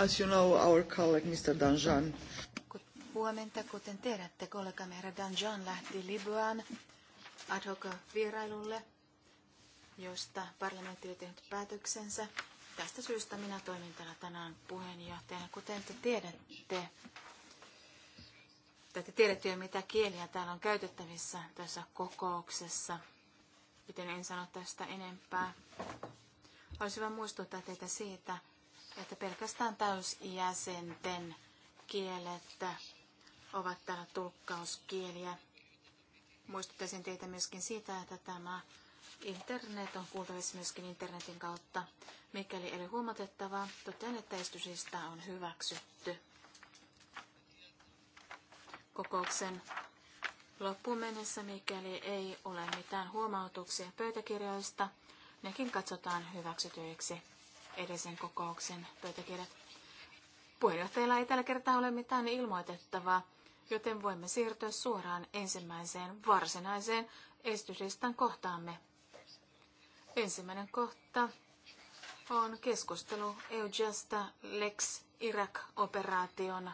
As you know, our colleague Mr. Danjan. Huomenta, kuten tiedätte, kollegamme herra Danjan lähti Libyaan ad hoc vierailulle, josta parlamentti oli tehnyt päätöksensä. Tästä syystä minä toimin täällä tänään puheenjohtajana. Kuten te tiedätte, tai te tiedätte jo, mitä kieliä täällä on käytettävissä tässä kokouksessa, joten en sano tästä enempää. Olisi hyvä muistuttaa teitä siitä, että pelkästään täysjäsenten kielet ovat täällä tulkkauskieliä. Muistuttaisin teitä myöskin siitä, että tämä internet on kuultavissa myöskin internetin kautta. Mikäli ei ole huomatettavaa, totean, että estysistä on hyväksytty. Kokouksen loppuun mennessä, mikäli ei ole mitään huomautuksia pöytäkirjoista, nekin katsotaan hyväksytyiksi edellisen kokouksen pöytäkirjat. Puheenjohtajilla ei tällä kertaa ole mitään ilmoitettavaa, joten voimme siirtyä suoraan ensimmäiseen varsinaiseen esityslistan kohtaamme. Ensimmäinen kohta on keskustelu EUJUSTA Lex Irak-operaation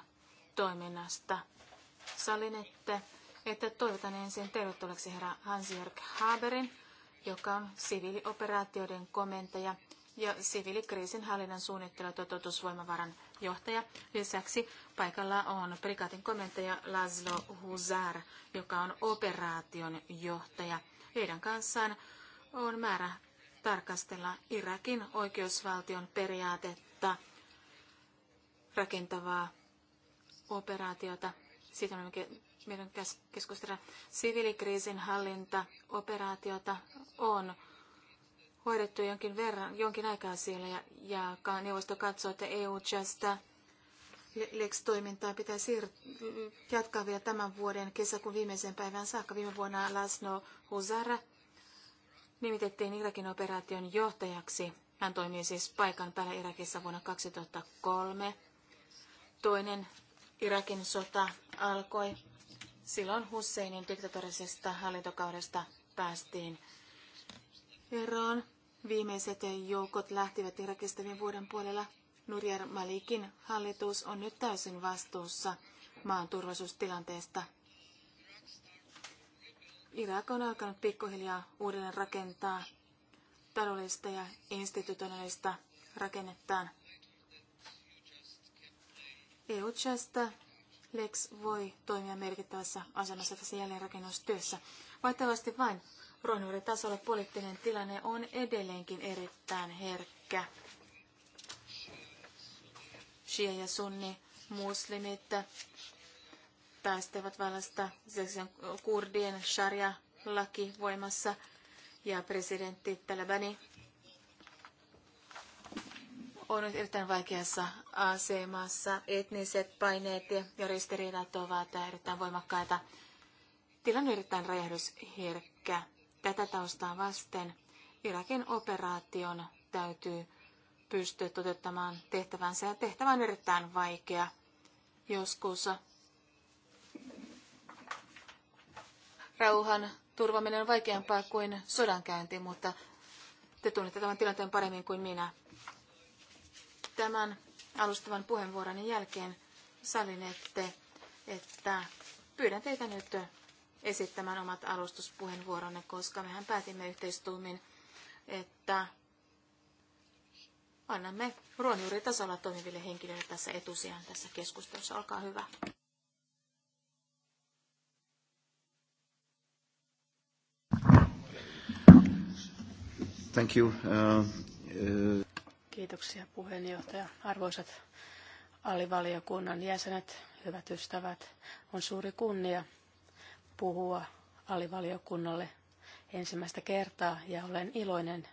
toiminnasta. Sallin, että, että toivotan ensin tervetulleeksi herra Hans-Jörg Haberin, joka on siviilioperaatioiden komentaja – ja siviilikriisinhallinnan suunnittelu- ja toteutusvoimavaran johtaja. Lisäksi paikalla on prikaatin komentaja Laszlo Huzar, joka on operaation johtaja. Heidän kanssaan on määrä tarkastella Irakin oikeusvaltion periaatetta rakentavaa operaatiota. Siitä on meidän keskustella siviilikriisin hallinta operaatiota on hoidettu jonkin verran, jonkin aikaa siellä ja, ja neuvosto katsoo, että EU Justa Lex-toimintaa pitää siir- jatkaa vielä tämän vuoden kesäkuun viimeisen päivän saakka. Viime vuonna Lasno Huzara nimitettiin Irakin operaation johtajaksi. Hän toimii siis paikan päällä Irakissa vuonna 2003. Toinen Irakin sota alkoi. Silloin Husseinin diktatorisesta hallintokaudesta päästiin eroon. Viimeiset joukot lähtivät Irakista viime vuoden puolella. Nurjar Malikin hallitus on nyt täysin vastuussa maan turvallisuustilanteesta. Irak on alkanut pikkuhiljaa uudelleen rakentaa taloudellista ja institutionaalista rakennettaan. EU-chasta Lex voi toimia merkittävässä asemassa tässä jälleenrakennustyössä. Vaihtavasti vain ruohonjuuritasolla poliittinen tilanne on edelleenkin erittäin herkkä. Shia ja sunni muslimit taistelevat vallasta. kurdien sharia-laki voimassa ja presidentti Talabani on nyt erittäin vaikeassa asemassa. Etniset paineet ja ristiriidat ovat erittäin voimakkaita. Tilanne on erittäin räjähdysherkkä. Tätä taustaa vasten Irakin operaation täytyy pystyä toteuttamaan tehtävänsä ja tehtävä on erittäin vaikea. Joskus rauhan turvaminen on vaikeampaa kuin sodankäynti, mutta te tunnette tämän tilanteen paremmin kuin minä. Tämän alustavan puheenvuoron jälkeen sallinette, että pyydän teitä nyt esittämään omat alustuspuheenvuoronne, koska mehän päätimme yhteistuumin, että annamme ruonjuuritasolla toimiville henkilöille tässä etusijan tässä keskustelussa. Olkaa hyvä. Thank you. Uh, uh... Kiitoksia puheenjohtaja. Arvoisat alivaliokunnan jäsenet, hyvät ystävät, on suuri kunnia puhua alivaliokunnalle ensimmäistä kertaa ja olen iloinen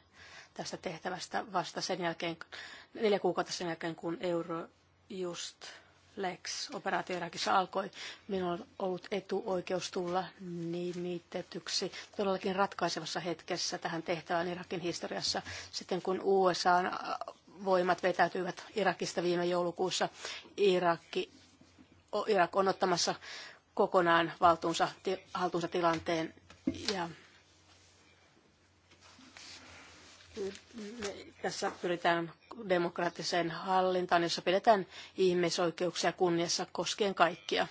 tästä tehtävästä vasta sen jälkeen, neljä kuukautta sen jälkeen, kun Eurojust Lex-operaatio Irakissa alkoi. Minulla on ollut etuoikeus tulla nimitetyksi todellakin ratkaisevassa hetkessä tähän tehtävään Irakin historiassa. Sitten kun USA äh, voimat vetäytyivät Irakista viime joulukuussa, Irakki, Irak on ottamassa kokonaan valtuunsa, haltuunsa tilanteen ja tässä pyritään demokraattiseen hallintaan, jossa pidetään ihmisoikeuksia kunniassa koskien kaikkia.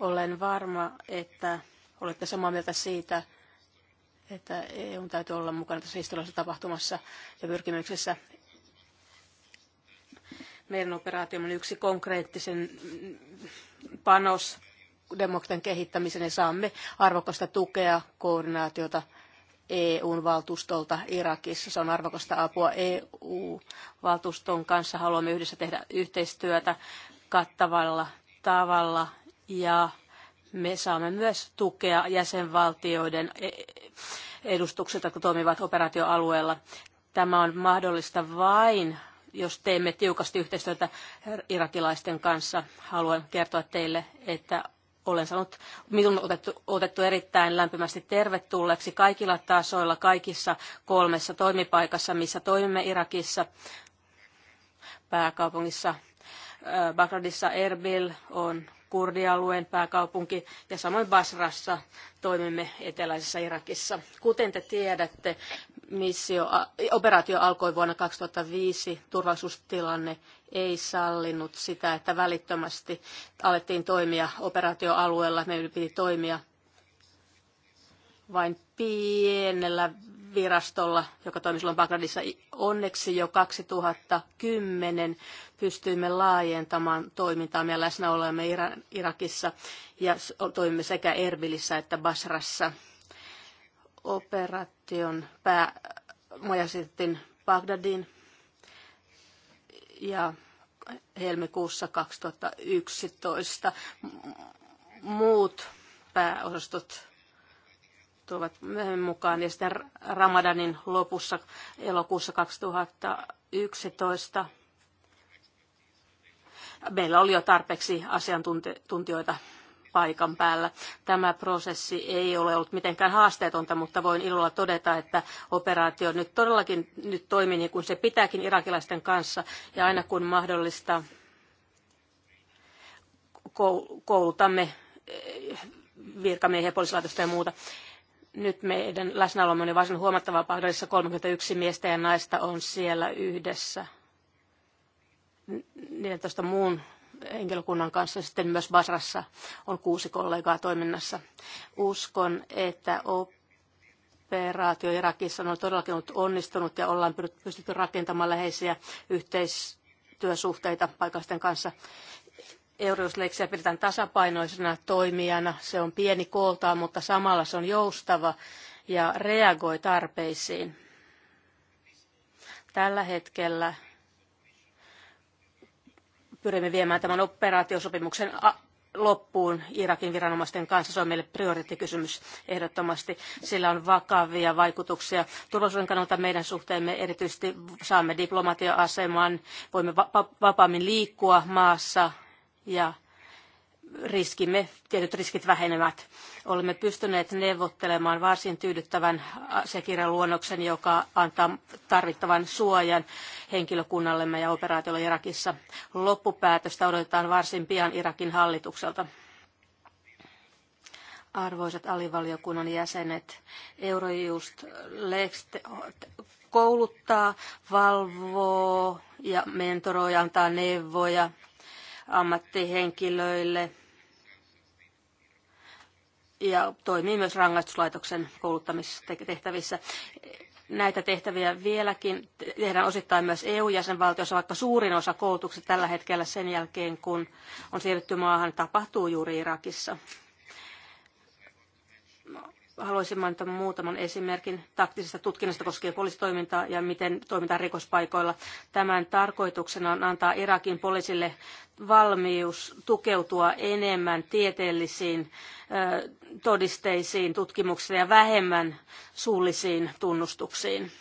Olen varma, että olette samaa mieltä siitä, että EU täytyy olla mukana tässä historiallisessa tapahtumassa ja pyrkimyksessä. Meidän operaatiomme on yksi konkreettisen panos demokratian kehittämisen ja saamme arvokasta tukea, koordinaatiota eu valtuustolta Irakissa. Se on arvokasta apua EU-valtuuston kanssa. Haluamme yhdessä tehdä yhteistyötä kattavalla tavalla ja me saamme myös tukea jäsenvaltioiden e- edustukset, jotka toimivat operaatioalueella. Tämä on mahdollista vain, jos teemme tiukasti yhteistyötä irakilaisten kanssa. Haluan kertoa teille, että olen saanut minun otettu, otettu erittäin lämpimästi tervetulleeksi kaikilla tasoilla, kaikissa kolmessa toimipaikassa, missä toimimme Irakissa, pääkaupungissa, Bagdadissa Erbil on kurdialueen pääkaupunki ja samoin Basrassa toimimme eteläisessä Irakissa. Kuten te tiedätte, missio, operaatio alkoi vuonna 2005. Turvallisuustilanne ei sallinut sitä, että välittömästi alettiin toimia operaatioalueella. Meidän piti toimia vain pienellä virastolla, joka toimi silloin Bagdadissa. Onneksi jo 2010 pystyimme laajentamaan toimintaamme ja läsnä olemme Irakissa ja toimimme sekä Erbilissä että Basrassa operaation pää, sitten Bagdadin ja helmikuussa 2011 muut pääosastot tuovat myöhemmin mukaan ja sitten Ramadanin lopussa elokuussa 2011 meillä oli jo tarpeeksi asiantuntijoita paikan päällä. Tämä prosessi ei ole ollut mitenkään haasteetonta, mutta voin ilolla todeta, että operaatio nyt todellakin nyt toimii niin kuin se pitääkin irakilaisten kanssa ja aina kun mahdollista koulutamme eh, virkamiehiä, poliisilaitosta ja muuta. Nyt meidän läsnäolomme on varsin huomattavaa pahdollisessa 31 miestä ja naista on siellä yhdessä 14 muun henkilökunnan kanssa. Sitten myös Basrassa on kuusi kollegaa toiminnassa. Uskon, että operaatio Irakissa on todellakin ollut onnistunut ja ollaan pystytty rakentamaan läheisiä yhteistyösuhteita paikallisten kanssa. Eurosleksiä pidetään tasapainoisena toimijana. Se on pieni kooltaa, mutta samalla se on joustava ja reagoi tarpeisiin. Tällä hetkellä pyrimme viemään tämän operaatiosopimuksen loppuun Irakin viranomaisten kanssa. Se on meille prioriteettikysymys ehdottomasti. Sillä on vakavia vaikutuksia turvallisuuden kannalta meidän suhteemme. Erityisesti saamme diplomatia-aseman, voimme vapaammin liikkua maassa ja riskimme, tietyt riskit vähenevät. Olemme pystyneet neuvottelemaan varsin tyydyttävän luonnoksen, joka antaa tarvittavan suojan henkilökunnallemme ja operaatiolle Irakissa. Loppupäätöstä odotetaan varsin pian Irakin hallitukselta. Arvoisat alivaliokunnan jäsenet, Eurojust Lex kouluttaa, valvoo ja mentoroi, antaa neuvoja ammattihenkilöille ja toimii myös rangaistuslaitoksen kouluttamistehtävissä. Näitä tehtäviä vieläkin tehdään osittain myös EU-jäsenvaltiossa, vaikka suurin osa koulutuksesta tällä hetkellä sen jälkeen, kun on siirrytty maahan, tapahtuu juuri Irakissa. Haluaisin mainita muutaman esimerkin taktisesta tutkinnasta koskien poliisitoimintaa ja miten toimitaan rikospaikoilla. Tämän tarkoituksena on antaa Irakin poliisille valmius tukeutua enemmän tieteellisiin todisteisiin, tutkimuksiin ja vähemmän suullisiin tunnustuksiin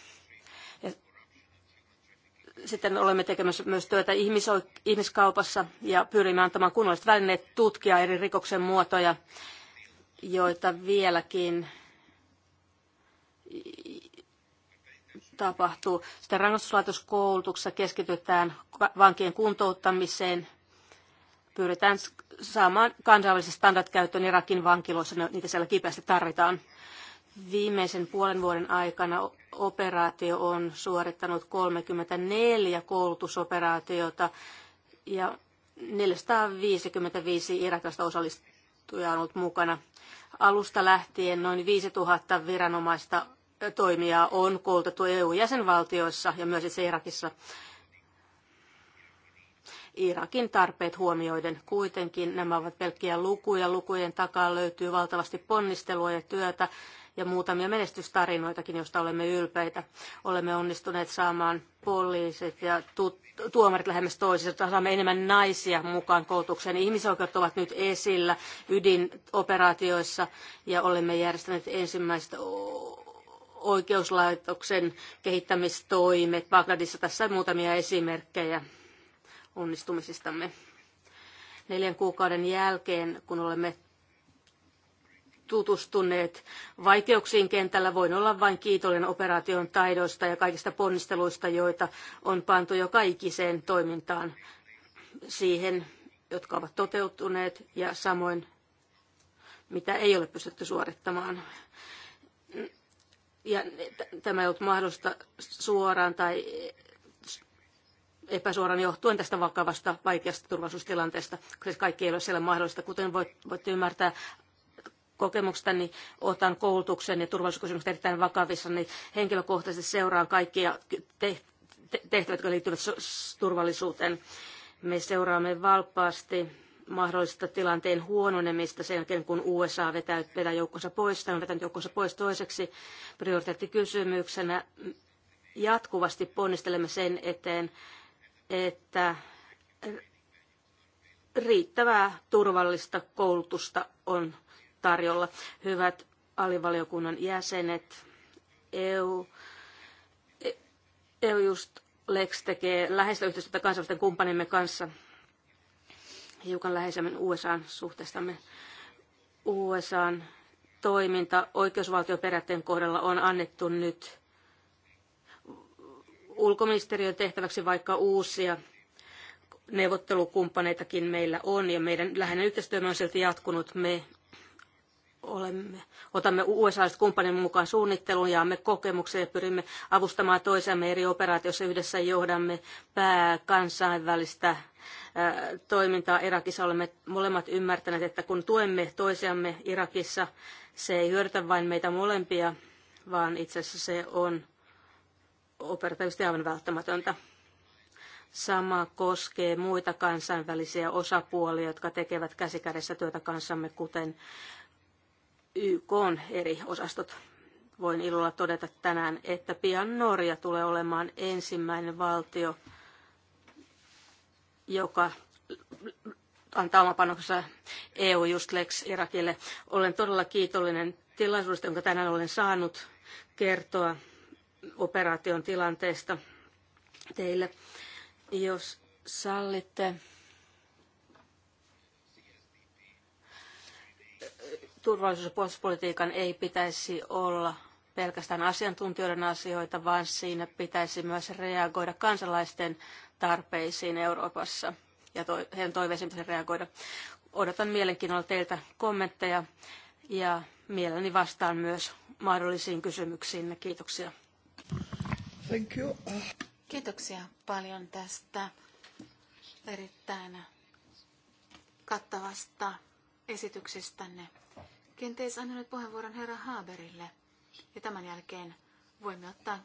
sitten olemme tekemässä myös työtä ihmisoik- ihmiskaupassa ja pyrimme antamaan kunnolliset välineet tutkia eri rikoksen muotoja joita vieläkin tapahtuu. Sitten rangaistuslaitoskoulutuksessa keskitytään vankien kuntouttamiseen, pyritään saamaan kansainvälisen standardkäyttöön käyttöön Irakin vankiloissa, niitä siellä kipeästi tarvitaan. Viimeisen puolen vuoden aikana operaatio on suorittanut 34 koulutusoperaatiota ja 455 irakilaista osallistuu valtuutettuja on ollut mukana. Alusta lähtien noin 5000 viranomaista toimijaa on koulutettu EU-jäsenvaltioissa ja myös itse Irakissa. Irakin tarpeet huomioiden. Kuitenkin nämä ovat pelkkiä lukuja. Lukujen takaa löytyy valtavasti ponnistelua ja työtä, ja muutamia menestystarinoitakin, joista olemme ylpeitä. Olemme onnistuneet saamaan poliisit ja tu- tuomarit lähemmäs toisista, saamme enemmän naisia mukaan koulutukseen. Ihmisoikeudet ovat nyt esillä ydinoperaatioissa ja olemme järjestäneet ensimmäiset oikeuslaitoksen kehittämistoimet. Bagdadissa tässä muutamia esimerkkejä onnistumisistamme. Neljän kuukauden jälkeen, kun olemme tutustuneet vaikeuksiin kentällä. Voin olla vain kiitollinen operaation taidoista ja kaikista ponnisteluista, joita on pantu jo kaikiseen toimintaan siihen, jotka ovat toteutuneet ja samoin mitä ei ole pystytty suorittamaan. Ja tämä ei ollut mahdollista suoraan tai epäsuoran johtuen tästä vakavasta, vaikeasta turvallisuustilanteesta. koska kaikki ei ole siellä mahdollista. Kuten voit, voitte ymmärtää, niin otan koulutuksen ja turvallisuuskysymykset erittäin vakavissa, niin henkilökohtaisesti seuraan kaikkia tehtävät, jotka liittyvät turvallisuuteen. Me seuraamme valppaasti mahdollista tilanteen huononemista sen jälkeen, kun USA vetää, vetää joukkonsa pois tai on vetänyt joukkonsa pois toiseksi prioriteettikysymyksenä. Jatkuvasti ponnistelemme sen eteen, että riittävää turvallista koulutusta on tarjolla. Hyvät alivaliokunnan jäsenet, EU, EU just Lex tekee läheistä yhteistyötä kansainvälisten kumppanimme kanssa hiukan läheisemmin USAn suhteestamme. USAn toiminta oikeusvaltioperiaatteen kohdalla on annettu nyt ulkoministeriön tehtäväksi, vaikka uusia neuvottelukumppaneitakin meillä on, ja meidän läheinen yhteistyömme on silti jatkunut. Me olemme, otamme usa kumppanin mukaan suunnitteluun, jaamme kokemuksia ja pyrimme avustamaan toisiamme eri operaatioissa yhdessä johdamme pääkansainvälistä äh, toimintaa Irakissa. Olemme molemmat ymmärtäneet, että kun tuemme toisiamme Irakissa, se ei hyödytä vain meitä molempia, vaan itse asiassa se on operatiivisesti aivan välttämätöntä. Sama koskee muita kansainvälisiä osapuolia, jotka tekevät käsikädessä työtä kanssamme, kuten YK eri osastot. Voin ilolla todeta tänään, että pian Norja tulee olemaan ensimmäinen valtio, joka antaa oma panoksensa EU Just Lex Irakille. Olen todella kiitollinen tilaisuudesta, jonka tänään olen saanut kertoa operaation tilanteesta teille. Jos sallitte, turvallisuus- ja puolustuspolitiikan ei pitäisi olla pelkästään asiantuntijoiden asioita, vaan siinä pitäisi myös reagoida kansalaisten tarpeisiin Euroopassa ja to- heidän toiveisiin pitäisi reagoida. Odotan mielenkiinnolla teiltä kommentteja ja mielelläni vastaan myös mahdollisiin kysymyksiin. Kiitoksia. Thank you. Kiitoksia paljon tästä erittäin kattavasta esityksestänne. Kenties annan nyt puheenvuoron herra Haaberille. Ja tämän jälkeen voimme ottaa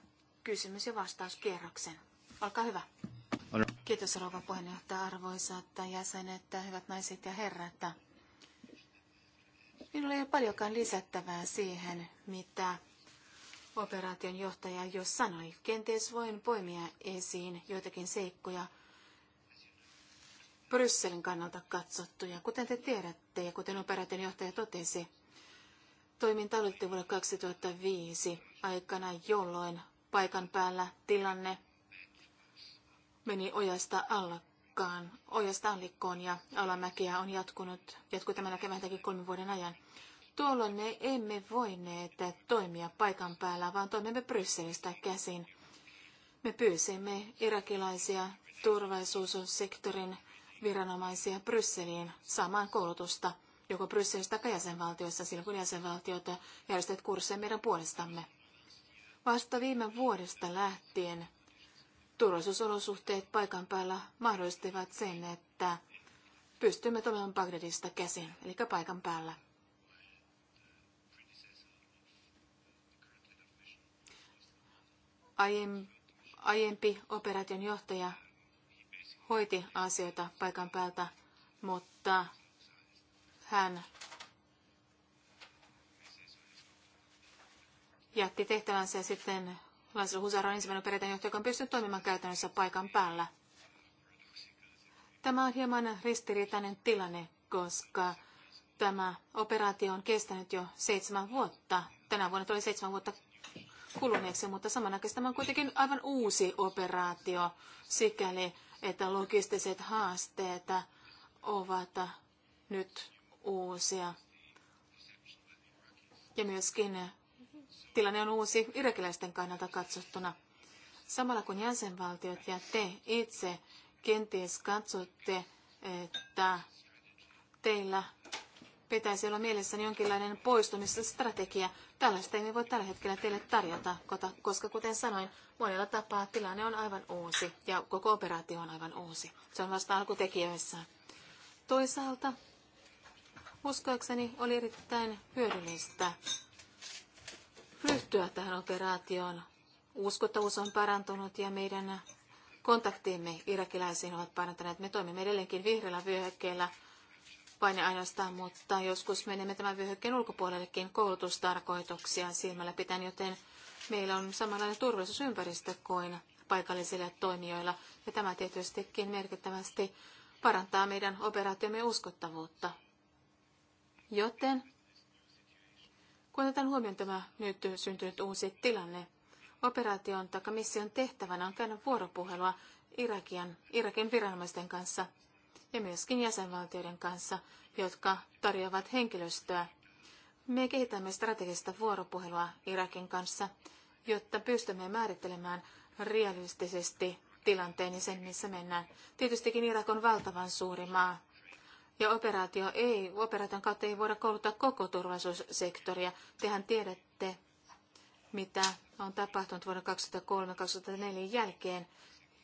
kysymys- ja vastauskierroksen. Olkaa hyvä. Kiitos rouva puheenjohtaja, arvoisat jäsenet, hyvät naiset ja herrat. Minulla ei ole paljonkaan lisättävää siihen, mitä operaation johtaja jo sanoi. Kenties voin poimia esiin joitakin seikkoja Brysselin kannalta katsottuja. Kuten te tiedätte ja kuten operaation johtaja totesi, Toiminta aloitti vuonna 2005 aikana, jolloin paikan päällä tilanne meni ojasta allakkaan, ojasta allikkoon ja alamäkiä on jatkunut, jatkuu tämän vähintäänkin kolmen vuoden ajan. Tuolloin me emme voineet toimia paikan päällä, vaan toimimme Brysselistä käsin. Me pyysimme irakilaisia turvallisuussektorin viranomaisia Brysseliin saamaan koulutusta – joko Brysselissä tai jäsenvaltioissa, silloin kun jäsenvaltiot järjestävät kursseja meidän puolestamme. Vasta viime vuodesta lähtien turvallisuusolosuhteet paikan päällä mahdollistivat sen, että pystymme toimimaan Bagdadista käsin, eli paikan päällä. aiempi operaation johtaja hoiti asioita paikan päältä, mutta hän jätti tehtävänsä ja sitten Laszlo Husar on ensimmäinen perinteenjohtaja, joka on pystynyt toimimaan käytännössä paikan päällä. Tämä on hieman ristiriitainen tilanne, koska tämä operaatio on kestänyt jo seitsemän vuotta. Tänä vuonna tuli seitsemän vuotta kuluneeksi, mutta samanaikaisesti tämä on kuitenkin aivan uusi operaatio, sikäli että logistiset haasteet ovat nyt uusia. Ja myöskin tilanne on uusi irakilaisten kannalta katsottuna. Samalla kun jäsenvaltiot ja te itse kenties katsotte, että teillä pitäisi olla mielessäni jonkinlainen poistumisstrategia. Tällaista ei voi tällä hetkellä teille tarjota, koska kuten sanoin, monella tapaa tilanne on aivan uusi ja koko operaatio on aivan uusi. Se on vasta alkutekijöissä. Toisaalta Uskoakseni oli erittäin hyödyllistä ryhtyä tähän operaatioon. Uskottavuus on parantunut ja meidän kontaktiimme irakilaisiin ovat parantaneet. Me toimimme edelleenkin vihreällä vyöhykkeellä vain ainoastaan, mutta joskus menemme tämän vyöhykkeen ulkopuolellekin koulutustarkoituksia silmällä pitäen, joten meillä on samanlainen turvallisuusympäristö kuin paikallisille toimijoilla. Ja tämä tietystikin merkittävästi parantaa meidän operaatiomme uskottavuutta. Joten kun otetaan huomioon tämä nyt syntynyt uusi tilanne, operaation tai mission tehtävänä on käydä vuoropuhelua Irakian, Irakin viranomaisten kanssa ja myöskin jäsenvaltioiden kanssa, jotka tarjoavat henkilöstöä. Me kehitämme strategista vuoropuhelua Irakin kanssa, jotta pystymme määrittelemään realistisesti tilanteen ja sen, missä mennään. Tietystikin Irak on valtavan suuri maa. Ja operaatio ei, operaation kautta ei voida kouluttaa koko turvallisuussektoria. Tehän tiedätte, mitä on tapahtunut vuoden 2003-2004 jälkeen.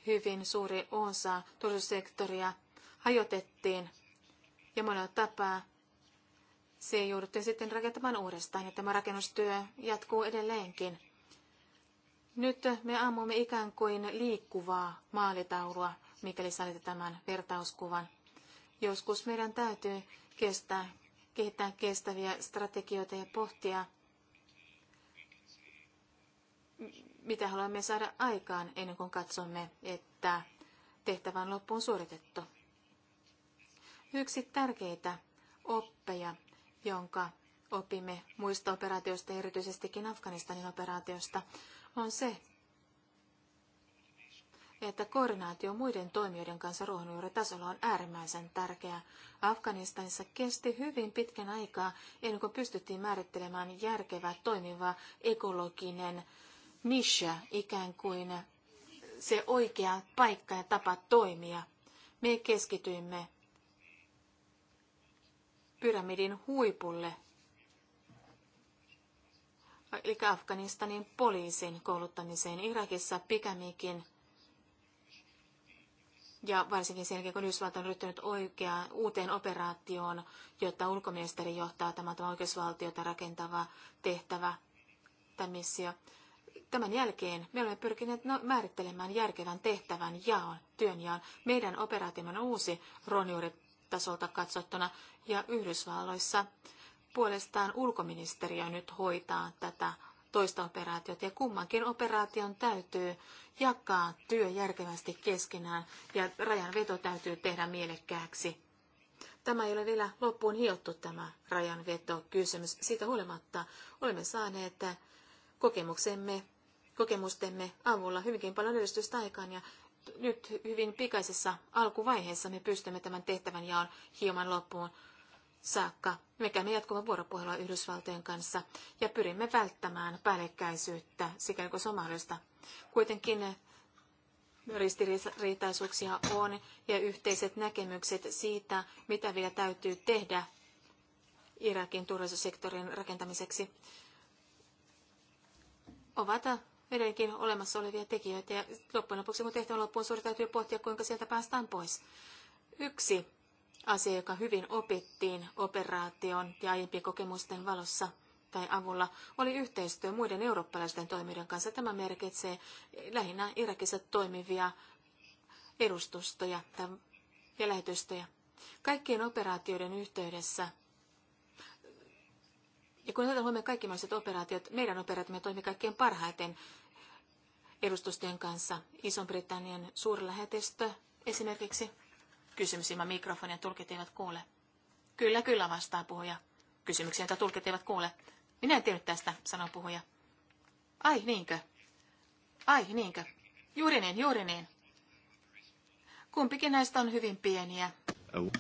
Hyvin suuri osa turvallisuussektoria hajotettiin ja monella tapaa se jouduttiin sitten rakentamaan uudestaan ja tämä rakennustyö jatkuu edelleenkin. Nyt me ammumme ikään kuin liikkuvaa maalitaulua, mikäli saatte tämän vertauskuvan. Joskus meidän täytyy kestää, kehittää kestäviä strategioita ja pohtia, mitä haluamme saada aikaan ennen kuin katsomme, että tehtävä on loppuun suoritettu. Yksi tärkeitä oppeja, jonka opimme muista operaatioista, erityisestikin Afganistanin operaatiosta, on se, että koordinaatio muiden toimijoiden kanssa ruohonjuuritasolla on äärimmäisen tärkeää. Afganistanissa kesti hyvin pitkän aikaa ennen kuin pystyttiin määrittelemään järkevä, toimiva, ekologinen nisha, ikään kuin se oikea paikka ja tapa toimia. Me keskityimme pyramidin huipulle, eli Afganistanin poliisin kouluttamiseen Irakissa pikemminkin – ja varsinkin sen jälkeen, kun Yhdysvallat on ryhtynyt oikeaan uuteen operaatioon, jotta ulkoministeri johtaa tämä, tämä oikeusvaltiota rakentava tehtävä tämä missio. Tämän jälkeen me olemme pyrkineet no, määrittelemään järkevän tehtävän jaon, työnjaon. Meidän operaatiomme on uusi tasolta katsottuna ja Yhdysvalloissa puolestaan ulkoministeriö nyt hoitaa tätä toista operaatiota ja kummankin operaation täytyy jakaa työ järkevästi keskenään ja rajanveto täytyy tehdä mielekkääksi. Tämä ei ole vielä loppuun hiottu tämä kysymys, Siitä huolimatta olemme saaneet kokemuksemme, kokemustemme avulla hyvinkin paljon edistystä aikaan ja nyt hyvin pikaisessa alkuvaiheessa me pystymme tämän tehtävän jaon hieman loppuun saakka. Me käymme jatkuvan vuoropuhelua Yhdysvaltojen kanssa ja pyrimme välttämään päällekkäisyyttä, sekä kuin se Kuitenkin ristiriitaisuuksia on ja yhteiset näkemykset siitä, mitä vielä täytyy tehdä Irakin turvallisuussektorin rakentamiseksi, ovat edelleenkin olemassa olevia tekijöitä. Ja loppujen lopuksi, kun tehtävän loppuun suuri täytyy pohtia, kuinka sieltä päästään pois. Yksi asia, joka hyvin opittiin operaation ja aiempien kokemusten valossa tai avulla, oli yhteistyö muiden eurooppalaisten toimijoiden kanssa. Tämä merkitsee lähinnä Irakissa toimivia edustustoja ja lähetystöjä. Kaikkien operaatioiden yhteydessä ja kun otetaan huomioon kaikki mahdolliset operaatiot, meidän operaatiomme toimii kaikkein parhaiten edustustojen kanssa. Ison-Britannian suurlähetystö esimerkiksi Kysymys ilman mikrofonia tulkit eivät kuule. Kyllä, kyllä vastaa puhuja. Kysymyksiä, joita tulkit eivät kuule. Minä en tiedä tästä, sanoo puhuja. Ai niinkö? Ai niinkö? Juuri niin, juuri niin. Kumpikin näistä on hyvin pieniä.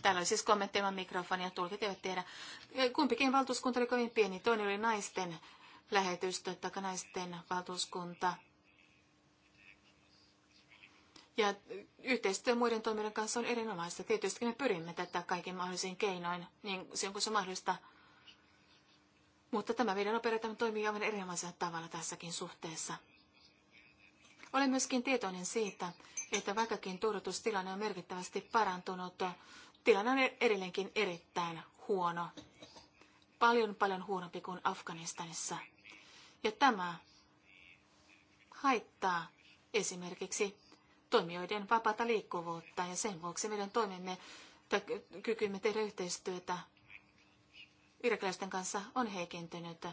Täällä oli siis kommentti ilman mikrofonia, tulkit eivät tiedä. Kumpikin valtuuskunta oli kovin pieni. Toinen oli naisten lähetystö, taikka naisten valtuuskunta. Ja yhteistyö muiden toimijoiden kanssa on erinomaista. Tietysti me pyrimme tätä kaikin mahdollisiin keinoin, niin silloin kun se on mahdollista. Mutta tämä meidän operaatio toimii aivan erinomaisella tavalla tässäkin suhteessa. Olen myöskin tietoinen siitä, että vaikkakin turvotustilanne on merkittävästi parantunut, tilanne on edelleenkin erittäin huono. Paljon paljon huonompi kuin Afganistanissa. Ja tämä haittaa esimerkiksi toimijoiden vapaata liikkuvuutta ja sen vuoksi meidän toimimme tai kykymme tehdä yhteistyötä irakilaisten kanssa on heikentynyt.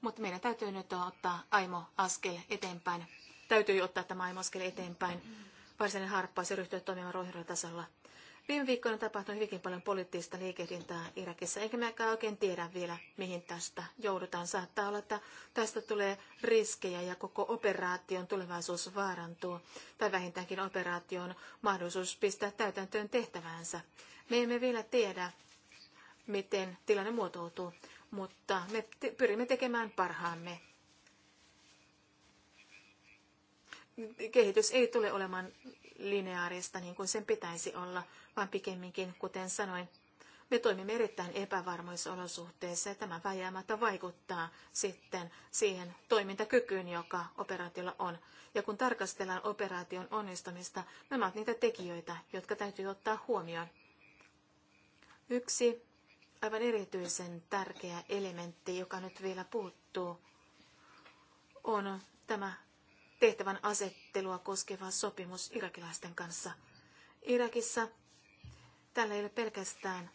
Mutta meidän täytyy nyt ottaa aimo askel eteenpäin. Täytyy ottaa tämä aimo askel eteenpäin. Varsinainen harppaus ja ryhtyä toimimaan ruohonjuuritasolla. tasolla. Viime viikkoina tapahtui hyvinkin paljon poliittista liikehdintää Irakissa, eikä mekään oikein tiedä vielä, mihin tästä joudutaan. Saattaa olla, että tästä tulee riskejä ja koko operaation tulevaisuus vaarantuu, tai vähintäänkin operaation mahdollisuus pistää täytäntöön tehtävänsä. Me emme vielä tiedä, miten tilanne muotoutuu, mutta me pyrimme tekemään parhaamme. Kehitys ei tule olemaan lineaarista niin kuin sen pitäisi olla, vaan pikemminkin, kuten sanoin, me toimimme erittäin epävarmoissa olosuhteissa ja tämä väjäämättä vaikuttaa sitten siihen toimintakykyyn, joka operaatiolla on. Ja kun tarkastellaan operaation onnistumista, nämä ovat niitä tekijöitä, jotka täytyy ottaa huomioon. Yksi aivan erityisen tärkeä elementti, joka nyt vielä puuttuu, on tämä tehtävän asettelua koskeva sopimus irakilaisten kanssa. Irakissa tällä ei ole pelkästään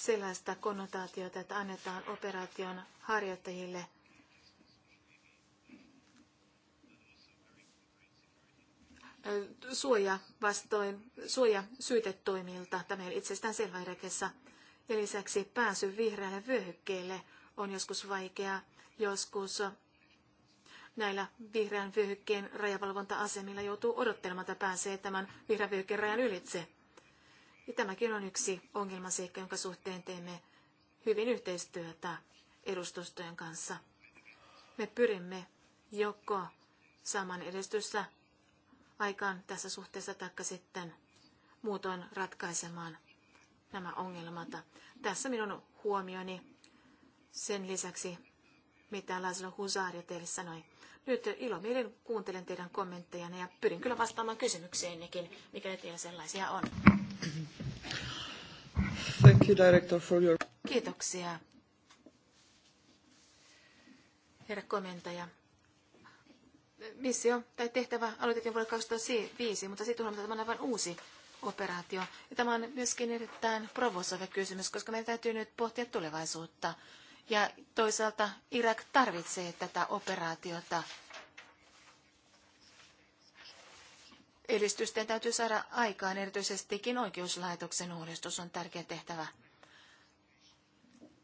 sellaista konnotaatiota, että annetaan operaation harjoittajille suoja vastoin, suoja syytetoimilta, tämä on itsestään selvä Irakissa. Ja lisäksi pääsy vihreälle vyöhykkeelle on joskus vaikeaa, joskus näillä vihreän vyöhykkeen rajavalvonta-asemilla joutuu odottelemaan, että pääsee tämän vihreän vyöhykkeen rajan ylitse. Ja tämäkin on yksi ongelmaseikka, jonka suhteen teemme hyvin yhteistyötä edustustojen kanssa. Me pyrimme joko saamaan edistyssä aikaan tässä suhteessa taikka sitten muutoin ratkaisemaan nämä ongelmat. Tässä minun huomioni sen lisäksi, mitä Lazlo Husari teille sanoi. Nyt ilomielin kuuntelen teidän kommenttejanne ja pyrin kyllä vastaamaan kysymyksiinnekin, mikä teillä sellaisia on. Thank you, director, for your... Kiitoksia, herra komentaja. Missio tai tehtävä aloitettiin vuonna 2005, mutta sitten huomataan, että tämä on aivan uusi operaatio. Ja tämä on myöskin erittäin provosoiva kysymys, koska meidän täytyy nyt pohtia tulevaisuutta. Ja toisaalta Irak tarvitsee tätä operaatiota. Edistysten täytyy saada aikaan, erityisestikin oikeuslaitoksen uudistus on tärkeä tehtävä.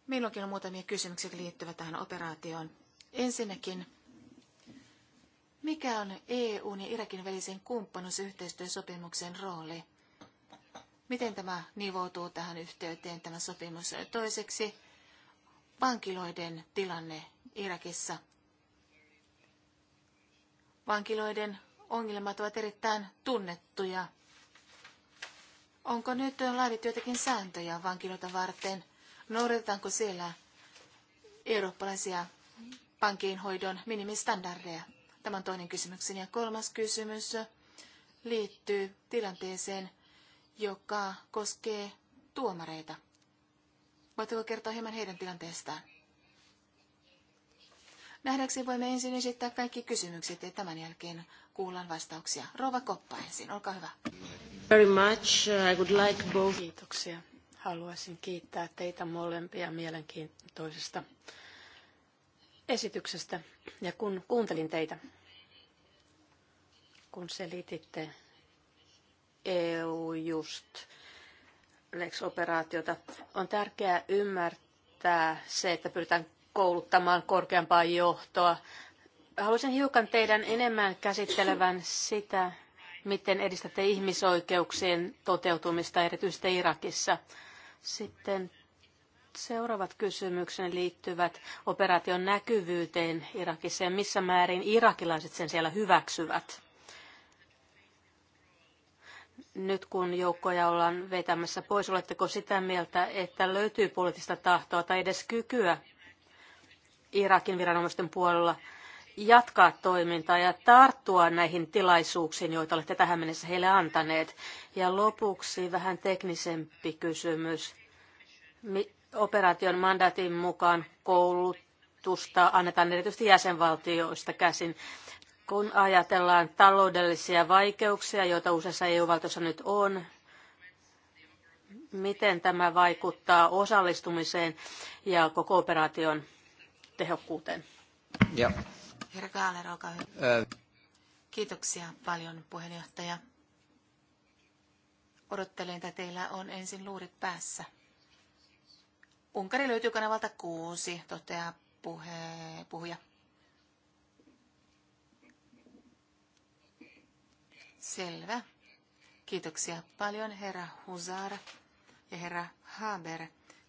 Minullakin on muutamia kysymyksiä liittyvät tähän operaatioon. Ensinnäkin, mikä on EUn ja Irakin välisen kumppanuus- ja yhteistyösopimuksen rooli? Miten tämä nivoutuu tähän yhteyteen, tämä sopimus? Toiseksi, vankiloiden tilanne Irakissa. Vankiloiden ongelmat ovat erittäin tunnettuja. Onko nyt laadittu jotakin sääntöjä vankiloita varten? Noudatetaanko siellä eurooppalaisia pankiinhoidon minimistandardeja? Tämä on toinen kysymykseni. Ja kolmas kysymys liittyy tilanteeseen, joka koskee tuomareita. Voitteko kertoa hieman heidän tilanteestaan? Nähdäkseni voimme ensin esittää kaikki kysymykset ja tämän jälkeen kuullaan vastauksia. Rova Koppa ensin, olkaa hyvä. Very much. I would like both. Kiitoksia. Haluaisin kiittää teitä molempia mielenkiintoisesta esityksestä. Ja kun kuuntelin teitä, kun selititte EU-just Lex-operaatiota. On tärkeää ymmärtää se, että pyritään kouluttamaan korkeampaa johtoa. Haluaisin hiukan teidän enemmän käsittelevän sitä, miten edistätte ihmisoikeuksien toteutumista erityisesti Irakissa. Sitten seuraavat kysymykseni liittyvät operaation näkyvyyteen Irakissa ja missä määrin irakilaiset sen siellä hyväksyvät nyt kun joukkoja ollaan vetämässä pois, oletteko sitä mieltä, että löytyy poliittista tahtoa tai edes kykyä Irakin viranomaisten puolella jatkaa toimintaa ja tarttua näihin tilaisuuksiin, joita olette tähän mennessä heille antaneet? Ja lopuksi vähän teknisempi kysymys. Operaation mandaatin mukaan koulutusta annetaan erityisesti jäsenvaltioista käsin kun ajatellaan taloudellisia vaikeuksia, joita useassa eu valtiossa nyt on, miten tämä vaikuttaa osallistumiseen ja koko operaation tehokkuuteen? Ja. Herra Kaaler, olkaa hyvä. Ää... Kiitoksia paljon, puheenjohtaja. Odottelen, että teillä on ensin luurit päässä. Unkari löytyy kanavalta kuusi, toteaa puhe, puhuja. Selvä. Kiitoksia paljon herra Husar ja herra Haber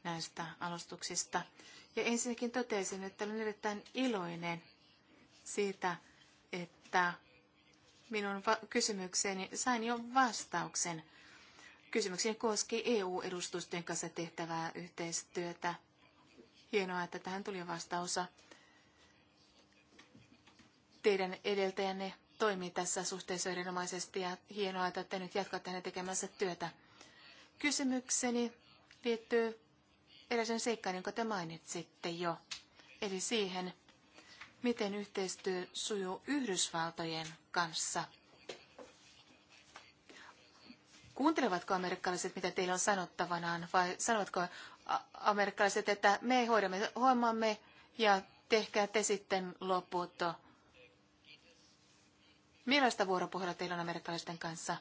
näistä alustuksista. Ja ensinnäkin totesin, että olen erittäin iloinen siitä, että minun kysymykseeni sain jo vastauksen. Kysymykseni koski EU-edustusten kanssa tehtävää yhteistyötä. Hienoa, että tähän tuli vastaus. Teidän edeltäjänne toimii tässä suhteessa erinomaisesti ja hienoa, että te nyt jatkatte hänen tekemänsä työtä. Kysymykseni liittyy eräisen seikkaan, jonka te mainitsitte jo, eli siihen, miten yhteistyö sujuu Yhdysvaltojen kanssa. Kuuntelevatko amerikkalaiset, mitä teillä on sanottavanaan, vai sanovatko amerikkalaiset, että me hoidamme hommamme ja tehkää te sitten loput? Millaista vuoropuhelua teillä on amerikkalaisten kanssa?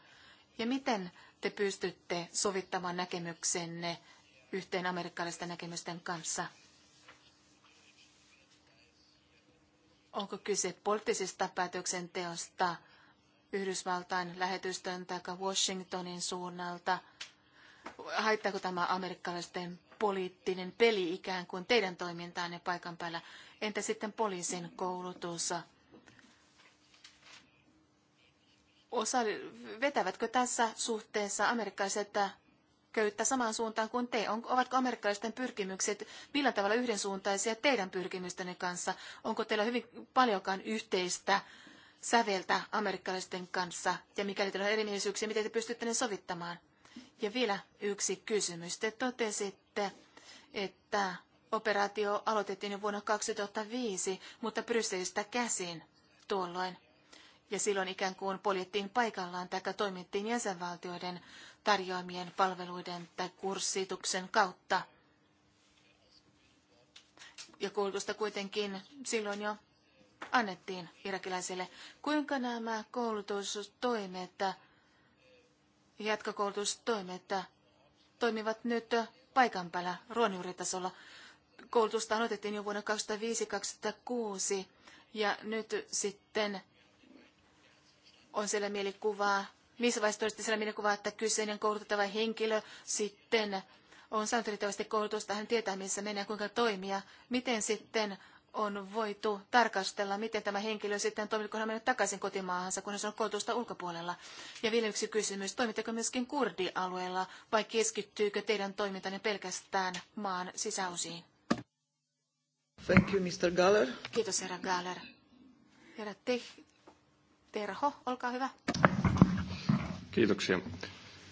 Ja miten te pystytte sovittamaan näkemyksenne yhteen amerikkalaisten näkemysten kanssa? Onko kyse poliittisesta päätöksenteosta Yhdysvaltain lähetystön tai Washingtonin suunnalta? Haittaako tämä amerikkalaisten poliittinen peli ikään kuin teidän toimintaanne paikan päällä? Entä sitten poliisin koulutus? osa, vetävätkö tässä suhteessa amerikkalaiset köyttä samaan suuntaan kuin te? On, ovatko amerikkalaisten pyrkimykset millä tavalla yhdensuuntaisia teidän pyrkimystenne kanssa? Onko teillä hyvin paljonkaan yhteistä säveltä amerikkalaisten kanssa? Ja mikäli teillä on erimielisyyksiä, miten te pystytte ne sovittamaan? Ja vielä yksi kysymys. Te totesitte, että operaatio aloitettiin jo vuonna 2005, mutta Brysselistä käsin tuolloin ja silloin ikään kuin poljettiin paikallaan tai toimittiin jäsenvaltioiden tarjoamien palveluiden tai kurssituksen kautta. Ja koulutusta kuitenkin silloin jo annettiin irakilaisille. Kuinka nämä koulutustoimet, jatkokoulutustoimet toimivat nyt paikan päällä ruonjuuritasolla? Koulutusta aloitettiin jo vuonna 2005-2006 ja nyt sitten on siellä mielikuvaa, missä vaiheessa todistaa siellä mielikuvaa, että kyseinen koulutettava henkilö sitten on saanut riittävästi koulutusta, hän tietää missä menee, kuinka toimia, miten sitten on voitu tarkastella, miten tämä henkilö sitten toimii, kun hän mennyt takaisin kotimaahansa, kun hän on koulutusta ulkopuolella. Ja vielä yksi kysymys, toimitteko myöskin kurdialueella vai keskittyykö teidän toimintanne pelkästään maan sisäosiin? Thank you, Mr. Galler. Kiitos, herra Galler. Herra Teh, Terho, olkaa hyvä. Kiitoksia.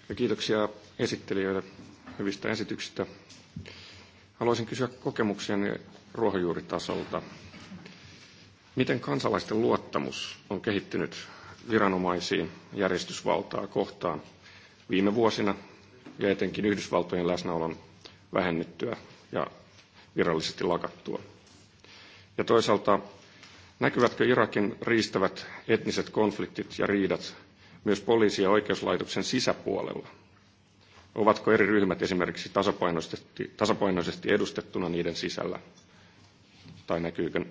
Ja kiitoksia esittelijöille hyvistä esityksistä. Haluaisin kysyä kokemuksiani ruohonjuuritasolta. Miten kansalaisten luottamus on kehittynyt viranomaisiin järjestysvaltaa kohtaan viime vuosina ja etenkin Yhdysvaltojen läsnäolon vähennettyä ja virallisesti lakattua? Ja toisaalta Näkyvätkö Irakin riistävät etniset konfliktit ja riidat myös poliisi- ja oikeuslaitoksen sisäpuolella? Ovatko eri ryhmät esimerkiksi tasapainoisesti, tasapainoisesti edustettuna niiden sisällä? Tai näkyykö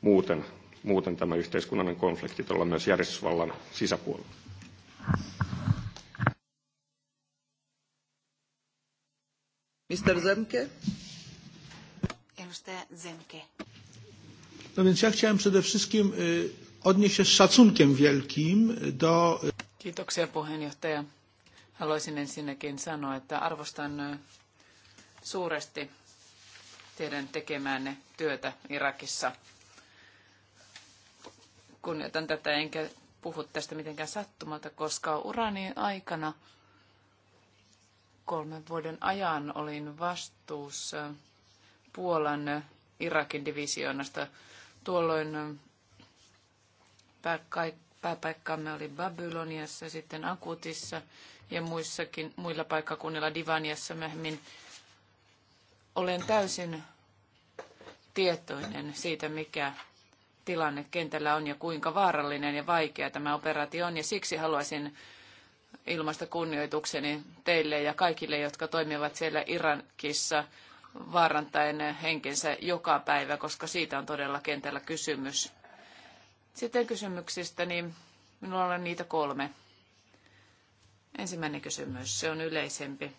muuten, muuten tämä yhteiskunnallinen konflikti olla myös järjestysvallan sisäpuolella? Mr. Zemke. Edustaja Zemke. No więc ja chciałem przede wszystkim odnieść się z szacunkiem wielkim do... Kiitoksia puheenjohtaja. Haluaisin ensinnäkin sanoa, että arvostan suuresti teidän tekemäänne työtä Irakissa. Kunnioitan tätä enkä puhu tästä mitenkään sattumalta, koska urani aikana kolmen vuoden ajan olin vastuussa Puolan Irakin divisioonasta Tuolloin äh, pääpaikkamme oli Babyloniassa, sitten Akutissa ja muissakin, muilla paikkakunnilla Divaniassa myöhemmin. Olen täysin tietoinen siitä, mikä tilanne kentällä on ja kuinka vaarallinen ja vaikea tämä operaatio on. Ja siksi haluaisin ilmaista kunnioitukseni teille ja kaikille, jotka toimivat siellä Irakissa vaarantaen henkensä joka päivä, koska siitä on todella kentällä kysymys. Sitten kysymyksistä, niin minulla on niitä kolme. Ensimmäinen kysymys, se on yleisempi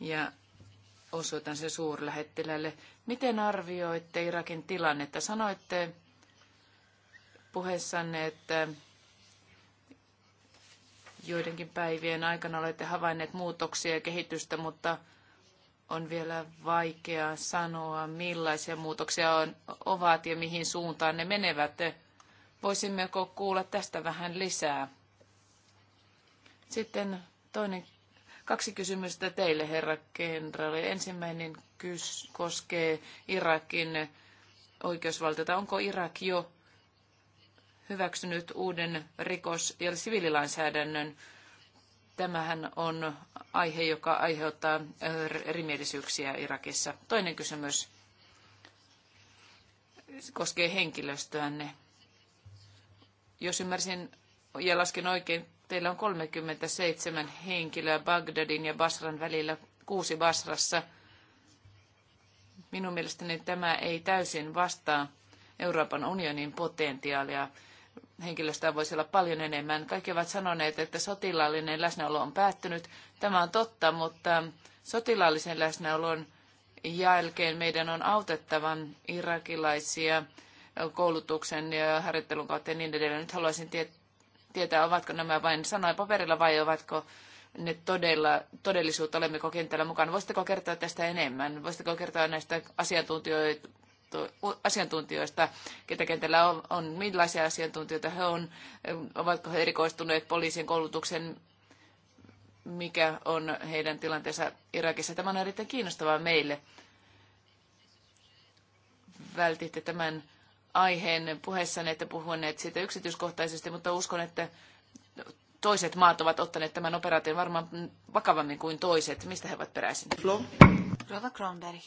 ja osoitan sen suurlähettilälle. Miten arvioitte Irakin tilannetta? Sanoitte puheessanne, että joidenkin päivien aikana olette havainneet muutoksia ja kehitystä, mutta on vielä vaikea sanoa, millaisia muutoksia on, ovat ja mihin suuntaan ne menevät. Voisimmeko kuulla tästä vähän lisää? Sitten toinen, kaksi kysymystä teille, herra kenraali. Ensimmäinen kys, koskee Irakin oikeusvaltiota. Onko Irak jo hyväksynyt uuden rikos- ja siviililainsäädännön Tämähän on aihe, joka aiheuttaa erimielisyyksiä Irakissa. Toinen kysymys koskee henkilöstöänne. Jos ymmärsin ja lasken oikein, teillä on 37 henkilöä Bagdadin ja Basran välillä, kuusi Basrassa. Minun mielestäni tämä ei täysin vastaa Euroopan unionin potentiaalia henkilöstöä voisi olla paljon enemmän. Kaikki ovat sanoneet, että sotilaallinen läsnäolo on päättynyt. Tämä on totta, mutta sotilaallisen läsnäolon jälkeen meidän on autettava irakilaisia koulutuksen ja harjoittelun kautta ja niin edelleen. Nyt haluaisin tietää, ovatko nämä vain sanoja paperilla vai ovatko ne todella, todellisuutta, olemmeko kentällä mukana. Voisitteko kertoa tästä enemmän? Voisitteko kertoa näistä asiantuntijoista, asiantuntijoista, ketä kentällä on, on, millaisia asiantuntijoita he on, ovatko he erikoistuneet poliisin koulutuksen, mikä on heidän tilanteensa Irakissa. Tämä on erittäin kiinnostavaa meille. Vältitte tämän aiheen puheessanne, että puhuneet siitä yksityiskohtaisesti, mutta uskon, että toiset maat ovat ottaneet tämän operaation varmaan vakavammin kuin toiset. Mistä he ovat peräisin? Rova Kronberg.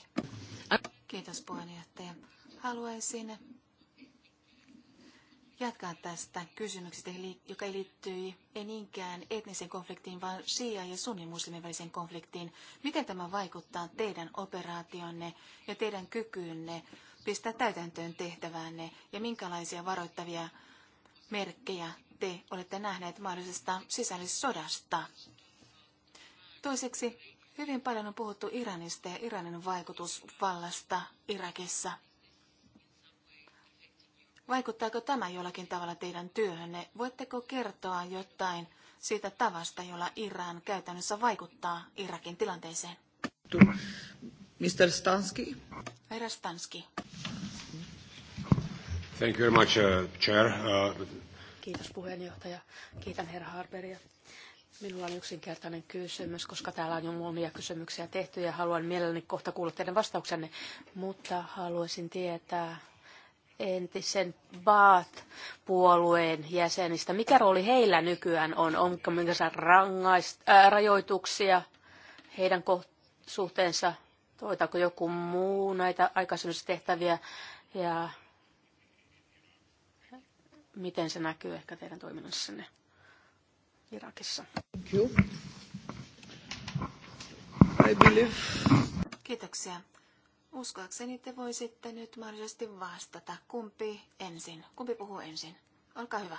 Kiitos puheenjohtaja. Haluaisin jatkaa tästä kysymyksestä, joka liittyy ei niinkään etnisen konfliktiin, vaan Shia- ja sunnimuslimin väliseen konfliktiin. Miten tämä vaikuttaa teidän operaationne ja teidän kykyynne pistää täytäntöön tehtäväänne ja minkälaisia varoittavia merkkejä te olette nähneet mahdollisesta sisällissodasta? Toiseksi Hyvin paljon on puhuttu Iranista ja Iranin vaikutusvallasta Irakissa. Vaikuttaako tämä jollakin tavalla teidän työhönne? Voitteko kertoa jotain siitä tavasta, jolla Iran käytännössä vaikuttaa Irakin tilanteeseen? Mr. Stansky. Herra Stansky. Thank you very much, uh, Chair. Uh... Kiitos puheenjohtaja. Kiitän herra Harberia Minulla on yksinkertainen kysymys, koska täällä on jo monia kysymyksiä tehty ja haluan mielelläni kohta kuulla teidän vastauksenne, mutta haluaisin tietää entisen Baat-puolueen jäsenistä. Mikä rooli heillä nykyään on? Onko minkälaisia rangaist- äh, rajoituksia heidän suhteensa? Hoitaako joku muu näitä aikaisemmissa tehtäviä? Ja miten se näkyy ehkä teidän toiminnassanne? Irakissa. I believe... Kiitoksia. Uskoakseni te voisitte nyt mahdollisesti vastata. Kumpi ensin? Kumpi puhuu ensin? Olkaa hyvä.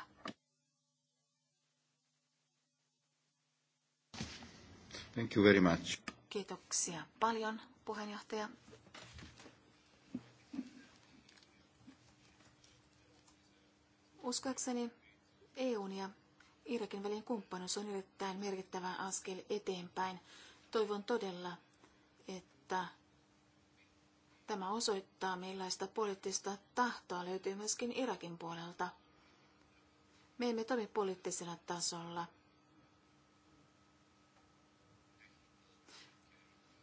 Thank you very much. Kiitoksia paljon, puheenjohtaja. Uskoakseni EUn ja Irakin välin kumppanuus on erittäin merkittävä askel eteenpäin. Toivon todella, että tämä osoittaa, millaista poliittista tahtoa löytyy myöskin Irakin puolelta. Me emme toimi poliittisella tasolla.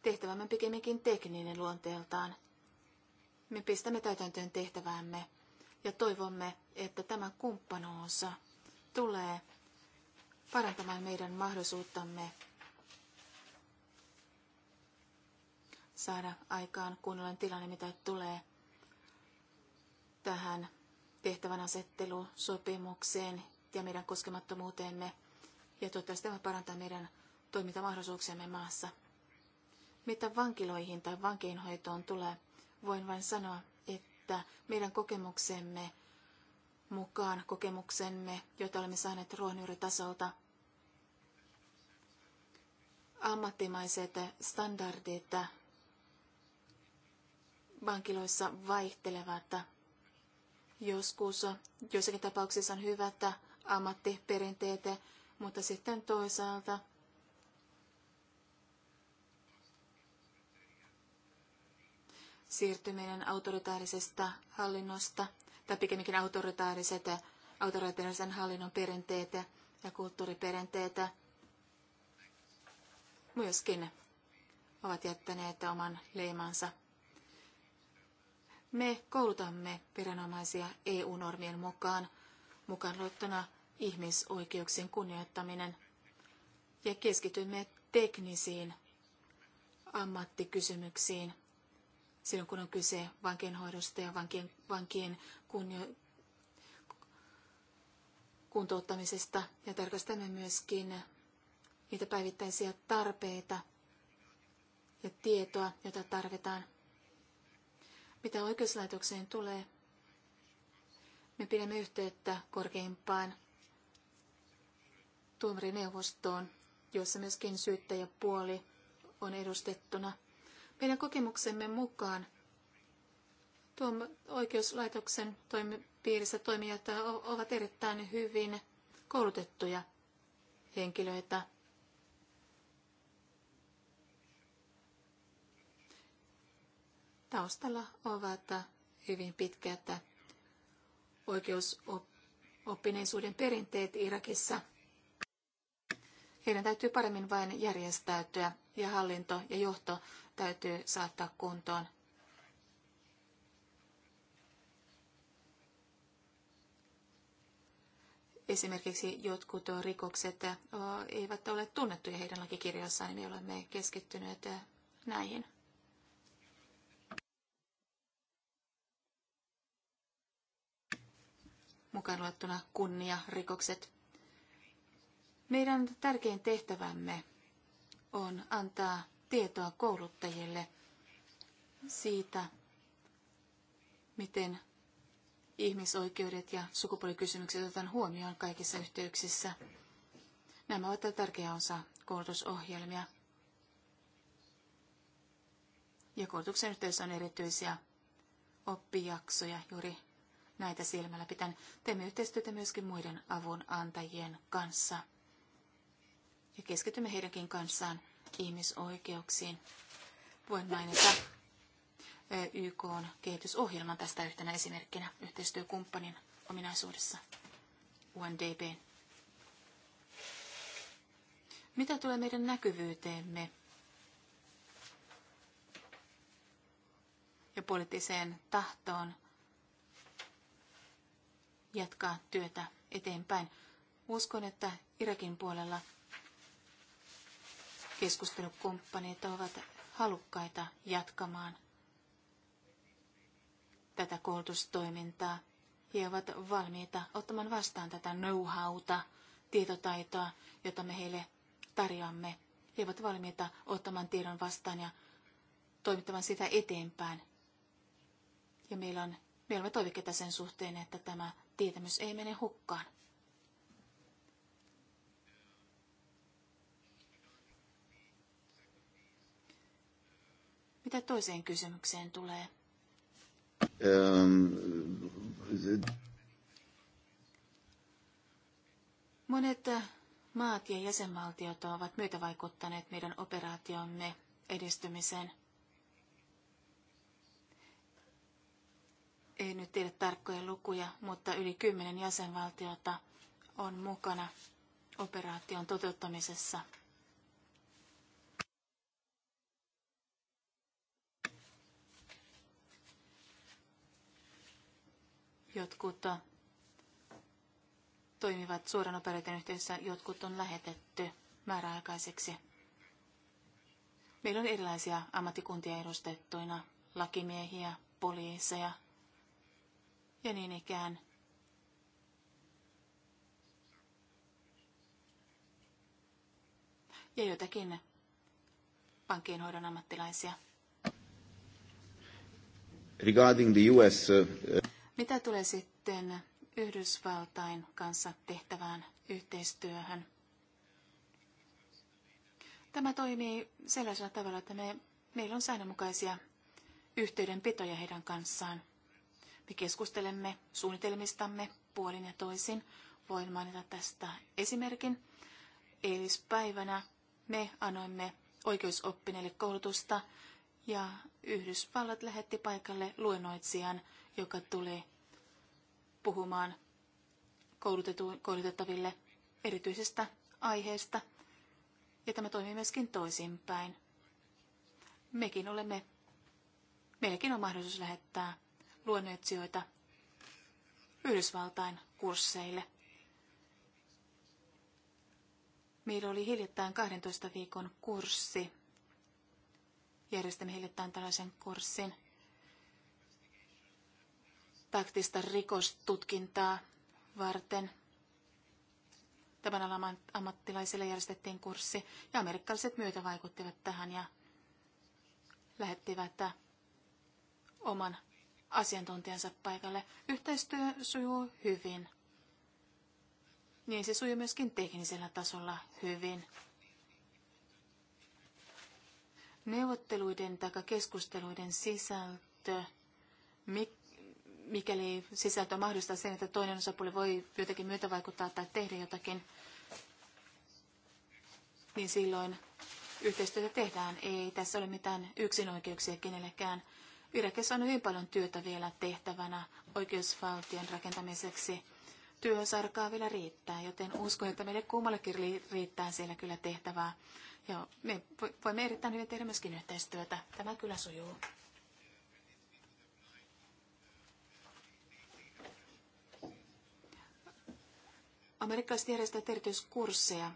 Tehtävämme pikemminkin tekninen luonteeltaan. Me pistämme täytäntöön tehtäväämme ja toivomme, että tämä kumppanuus tulee parantamaan meidän mahdollisuuttamme saada aikaan kunnollinen tilanne, mitä tulee tähän tehtävän asettelusopimukseen ja meidän koskemattomuuteemme. Ja toivottavasti tämä parantaa meidän toimintamahdollisuuksiamme maassa. Mitä vankiloihin tai vankeinhoitoon tulee, voin vain sanoa, että meidän kokemuksemme mukaan kokemuksemme, joita olemme saaneet ruohonjuuritasolta. Ammattimaiset standardit vankiloissa vaihtelevat. Joskus, joissakin tapauksissa on hyvät ammattiperinteet, mutta sitten toisaalta siirtyminen autoritaarisesta hallinnosta tai pikemminkin autoritaariset, autoritaarisen hallinnon perinteet ja kulttuuriperinteet myöskin ovat jättäneet oman leimansa. Me koulutamme viranomaisia EU-normien mukaan, mukaan luettuna ihmisoikeuksien kunnioittaminen, ja keskitymme teknisiin ammattikysymyksiin silloin, kun on kyse vankienhoidosta ja vankien, vankien kunnio- kuntouttamisesta ja tarkastamme myöskin niitä päivittäisiä tarpeita ja tietoa, jota tarvitaan. Mitä oikeuslaitokseen tulee, me pidämme yhteyttä korkeimpaan tuomarineuvostoon, jossa myöskin syyttäjäpuoli on edustettuna. Meidän kokemuksemme mukaan tuon oikeuslaitoksen piirissä toimijat ovat erittäin hyvin koulutettuja henkilöitä. Taustalla ovat hyvin pitkät oikeusoppineisuuden perinteet Irakissa. Heidän täytyy paremmin vain järjestäytyä ja hallinto ja johto täytyy saattaa kuntoon. Esimerkiksi jotkut rikokset äh, eivät ole tunnettuja heidän lakikirjassaan, niin me olemme keskittyneet äh, näihin. mukaan luettuna rikokset Meidän tärkein tehtävämme on antaa tietoa kouluttajille siitä, miten ihmisoikeudet ja sukupuolikysymykset otetaan huomioon kaikissa yhteyksissä. Nämä ovat tärkeä osa koulutusohjelmia. Ja koulutuksen yhteydessä on erityisiä oppijaksoja juuri näitä silmällä pitäen. Teemme yhteistyötä myöskin muiden avunantajien kanssa ja keskitymme heidänkin kanssaan ihmisoikeuksiin. Voin mainita YK on kehitysohjelman tästä yhtenä esimerkkinä yhteistyökumppanin ominaisuudessa UNDP. Mitä tulee meidän näkyvyyteemme ja poliittiseen tahtoon jatkaa työtä eteenpäin? Uskon, että Irakin puolella keskustelukumppanit ovat halukkaita jatkamaan tätä koulutustoimintaa. He ovat valmiita ottamaan vastaan tätä know-howta, tietotaitoa, jota me heille tarjoamme. He ovat valmiita ottamaan tiedon vastaan ja toimittamaan sitä eteenpäin. Ja meillä on, me olemme toivikkeita sen suhteen, että tämä tietämys ei mene hukkaan. Mitä toiseen kysymykseen tulee, Ähm, Monet äh, maat ja jäsenvaltiot ovat myötävaikuttaneet meidän operaatiomme edistymiseen. Ei nyt tiedä tarkkoja lukuja, mutta yli kymmenen jäsenvaltiota on mukana operaation toteuttamisessa – Jotkut toimivat suoran operaation yhteydessä, jotkut on lähetetty määräaikaiseksi. Meillä on erilaisia ammattikuntia edustettuina, lakimiehiä, poliiseja ja niin ikään ja jotakin pankkienhoidon ammattilaisia. Regarding the US, uh, uh mitä tulee sitten Yhdysvaltain kanssa tehtävään yhteistyöhön? Tämä toimii sellaisella tavalla, että me, meillä on säännönmukaisia yhteydenpitoja heidän kanssaan. Me keskustelemme suunnitelmistamme puolin ja toisin. Voin mainita tästä esimerkin. Eilispäivänä me annoimme oikeusoppineille koulutusta ja Yhdysvallat lähetti paikalle luennoitsijan, joka tulee puhumaan koulutettaville erityisestä aiheesta. Ja tämä toimii myöskin toisinpäin. Mekin olemme, meilläkin on mahdollisuus lähettää luonnoitsijoita Yhdysvaltain kursseille. Meillä oli hiljattain 12 viikon kurssi. Järjestämme hiljattain tällaisen kurssin taktista rikostutkintaa varten. Tämän alan ammattilaisille järjestettiin kurssi ja amerikkalaiset myötä vaikuttivat tähän ja lähettivät oman asiantuntijansa paikalle. Yhteistyö sujuu hyvin. Niin se sujuu myöskin teknisellä tasolla hyvin. Neuvotteluiden tai keskusteluiden sisältö, mik, mikäli sisältö mahdollistaa sen, että toinen osapuoli voi jotenkin vaikuttaa tai tehdä jotakin, niin silloin yhteistyötä tehdään. Ei tässä ole mitään yksinoikeuksia kenellekään. Irakissa on hyvin paljon työtä vielä tehtävänä oikeusvaltion rakentamiseksi. Työsarkaa vielä riittää, joten uskon, että meille kummallekin riittää siellä kyllä tehtävää. Ja me voimme erittäin hyvin tehdä myöskin yhteistyötä. Tämä kyllä sujuu. Amerikkalaiset järjestävät erityiskursseja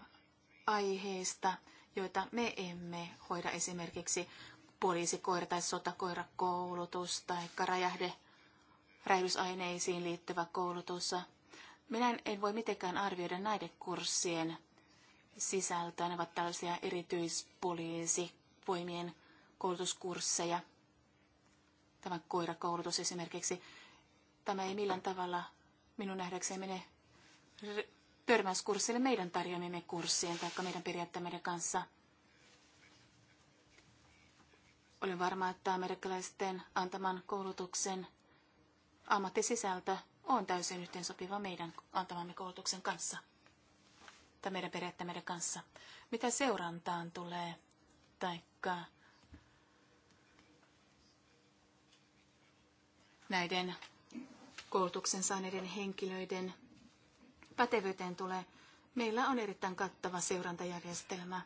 aiheista, joita me emme hoida esimerkiksi poliisikoira- tai sotakoirakoulutus tai räjähde räjähdysaineisiin liittyvä koulutus. Minä en voi mitenkään arvioida näiden kurssien sisältöä. Ne ovat tällaisia erityispoliisivoimien koulutuskursseja. Tämä koirakoulutus esimerkiksi. Tämä ei millään tavalla minun nähdäkseni mene törmäyskurssille meidän tarjoamimme kurssien tai meidän periaatteemme kanssa. Olen varma, että amerikkalaisten antaman koulutuksen ammattisisältö on täysin sopiva meidän antamamme koulutuksen kanssa tai meidän periaatteemme kanssa. Mitä seurantaan tulee, taikka näiden koulutuksen saaneiden henkilöiden pätevyyteen tulee, meillä on erittäin kattava seurantajärjestelmä.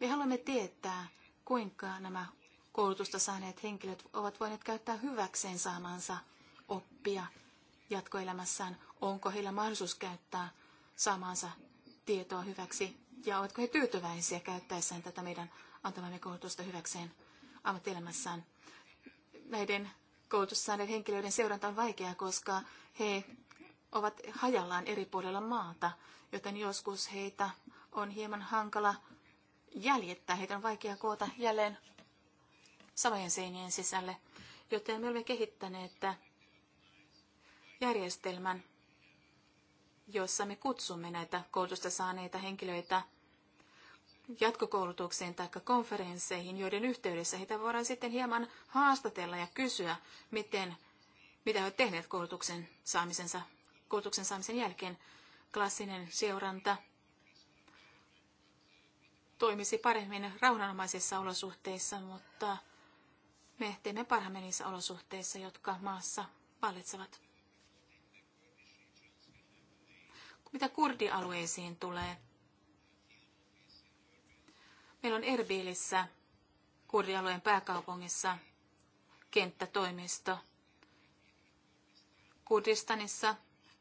Me haluamme tietää, kuinka nämä koulutusta saaneet henkilöt ovat voineet käyttää hyväkseen saamansa oppia jatkoelämässään. Onko heillä mahdollisuus käyttää saamansa tietoa hyväksi ja ovatko he tyytyväisiä käyttäessään tätä meidän antamamme koulutusta hyväkseen ammattielämässään. Näiden koulutussaaneiden henkilöiden seuranta on vaikeaa, koska he ovat hajallaan eri puolilla maata, joten joskus heitä on hieman hankala jäljittää. Heitä on vaikea koota jälleen samojen seinien sisälle, joten me olemme kehittäneet järjestelmän, jossa me kutsumme näitä koulutusta saaneita henkilöitä jatkokoulutukseen tai konferensseihin, joiden yhteydessä heitä voidaan sitten hieman haastatella ja kysyä, miten, mitä he ovat tehneet koulutuksen saamisensa koulutuksen saamisen jälkeen klassinen seuranta toimisi paremmin rauhanomaisissa olosuhteissa, mutta me teemme parhaamme niissä olosuhteissa, jotka maassa vallitsevat. Mitä kurdialueisiin tulee? Meillä on Erbilissä, kurdialueen pääkaupungissa, kenttätoimisto. Kurdistanissa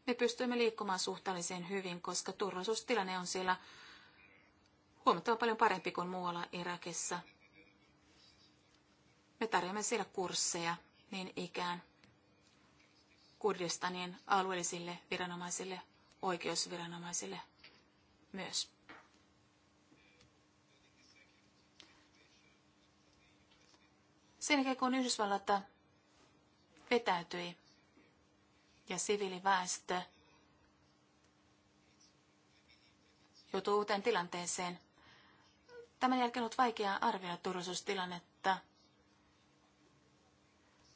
me pystyimme liikkumaan suhteellisen hyvin, koska turvallisuustilanne on siellä huomattavan paljon parempi kuin muualla Irakissa. Me tarjoamme siellä kursseja niin ikään Kurdistanin alueellisille viranomaisille, oikeusviranomaisille myös. Sen jälkeen kun Yhdysvallat vetäytyi ja siviiliväestö joutuu uuteen tilanteeseen. Tämän jälkeen on vaikea arvioida turvallisuustilannetta.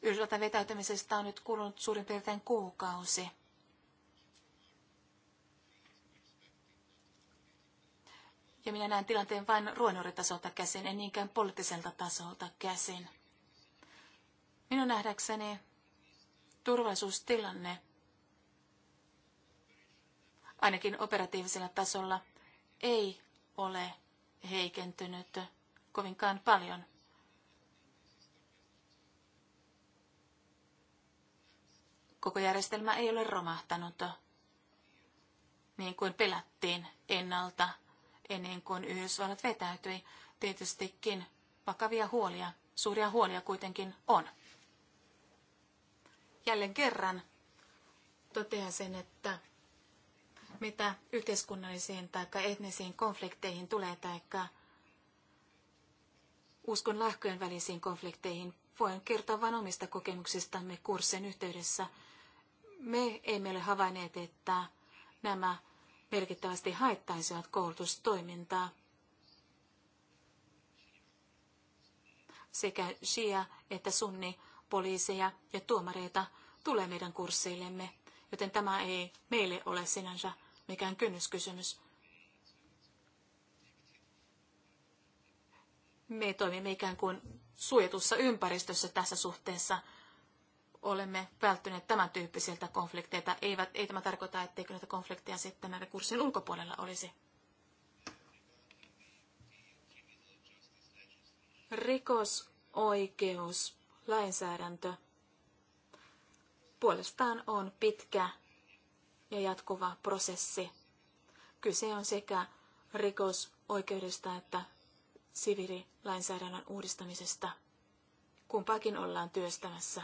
Yhdysvaltain vetäytymisestä on nyt kulunut suurin piirtein kuukausi. Ja minä näen tilanteen vain ruonuritasolta käsin, en niinkään poliittiselta tasolta käsin. Minun nähdäkseni turvallisuustilanne, ainakin operatiivisella tasolla, ei ole heikentynyt kovinkaan paljon. Koko järjestelmä ei ole romahtanut, niin kuin pelättiin ennalta, ennen kuin Yhdysvallat vetäytyi. Tietystikin vakavia huolia, suuria huolia kuitenkin on jälleen kerran totean sen, että mitä yhteiskunnallisiin tai etnisiin konflikteihin tulee tai uskon lahkojen välisiin konflikteihin, voin kertoa vain omista kokemuksistamme kurssin yhteydessä. Me emme ole havainneet, että nämä merkittävästi haittaisivat koulutustoimintaa. Sekä Shia että Sunni poliiseja ja tuomareita tulee meidän kursseillemme, joten tämä ei meille ole sinänsä mikään kynnyskysymys. Me toimimme ikään kuin suojatussa ympäristössä tässä suhteessa. Olemme välttyneet tämän tyyppisiltä konflikteilta. Eivät, ei tämä tarkoita, etteikö näitä konflikteja sitten näiden kurssien ulkopuolella olisi. Rikosoikeus lainsäädäntö puolestaan on pitkä ja jatkuva prosessi. Kyse on sekä rikosoikeudesta että siviililainsäädännön uudistamisesta. Kumpaakin ollaan työstämässä.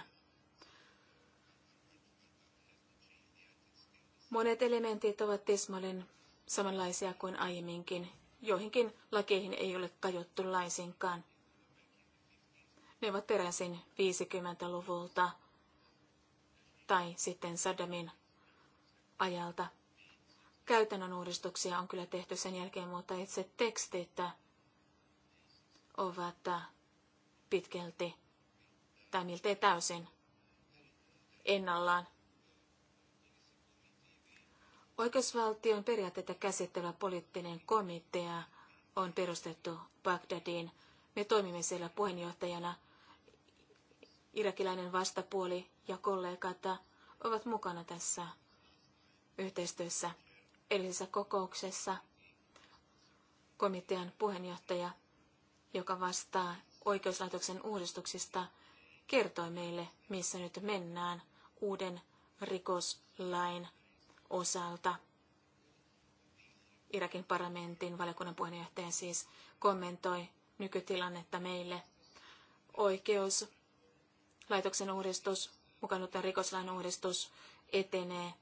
Monet elementit ovat tismalleen samanlaisia kuin aiemminkin. Joihinkin lakeihin ei ole kajottu laisinkaan. Ne ovat peräisin 50-luvulta tai sitten Saddamin ajalta. Käytännön uudistuksia on kyllä tehty sen jälkeen, mutta itse tekstit ovat pitkälti tai miltei täysin ennallaan. Oikeusvaltion periaatteita käsittelevä poliittinen komitea on perustettu Bagdadiin. Me toimimme siellä puheenjohtajana irakilainen vastapuoli ja kollegat ovat mukana tässä yhteistyössä. Edellisessä kokouksessa komitean puheenjohtaja, joka vastaa oikeuslaitoksen uudistuksista, kertoi meille, missä nyt mennään uuden rikoslain osalta. Irakin parlamentin valiokunnan puheenjohtaja siis kommentoi nykytilannetta meille. Oikeus laitoksen uudistus, mukaan ottaen rikoslain uudistus, etenee.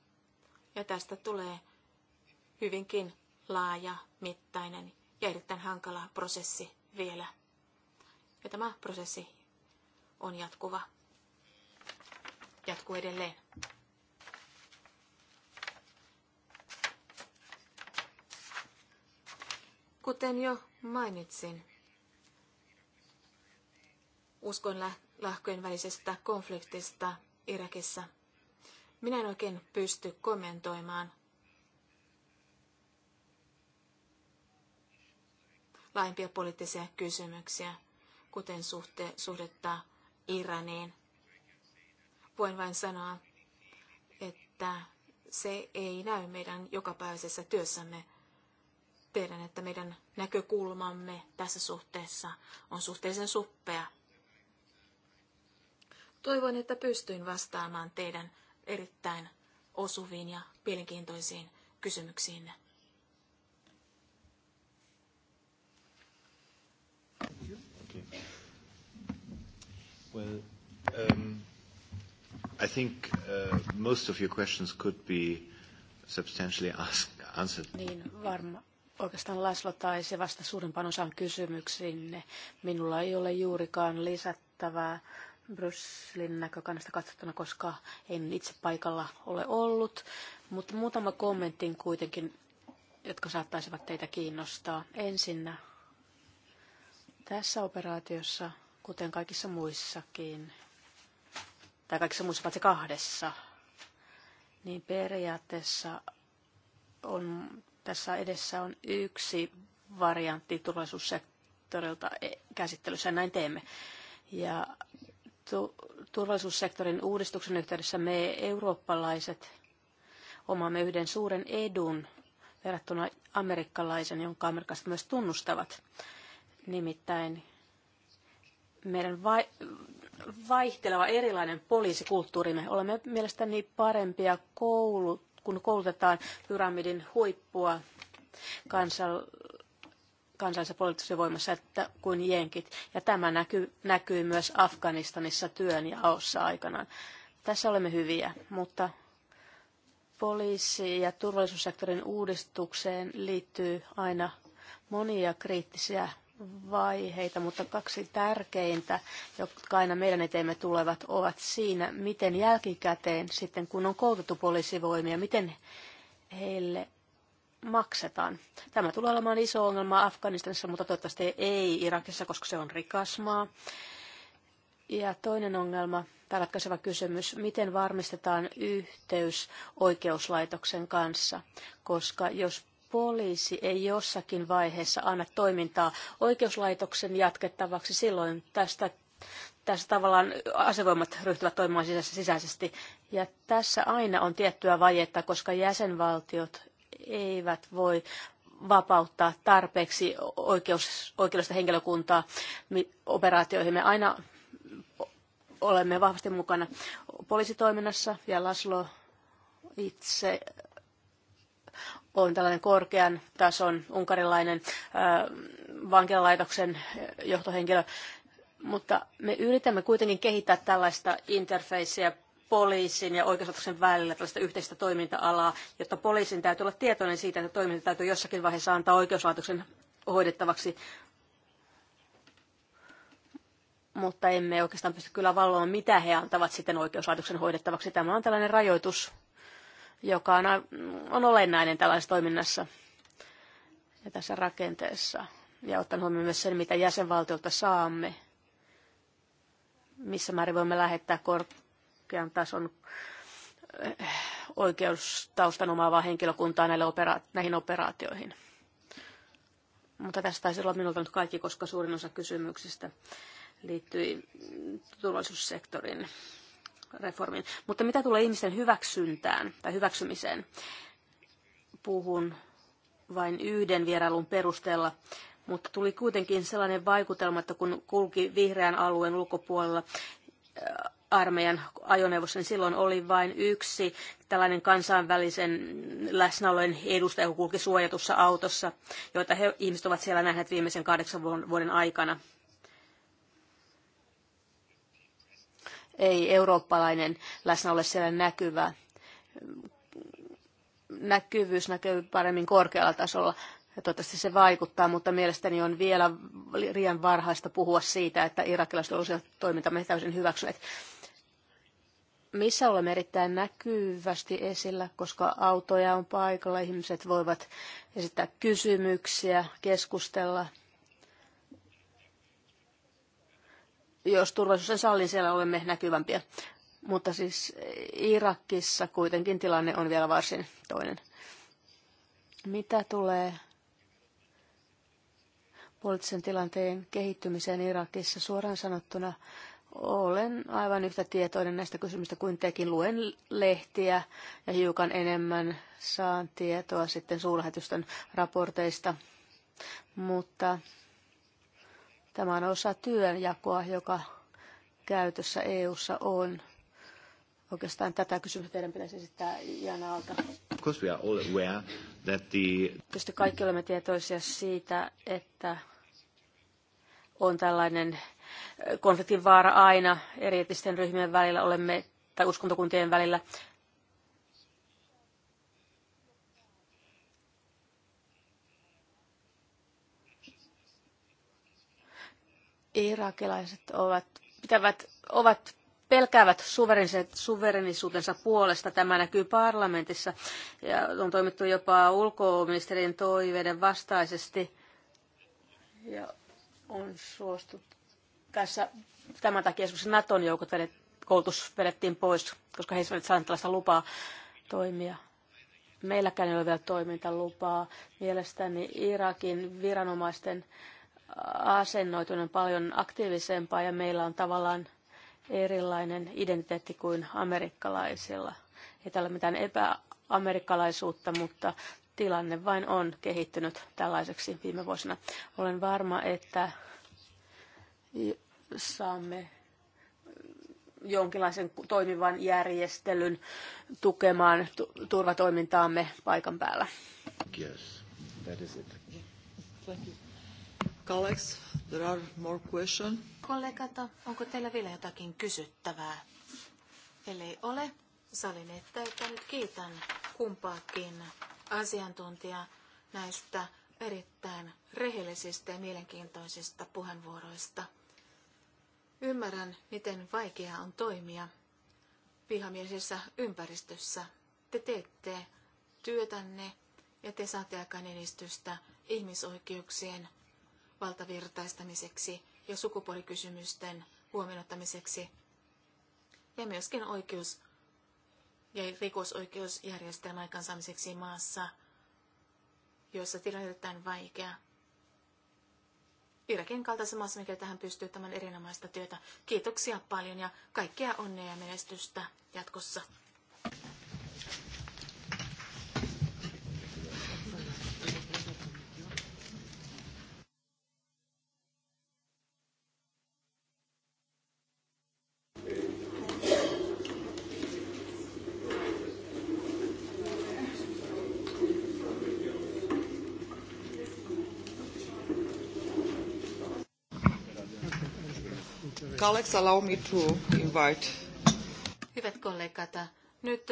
Ja tästä tulee hyvinkin laaja, mittainen ja erittäin hankala prosessi vielä. Ja tämä prosessi on jatkuva. Jatkuu edelleen. Kuten jo mainitsin, uskon lähteä lahkojen välisestä konfliktista Irakissa. Minä en oikein pysty kommentoimaan laajempia poliittisia kysymyksiä, kuten suhte, suhdetta Iraniin. Voin vain sanoa, että se ei näy meidän jokapäiväisessä työssämme. Tiedän, että meidän näkökulmamme tässä suhteessa on suhteellisen suppea. Toivon, että pystyin vastaamaan teidän erittäin osuviin ja mielenkiintoisiin kysymyksiinne. Well, um, I think uh, most of your questions could be substantially asked, answered. Niin, varma, oikeastaan Laslo taisi vasta suurimpaan osaan kysymyksiinne. Minulla ei ole juurikaan lisättävää Brysselin näkökannasta katsottuna, koska en itse paikalla ole ollut. Mutta muutama kommentti, kuitenkin, jotka saattaisivat teitä kiinnostaa. Ensinnä tässä operaatiossa, kuten kaikissa muissakin, tai kaikissa muissa paitsi kahdessa, niin periaatteessa on, tässä edessä on yksi variantti turvallisuussektorilta eh, käsittelyssä, ja näin teemme. Ja turvallisuussektorin uudistuksen yhteydessä me eurooppalaiset omaamme yhden suuren edun verrattuna amerikkalaisen, jonka amerikkalaiset myös tunnustavat. Nimittäin meidän vai, vaihteleva erilainen poliisikulttuurimme. Olemme mielestäni parempia koulut, kun koulutetaan pyramidin huippua kansal- kansallisessa poliittisessa voimassa että kuin jenkit. Ja tämä näkyy, näkyy myös Afganistanissa työn ja aossa aikanaan. Tässä olemme hyviä, mutta poliisi- ja turvallisuussektorin uudistukseen liittyy aina monia kriittisiä vaiheita, mutta kaksi tärkeintä, jotka aina meidän eteemme tulevat, ovat siinä, miten jälkikäteen sitten, kun on koulutettu poliisivoimia, miten heille maksetaan. Tämä tulee olemaan iso ongelma Afganistanissa, mutta toivottavasti ei Irakissa, koska se on rikas maa. Ja toinen ongelma, tai ratkaiseva kysymys, miten varmistetaan yhteys oikeuslaitoksen kanssa, koska jos poliisi ei jossakin vaiheessa anna toimintaa oikeuslaitoksen jatkettavaksi, silloin tästä tässä tavallaan asevoimat ryhtyvät toimimaan sisäisesti. Ja tässä aina on tiettyä vajetta, koska jäsenvaltiot eivät voi vapauttaa tarpeeksi oikeus, oikeudellista henkilökuntaa operaatioihin. Me aina olemme vahvasti mukana poliisitoiminnassa ja Laslo itse on tällainen korkean tason unkarilainen vankilalaitoksen johtohenkilö. Mutta me yritämme kuitenkin kehittää tällaista interfeissiä poliisin ja oikeuslaitoksen välillä tällaista yhteistä toiminta-alaa, jotta poliisin täytyy olla tietoinen siitä, että toiminta täytyy jossakin vaiheessa antaa oikeuslaitoksen hoidettavaksi. Mutta emme oikeastaan pysty kyllä valvomaan, mitä he antavat sitten oikeuslaitoksen hoidettavaksi. Tämä on tällainen rajoitus, joka on, on olennainen tällaisessa toiminnassa ja tässä rakenteessa. Ja ottaen huomioon myös sen, mitä jäsenvaltiolta saamme, missä määrin voimme lähettää kort- korkean tason eh, oikeustaustan omaavaa henkilökuntaa näille opera- näihin operaatioihin. Mutta tässä taisi olla minulta nyt kaikki, koska suurin osa kysymyksistä liittyi turvallisuussektorin reformiin. Mutta mitä tulee ihmisten hyväksyntään tai hyväksymiseen, puhun vain yhden vierailun perusteella, mutta tuli kuitenkin sellainen vaikutelma, että kun kulki vihreän alueen ulkopuolella, armeijan ajoneuvossa, niin silloin oli vain yksi tällainen kansainvälisen läsnäolojen edustaja, joka kulki suojatussa autossa, joita he, ihmiset ovat siellä nähneet viimeisen kahdeksan vuoden aikana. Ei eurooppalainen läsnä ole siellä näkyvä. Näkyvyys näkyy paremmin korkealla tasolla ja toivottavasti se vaikuttaa, mutta mielestäni on vielä liian varhaista puhua siitä, että irakilaiset olisivat toimintamme täysin hyväksyneet missä olemme erittäin näkyvästi esillä, koska autoja on paikalla, ihmiset voivat esittää kysymyksiä, keskustella. Jos turvallisuus sen salli, siellä olemme näkyvämpiä. Mutta siis Irakissa kuitenkin tilanne on vielä varsin toinen. Mitä tulee poliittisen tilanteen kehittymiseen Irakissa suoraan sanottuna, olen aivan yhtä tietoinen näistä kysymyksistä kuin tekin. Luen lehtiä ja hiukan enemmän saan tietoa sitten suurlähetystön raporteista. Mutta tämä on osa työnjakoa, joka käytössä EU:ssa on. Oikeastaan tätä kysymystä teidän pitäisi esittää Janalta. The... Tietysti kaikki olemme tietoisia siitä, että on tällainen konfliktin vaara aina eri etisten ryhmien välillä olemme, tai uskontokuntien välillä. Irakilaiset ovat, pitävät, ovat pelkäävät suverenisuutensa puolesta. Tämä näkyy parlamentissa ja on toimittu jopa ulkoministerin toiveiden vastaisesti. Ja on suostuttu tässä tämän takia esimerkiksi Naton joukot vedet, koulutus vedettiin pois, koska he eivät saaneet tällaista lupaa toimia. Meilläkään ei ole vielä toimintalupaa. Mielestäni Irakin viranomaisten on paljon aktiivisempaa ja meillä on tavallaan erilainen identiteetti kuin amerikkalaisilla. Ei täällä ole mitään epäamerikkalaisuutta, mutta tilanne vain on kehittynyt tällaiseksi viime vuosina. Olen varma, että saamme jonkinlaisen toimivan järjestelyn tukemaan turvatoimintaamme paikan päällä. Yes, that is it. Thank you. Colleagues, there are more questions. Kollegat, onko teillä vielä jotakin kysyttävää? Ellei ole, salin että nyt kiitän kumpaakin asiantuntijaa näistä erittäin rehellisistä ja mielenkiintoisista puheenvuoroista. Ymmärrän, miten vaikeaa on toimia vihamielisessä ympäristössä. Te teette työtänne ja te saatte aikaan edistystä ihmisoikeuksien valtavirtaistamiseksi ja sukupuolikysymysten huomioittamiseksi ja myöskin oikeus- ja rikosoikeusjärjestelmän aikaansaamiseksi maassa, jossa tilanne on vaikea. Irakin kaltaisessa maassa, mikä tähän pystyy tämän erinomaista työtä. Kiitoksia paljon ja kaikkea onnea ja menestystä jatkossa. colleagues, allow me to invite. Hyvät kollegat, nyt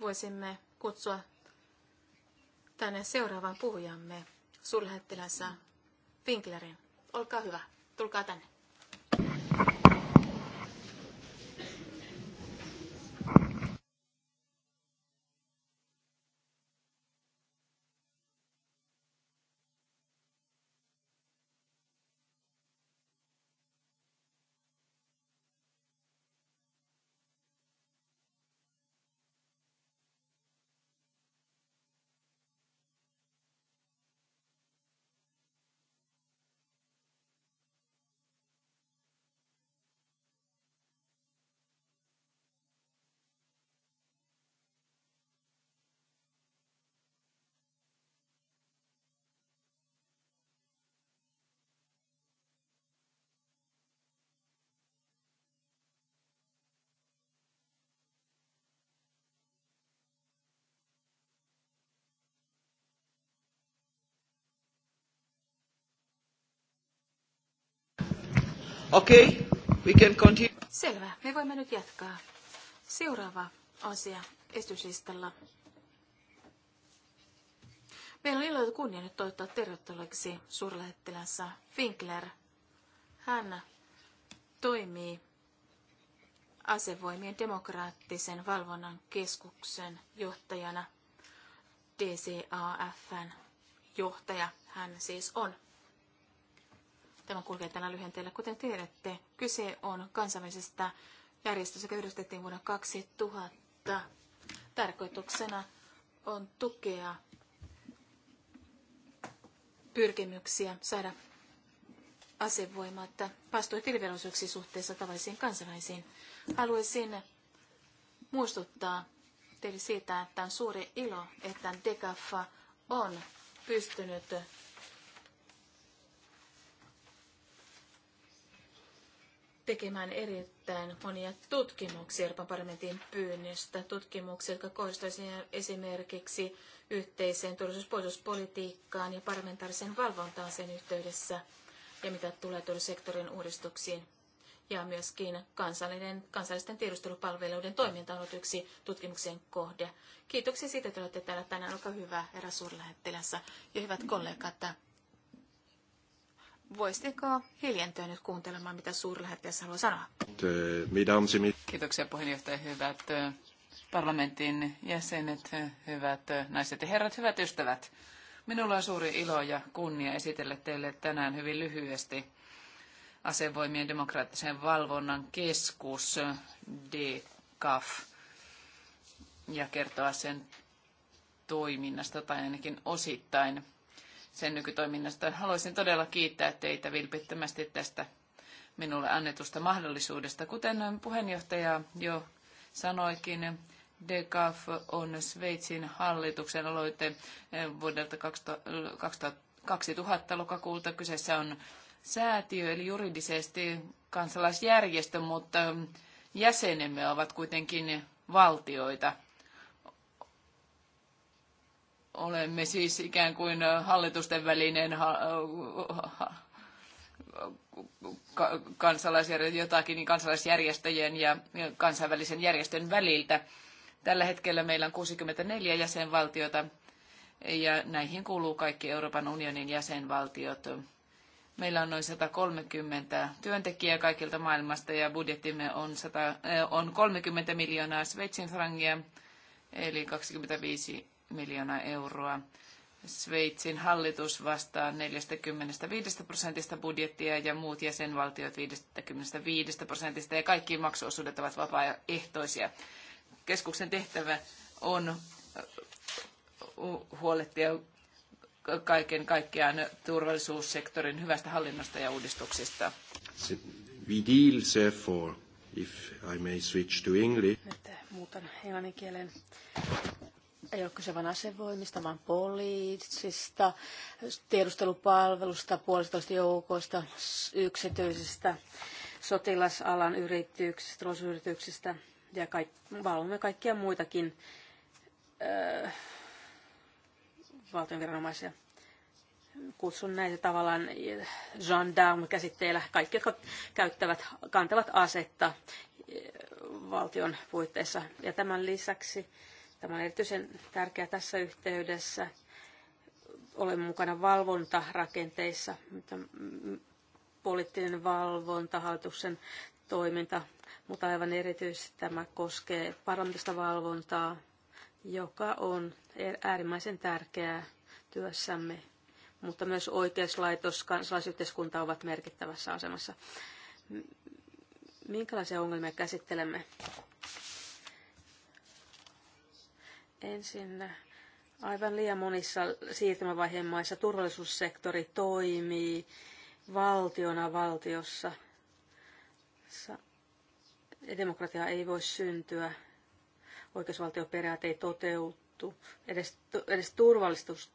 voisimme kutsua tänne seuraavan puhujamme, suurlähettilässä Winklerin. Olkaa hyvä, tulkaa tänne. Okay, we can continue. Selvä, me voimme nyt jatkaa. Seuraava asia esityslistalla. Meillä on ilo ja kunnia nyt toivottaa tervetulleeksi suurlähettilässä Finkler. Hän toimii asevoimien demokraattisen valvonnan keskuksen johtajana, DCAFn johtaja hän siis on. Tämä kulkee tällä lyhenteellä. Kuten tiedätte, kyse on kansainvälisestä järjestöstä, joka yhdistettiin vuonna 2000. Tarkoituksena on tukea pyrkimyksiä saada asevoimatta vastuutilvelvollisuuksi suhteessa tavallisiin kansalaisiin. Haluaisin muistuttaa teille siitä, että on suuri ilo, että DECAFA on pystynyt tekemään erittäin monia tutkimuksia Euroopan parlamentin pyynnöstä. Tutkimuksia, jotka kohdistuisivat esimerkiksi yhteiseen turvallisuuspuolustuspolitiikkaan ja parlamentaariseen valvontaan sen yhteydessä ja mitä tulee turvallisuussektorin uudistuksiin. Ja myöskin kansallinen, kansallisten tiedustelupalveluiden toiminta on ollut yksi tutkimuksen kohde. Kiitoksia siitä, että olette täällä tänään. Olkaa hyvä, herra suurlähettilässä ja hyvät kollegat. Voisitteko hiljentyä nyt kuuntelemaan, mitä suurlähettiläs haluaa sanoa? Kiitoksia puheenjohtaja. Hyvät parlamentin jäsenet, hyvät naiset ja herrat, hyvät ystävät. Minulla on suuri ilo ja kunnia esitellä teille tänään hyvin lyhyesti asevoimien demokraattisen valvonnan keskus DCAF ja kertoa sen toiminnasta tai ainakin osittain sen nykytoiminnasta. Haluaisin todella kiittää teitä vilpittömästi tästä minulle annetusta mahdollisuudesta. Kuten puheenjohtaja jo sanoikin, DECAF on Sveitsin hallituksen aloite eh, vuodelta 2000 lokakuulta. Kyseessä on säätiö, eli juridisesti kansalaisjärjestö, mutta jäsenemme ovat kuitenkin valtioita. Olemme siis ikään kuin hallitusten välinen ha- ha- kansalaisjärjestö, jotakin niin kansalaisjärjestöjen ja kansainvälisen järjestön väliltä. Tällä hetkellä meillä on 64 jäsenvaltiota ja näihin kuuluu kaikki Euroopan unionin jäsenvaltiot. Meillä on noin 130 työntekijää kaikilta maailmasta ja budjettimme on, 100, on 30 miljoonaa Sveitsin frangia, eli 25 miljoonaa euroa. Sveitsin hallitus vastaa 45 prosentista budjettia ja muut jäsenvaltiot 55 prosentista ja kaikki maksuosuudet ovat vapaaehtoisia. Keskuksen tehtävä on huolehtia kaiken kaikkiaan turvallisuussektorin hyvästä hallinnosta ja uudistuksista. We deal therefore, if I may switch to English. Nyt muutan englannin kielen ei ole kyse vain asevoimista, vaan poliisista, tiedustelupalvelusta, puolitoista joukoista, yksityisistä, sotilasalan yrityksistä, turvallisuusyrityksistä ja kaik- valvomme kaikkia muitakin öö, valtion viranomaisia. Kutsun näitä tavallaan gendarme-käsitteillä, eh, kaikki, jotka käyttävät, kantavat asetta eh, valtion puitteissa. Ja tämän lisäksi Tämä on erityisen tärkeää tässä yhteydessä. Olemme mukana valvontarakenteissa, poliittinen valvonta, hallituksen toiminta, mutta aivan erityisesti tämä koskee parlamentista valvontaa, joka on e- äärimmäisen tärkeää työssämme, mutta myös oikeuslaitos, kansalaisyhteiskunta ovat merkittävässä asemassa. Minkälaisia ongelmia käsittelemme? Ensin aivan liian monissa siirtymävaiheen maissa turvallisuussektori toimii valtiona valtiossa. Demokratia ei voi syntyä, oikeusvaltioperiaate ei toteudu saatu. Edes, edes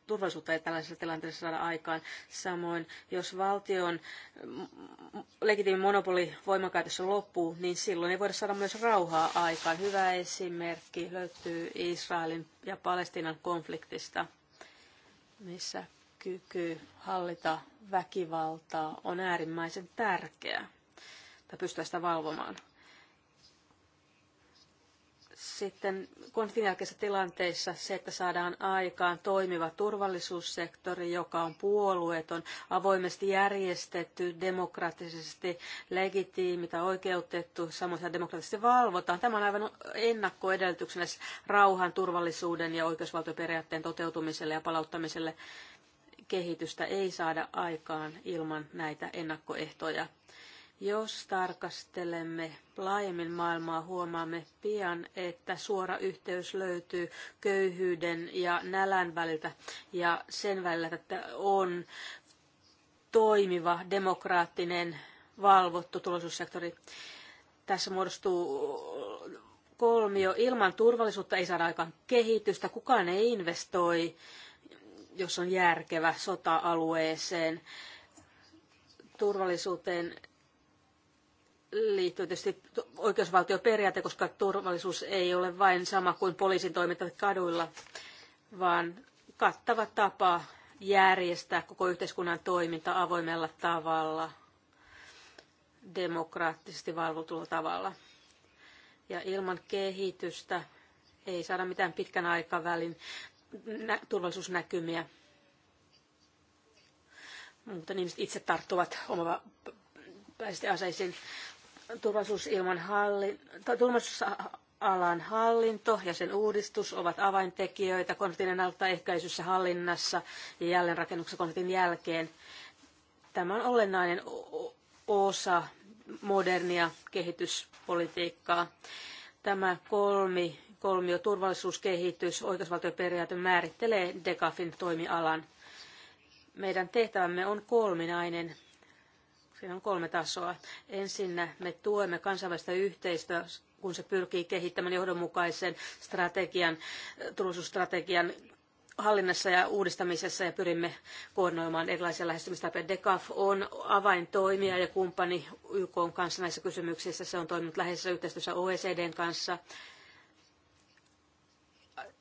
turvallisuutta ei tällaisessa tilanteessa saada aikaan. Samoin, jos valtion mm, mm, legitiimi monopoli voimakäytössä loppuu, niin silloin ei voida saada myös rauhaa aikaan. Hyvä esimerkki löytyy Israelin ja Palestinan konfliktista, missä kyky hallita väkivaltaa on äärimmäisen tärkeää tai pystyä sitä valvomaan. Sitten konfliktin jälkeisissä tilanteissa se, että saadaan aikaan toimiva turvallisuussektori, joka on puolueeton, avoimesti järjestetty, demokraattisesti legitiimi tai oikeutettu, samoin demokraattisesti valvotaan. Tämä on aivan ennakkoedellytyksenä siis rauhan, turvallisuuden ja oikeusvaltioperiaatteen toteutumiselle ja palauttamiselle kehitystä ei saada aikaan ilman näitä ennakkoehtoja jos tarkastelemme laajemmin maailmaa, huomaamme pian, että suora yhteys löytyy köyhyyden ja nälän väliltä ja sen välillä, että on toimiva demokraattinen valvottu turvallisuussektori. Tässä muodostuu kolmio. Ilman turvallisuutta ei saada aikaan kehitystä. Kukaan ei investoi, jos on järkevä sota-alueeseen turvallisuuteen liittyy tietysti oikeusvaltioperiaate, koska turvallisuus ei ole vain sama kuin poliisin toiminta kaduilla, vaan kattava tapa järjestää koko yhteiskunnan toiminta avoimella tavalla, demokraattisesti valvotulla tavalla. Ja ilman kehitystä ei saada mitään pitkän aikavälin turvallisuusnäkymiä. Mutta ihmiset itse tarttuvat oma aseisiin turvallisuusilman hallin, turvallisuusalan hallinto ja sen uudistus ovat avaintekijöitä konfliktin ennaltaehkäisyssä, hallinnassa ja jälleenrakennuksessa konfliktin jälkeen. Tämä on olennainen osa modernia kehityspolitiikkaa. Tämä kolmi, kolmio turvallisuuskehitys, oikeusvaltioperiaate määrittelee DECAFin toimialan. Meidän tehtävämme on kolminainen. Siinä on kolme tasoa. Ensin me tuemme kansainvälistä yhteistyötä kun se pyrkii kehittämään johdonmukaisen strategian, turvallisuusstrategian hallinnassa ja uudistamisessa ja pyrimme koordinoimaan erilaisia lähestymistapoja. DECAF on avaintoimija ja kumppani YK on kanssa näissä kysymyksissä. Se on toiminut läheisessä yhteistyössä OECDn kanssa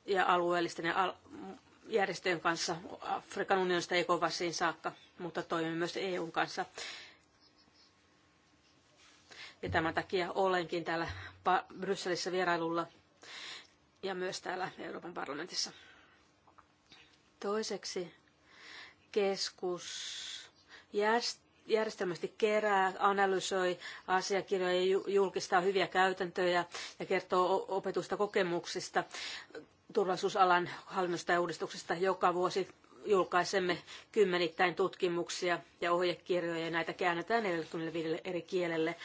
ja alueellisten ja järjestöjen kanssa Afrikan unionista ECOWASiin saakka, mutta toimimme myös EUn kanssa. Ja tämän takia olenkin täällä Brysselissä vierailulla ja myös täällä Euroopan parlamentissa. Toiseksi keskus järjestelmästi kerää, analysoi asiakirjoja, julkistaa hyviä käytäntöjä ja kertoo opetusta kokemuksista turvallisuusalan hallinnosta ja uudistuksesta joka vuosi julkaisemme kymmenittäin tutkimuksia ja ohjekirjoja ja näitä käännetään 45 eri kielelle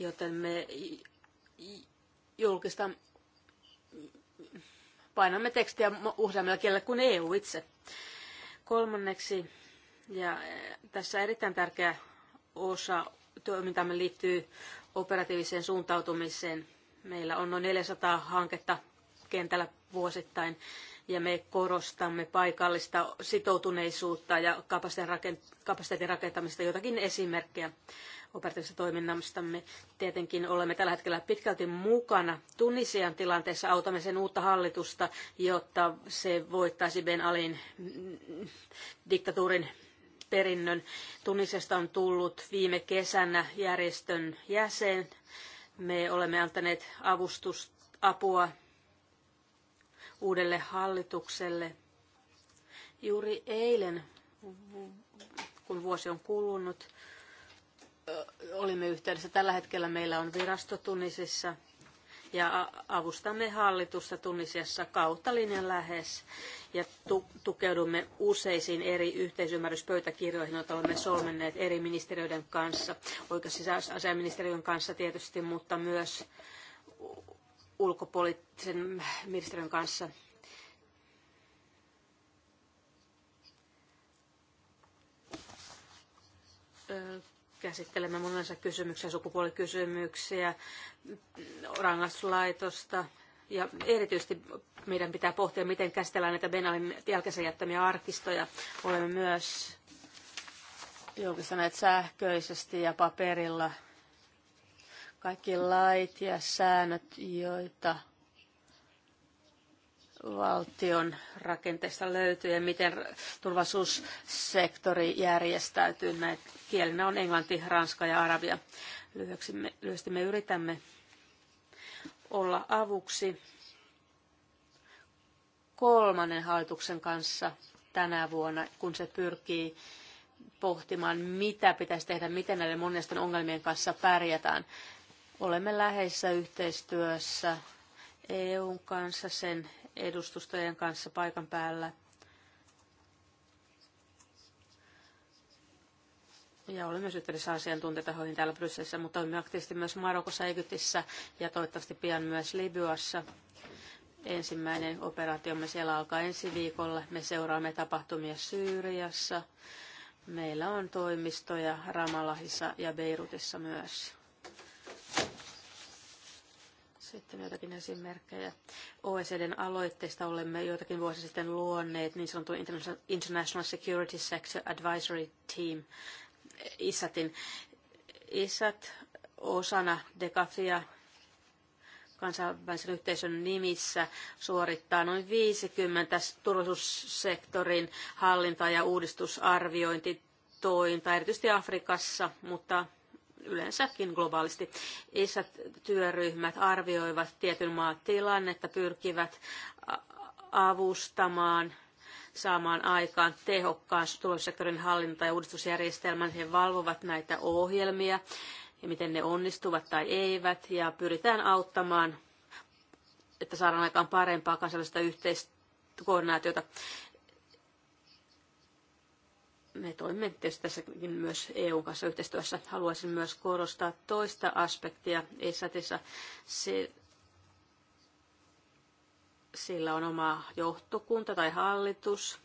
joten me julkista painamme tekstiä useammilla kielellä kuin EU itse. Kolmanneksi, ja eh, tässä erittäin tärkeä osa toimintamme liittyy operatiiviseen suuntautumiseen. Meillä on noin 400 hanketta kentällä vuosittain ja me korostamme paikallista sitoutuneisuutta ja kapasiteetin rakentamista. Jotakin esimerkkejä operatiivisesta toiminnastamme. Tietenkin olemme tällä hetkellä pitkälti mukana Tunisian tilanteessa. Autamme sen uutta hallitusta, jotta se voittaisi Ben Alin mm, diktatuurin perinnön. Tunisesta on tullut viime kesänä järjestön jäsen. Me olemme antaneet avustusapua uudelle hallitukselle. Juuri eilen, kun vuosi on kulunut, olimme yhteydessä. Tällä hetkellä meillä on virasto Tunisissa ja avustamme hallitusta Tunisiassa kautta linjan lähes ja tukeudumme useisiin eri yhteisymmärryspöytäkirjoihin, joita olemme solmenneet eri ministeriöiden kanssa, oikeus- sisäasiaministeriön kanssa tietysti, mutta myös ulkopoliittisen ministeriön kanssa. Öö Käsittelemme monenlaisia kysymyksiä, sukupuolikysymyksiä, rangaistuslaitosta, ja erityisesti meidän pitää pohtia, miten käsitellään näitä Benalin jälkeisen jättämiä arkistoja. Olemme myös julkistaneet sähköisesti ja paperilla kaikki lait ja säännöt, joita valtion rakenteesta löytyy ja miten turvallisuussektori järjestäytyy. Näitä kielinä on englanti, ranska ja arabia. Lyhyesti me, lyhyesti me yritämme olla avuksi kolmannen hallituksen kanssa tänä vuonna, kun se pyrkii pohtimaan, mitä pitäisi tehdä, miten näiden monesten ongelmien kanssa pärjätään. Olemme läheisessä yhteistyössä EUn kanssa, sen edustustojen kanssa paikan päällä. Ja olemme myös yhteydessä asiantuntijatahoihin täällä Brysselissä, mutta olemme aktiivisesti myös Marokossa, Egyptissä ja toivottavasti pian myös Libyassa. Ensimmäinen operaatiomme siellä alkaa ensi viikolla. Me seuraamme tapahtumia Syyriassa. Meillä on toimistoja Ramallahissa ja Beirutissa myös. Sitten joitakin esimerkkejä. OECDn aloitteista olemme joitakin vuosia sitten luonneet niin sanotun International Security Sector Advisory Team, ISATin. ISAT osana DECAFia kansainvälisen yhteisön nimissä suorittaa noin 50 turvallisuussektorin hallinta- ja uudistusarviointitointa, erityisesti Afrikassa, mutta yleensäkin globaalisti. Isät työryhmät arvioivat tietyn maan tilannetta, pyrkivät avustamaan saamaan aikaan tehokkaan tulosektorin hallinta- ja uudistusjärjestelmän. He valvovat näitä ohjelmia ja miten ne onnistuvat tai eivät, ja pyritään auttamaan, että saadaan aikaan parempaa kansainvälistä yhteistyötä koordinaatiota me toimme tietysti tässäkin myös EUn kanssa yhteistyössä. Haluaisin myös korostaa toista aspektia ESATissa. Se, sillä on oma johtokunta tai hallitus.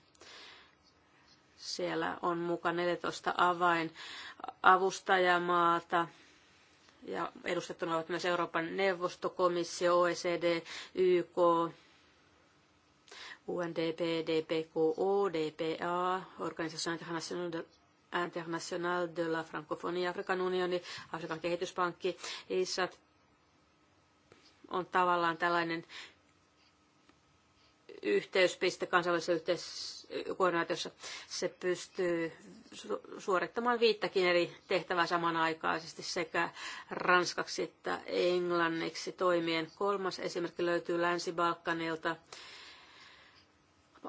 Siellä on mukana 14 avain avustajamaata ja edustettuna ovat myös Euroopan neuvosto, komissio, OECD, YK, UNDP, DPKO, DPA, Organisation Internationale de la Francophonie, Afrikan unioni, Afrikan kehityspankki, ISAT, on tavallaan tällainen yhteyspiste kansainvälisessä yhteiskoordinaatiossa. Se pystyy suorittamaan viittäkin eri tehtävää samanaikaisesti sekä ranskaksi että englanniksi toimien. Kolmas esimerkki löytyy Länsi-Balkanilta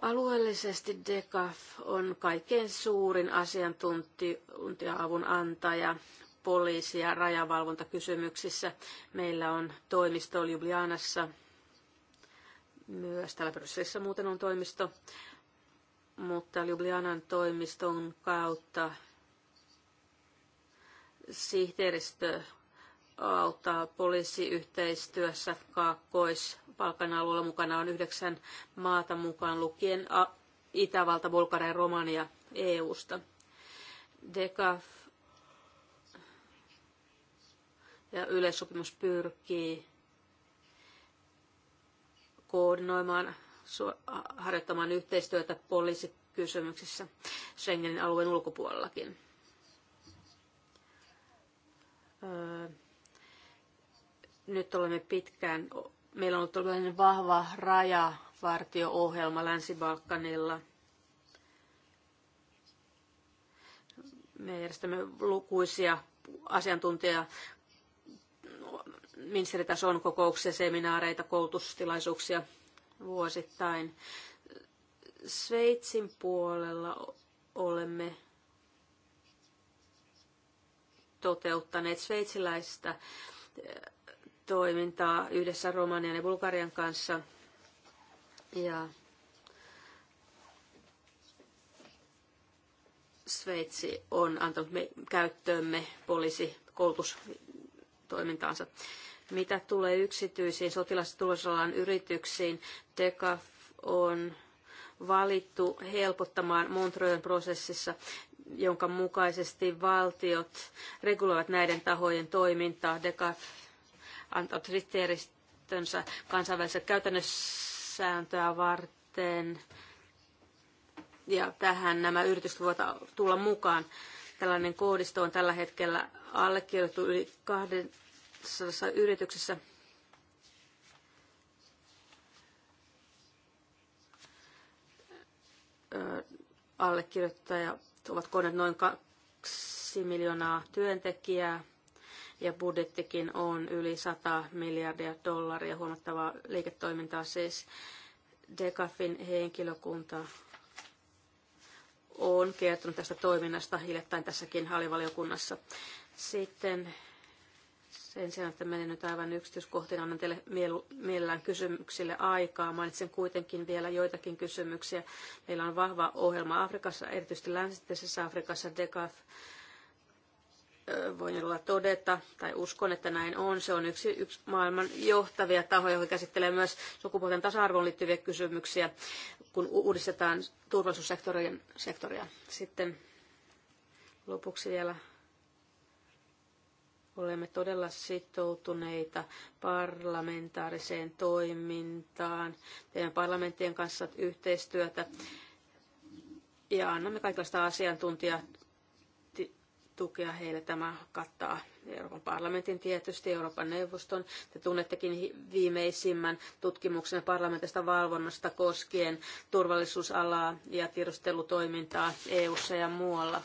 Alueellisesti DECAF on kaikkein suurin asiantuntija-avun antaja poliisi- ja rajavalvontakysymyksissä. Meillä on toimisto Ljubljanassa, myös täällä Brysselissä muuten on toimisto, mutta Ljubljanan toimiston kautta sihteeristö auttaa poliisiyhteistyössä Kaakkois- Balkan alueella mukana on yhdeksän maata mukaan lukien Itävalta, Bulgaria ja Romania EU-sta. DECAF ja yleissopimus pyrkii koordinoimaan, harjoittamaan yhteistyötä poliisikysymyksissä Schengenin alueen ulkopuolellakin. Nyt olemme pitkään Meillä on ollut tällainen vahva rajavartio-ohjelma Länsi-Balkanilla. Me järjestämme lukuisia asiantuntija ministeritason kokouksia, seminaareita, koulutustilaisuuksia vuosittain. Sveitsin puolella olemme toteuttaneet sveitsiläistä toimintaa yhdessä Romanian ja Bulgarian kanssa. Ja Sveitsi on antanut me, käyttöömme poliisikoulutustoimintaansa. Mitä tulee yksityisiin sotilastulosalan yrityksiin, TECAF on valittu helpottamaan Montreuxin prosessissa, jonka mukaisesti valtiot reguloivat näiden tahojen toimintaa. DECAF antaa kriteeristönsä kansainvälistä käytännössääntöä varten. Ja tähän nämä yritykset voivat tulla mukaan. Tällainen koodisto on tällä hetkellä allekirjoitettu yli 200 yrityksessä. Allekirjoittajat ovat koneet noin 2 miljoonaa työntekijää ja budjettikin on yli 100 miljardia dollaria, huomattavaa liiketoimintaa siis. Decafin henkilökunta on kertonut tästä toiminnasta hiljattain tässäkin halivaliokunnassa. Sitten sen sijaan, että menen nyt aivan yksityiskohtiin, annan teille mielellään kysymyksille aikaa. Mainitsen kuitenkin vielä joitakin kysymyksiä. Meillä on vahva ohjelma Afrikassa, erityisesti länsi Afrikassa, DECAF voin olla todeta, tai uskon, että näin on. Se on yksi, yksi maailman johtavia tahoja, joka käsittelee myös sukupuolten tasa-arvoon liittyviä kysymyksiä, kun uudistetaan turvallisuussektoria. Sitten lopuksi vielä olemme todella sitoutuneita parlamentaariseen toimintaan. Teemme parlamenttien kanssa yhteistyötä ja annamme kaikenlaista asiantuntijaa tukea heille. Tämä kattaa Euroopan parlamentin tietysti, Euroopan neuvoston. Te tunnettekin viimeisimmän tutkimuksen parlamentista valvonnasta koskien turvallisuusalaa ja tiedustelutoimintaa EU:ssa ja muualla.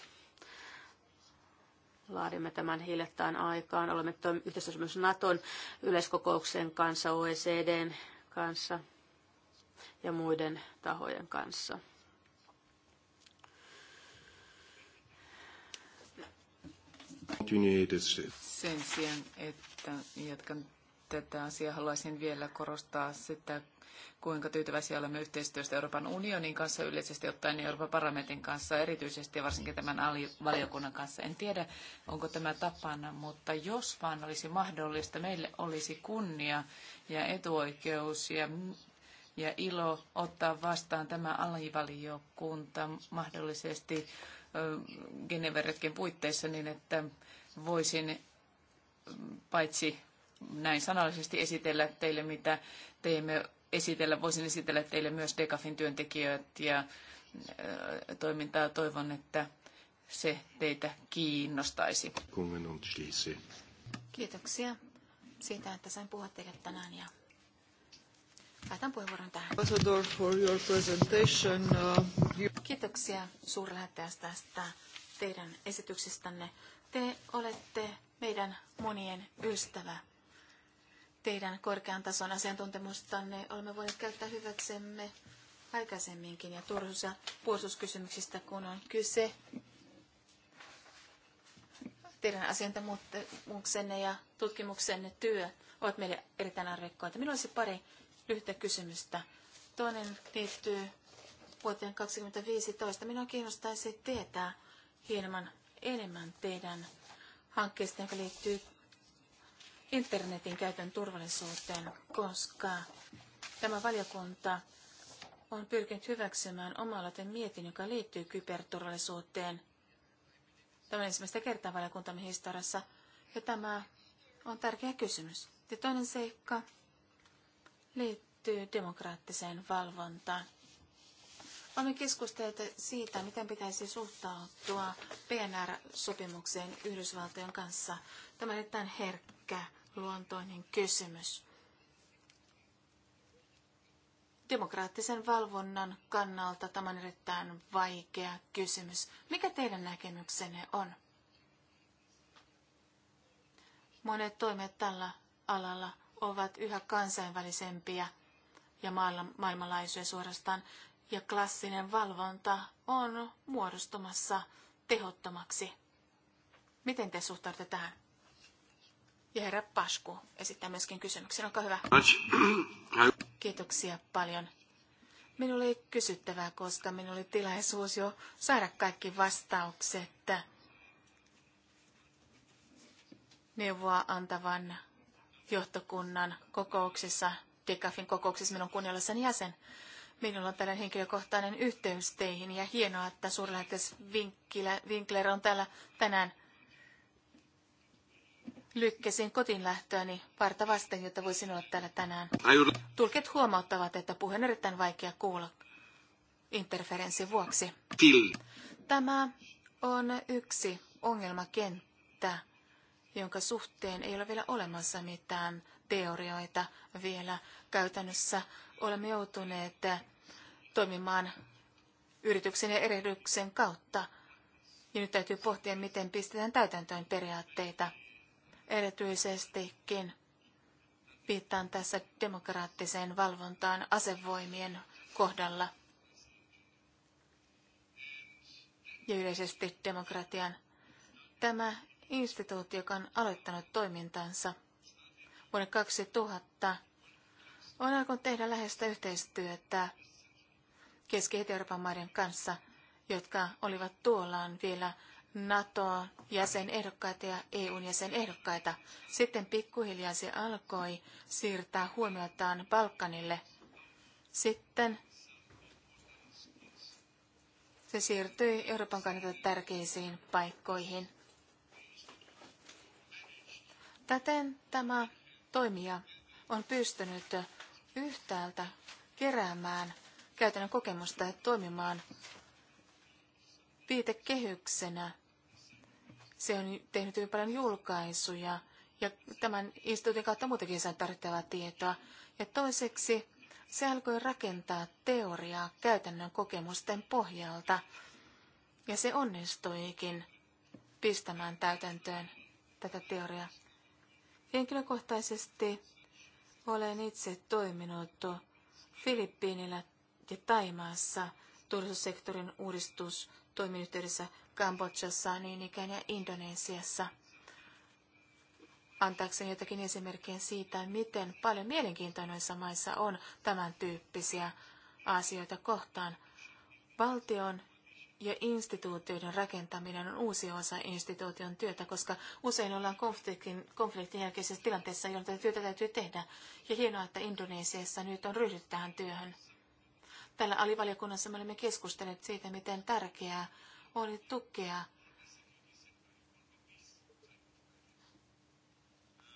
Laadimme tämän hiljattain aikaan. Olemme yhteistyössä myös Naton yleiskokouksen kanssa, OECDn kanssa ja muiden tahojen kanssa. Sen sijaan, että jatkan tätä asiaa, haluaisin vielä korostaa sitä, kuinka tyytyväisiä olemme yhteistyöstä Euroopan unionin kanssa yleisesti ottaen ja Euroopan parlamentin kanssa erityisesti ja varsinkin tämän valiokunnan kanssa. En tiedä, onko tämä tapana, mutta jos vaan olisi mahdollista, meille olisi kunnia ja etuoikeus ja ja ilo ottaa vastaan tämä alivaliokunta mahdollisesti Geneveretken puitteissa niin, että voisin paitsi näin sanallisesti esitellä teille, mitä teemme esitellä, voisin esitellä teille myös Dekafin työntekijöitä ja äh, toimintaa. Toivon, että se teitä kiinnostaisi. Kiitoksia siitä, että sain puhua teille tänään ja Päätän puheenvuoron tähän. Ambassador for your presentation. Uh, Kiitoksia suurlähettäjäs tästä teidän esityksestänne. Te olette meidän monien ystävä. Teidän korkean tason asiantuntemustanne olemme voineet käyttää hyväksemme aikaisemminkin ja turhuus- ja puolustuskysymyksistä, kun on kyse teidän asiantuntemuksenne ja tutkimuksenne työ ovat meille erittäin arvokkaita. Minulla olisi pari lyhyttä kysymystä. Toinen liittyy vuoteen 2015. Minua kiinnostaisi tietää hieman enemmän teidän hankkeesta, joka liittyy internetin käytön turvallisuuteen, koska tämä valiokunta on pyrkinyt hyväksymään omalaten mietin, joka liittyy kyberturvallisuuteen. Tämä on ensimmäistä kertaa valiokuntamme historiassa, ja tämä on tärkeä kysymys. Ja toinen seikka liittyy demokraattiseen valvontaan. Olemme keskustelleet siitä, miten pitäisi suhtautua PNR-sopimukseen Yhdysvaltojen kanssa. Tämä on erittäin herkkä luontoinen kysymys. Demokraattisen valvonnan kannalta tämä on erittäin vaikea kysymys. Mikä teidän näkemyksenne on? Monet toimet tällä alalla ovat yhä kansainvälisempiä ja maailmanlaajuisia suorastaan, ja klassinen valvonta on muodostumassa tehottomaksi. Miten te suhtaudutte tähän? Ja herra Pasku esittää myöskin kysymyksen. onko hyvä. Kiitoksia paljon. Minulla oli kysyttävää, koska minulla oli tilaisuus jo saada kaikki vastaukset neuvoa antavan johtokunnan kokouksessa, Decafin kokouksessa minun kunniallisen jäsen. Minulla on tällainen henkilökohtainen yhteys teihin ja hienoa, että suurlähettiläs Winkler on täällä tänään. Lykkäsin kotiin lähtöäni parta vasten, jotta voisin olla täällä tänään. Tulkit huomauttavat, että puhe on erittäin vaikea kuulla interferenssin vuoksi. Tämä on yksi ongelmakenttä jonka suhteen ei ole vielä olemassa mitään teorioita vielä. Käytännössä olemme joutuneet toimimaan yrityksen ja erehdyksen kautta. Ja nyt täytyy pohtia, miten pistetään täytäntöön periaatteita. Erityisestikin viittaan tässä demokraattiseen valvontaan asevoimien kohdalla ja yleisesti demokratian. Tämä instituutti, joka on aloittanut toimintansa vuonna 2000, on alkanut tehdä läheistä yhteistyötä Keski-Euroopan maiden kanssa, jotka olivat tuollaan vielä NATO-jäsenehdokkaita ja eu jäsenehdokkaita. Sitten pikkuhiljaa se alkoi siirtää huomiotaan Balkanille. Sitten se siirtyi Euroopan kannalta tärkeisiin paikkoihin. Täten tämä toimija on pystynyt yhtäältä keräämään käytännön kokemusta ja toimimaan viitekehyksenä. Se on tehnyt hyvin paljon julkaisuja ja tämän instituutin kautta muutenkin saa tarvittavaa tietoa. Ja toiseksi se alkoi rakentaa teoriaa käytännön kokemusten pohjalta. Ja se onnistuikin pistämään täytäntöön tätä teoriaa. Henkilökohtaisesti olen itse toiminut Filippiinillä ja Taimaassa turvallisuussektorin uudistustoimin yhteydessä Kambodžassa, niin ikään ja Indonesiassa. Antaakseni jotakin esimerkkejä siitä, miten paljon mielenkiintoa maissa on tämän tyyppisiä asioita kohtaan. Valtion ja instituutioiden rakentaminen on uusi osa instituution työtä, koska usein ollaan konfliktin, konfliktin jälkeisessä tilanteessa, jolloin tätä työtä täytyy tehdä. Ja hienoa, että Indonesiassa nyt on ryhdytty tähän työhön. Tällä alivaliokunnassa me olemme keskustelleet siitä, miten tärkeää oli tukea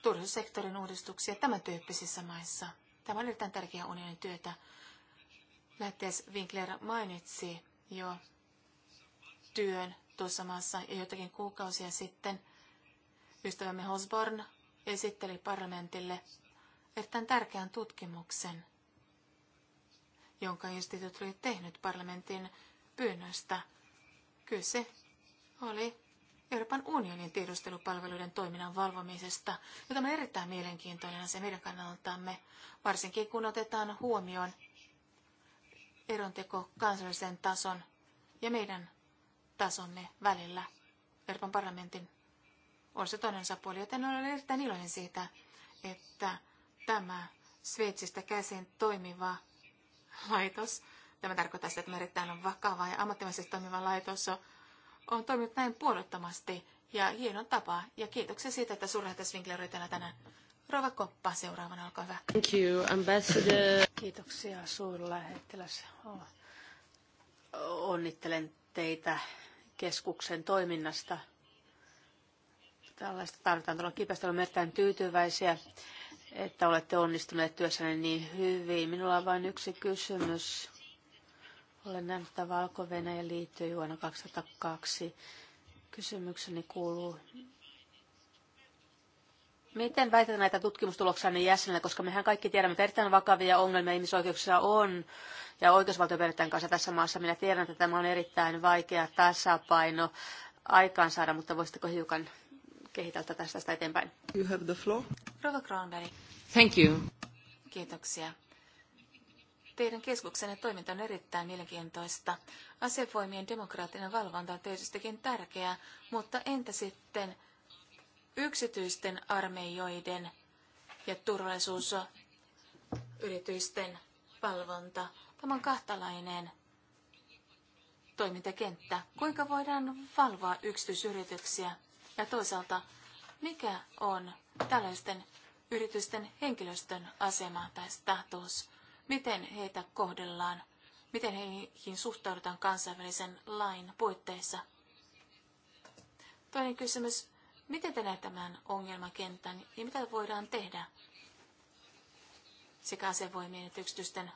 turvallisuussektorin uudistuksia tämän tyyppisissä maissa. Tämä on erittäin tärkeää unionin työtä. Lähtees Winkler mainitsi jo työn tuossa maassa ja jotakin kuukausia sitten ystävämme Hosborn esitteli parlamentille erittäin tärkeän tutkimuksen, jonka instituutti oli tehnyt parlamentin pyynnöstä. Kyse oli Euroopan unionin tiedustelupalveluiden toiminnan valvomisesta, jota on erittäin mielenkiintoinen asia meidän kannaltamme, varsinkin kun otetaan huomioon eronteko kansallisen tason ja meidän tasonne välillä Euroopan parlamentin on se toinen puoli, joten olen erittäin iloinen siitä, että tämä Sveitsistä käsin toimiva laitos, tämä tarkoittaa sitä, että me erittäin vakava ja ammattimaisesti toimiva laitos on toiminut näin puolottomasti ja hienon tapaa. Ja kiitoksia siitä, että suurlähettä Svinkler oli täällä tänään. Rova Koppa seuraavana, olkaa hyvä. Thank you, ambassador. Kiitoksia suurlähettiläs. Onnittelen teitä keskuksen toiminnasta. Tällaista tarvitaan tuolla kipästä. Olemme erittäin tyytyväisiä, että olette onnistuneet työssänne niin hyvin. Minulla on vain yksi kysymys. Olen nähnyt, että Valko-Venäjä liittyy vuonna 2002. Kysymykseni kuuluu, Miten väitetään näitä tutkimustuloksia niin jäsenille, koska mehän kaikki tiedämme, että erittäin vakavia ongelmia ihmisoikeuksia on ja oikeusvaltioperiaatteen kanssa tässä maassa. Minä tiedän, että tämä on erittäin vaikea tasapaino aikaansaada, mutta voisitteko hiukan kehitellä tästä, tästä eteenpäin? You have the floor. Rova Kronberg. Thank you. Kiitoksia. Teidän keskuksenne toiminta on erittäin mielenkiintoista. Asevoimien demokraattinen valvonta on tietystikin tärkeää, mutta entä sitten yksityisten armeijoiden ja turvallisuusyritysten valvonta. Tämä on kahtalainen toimintakenttä. Kuinka voidaan valvoa yksityisyrityksiä? Ja toisaalta, mikä on tällaisten yritysten henkilöstön asema tai status? Miten heitä kohdellaan? Miten heihin suhtaudutaan kansainvälisen lain puitteissa? Toinen kysymys Miten te näette tämän ongelmakentän ja mitä voidaan tehdä sekä asevoimien että yksityisten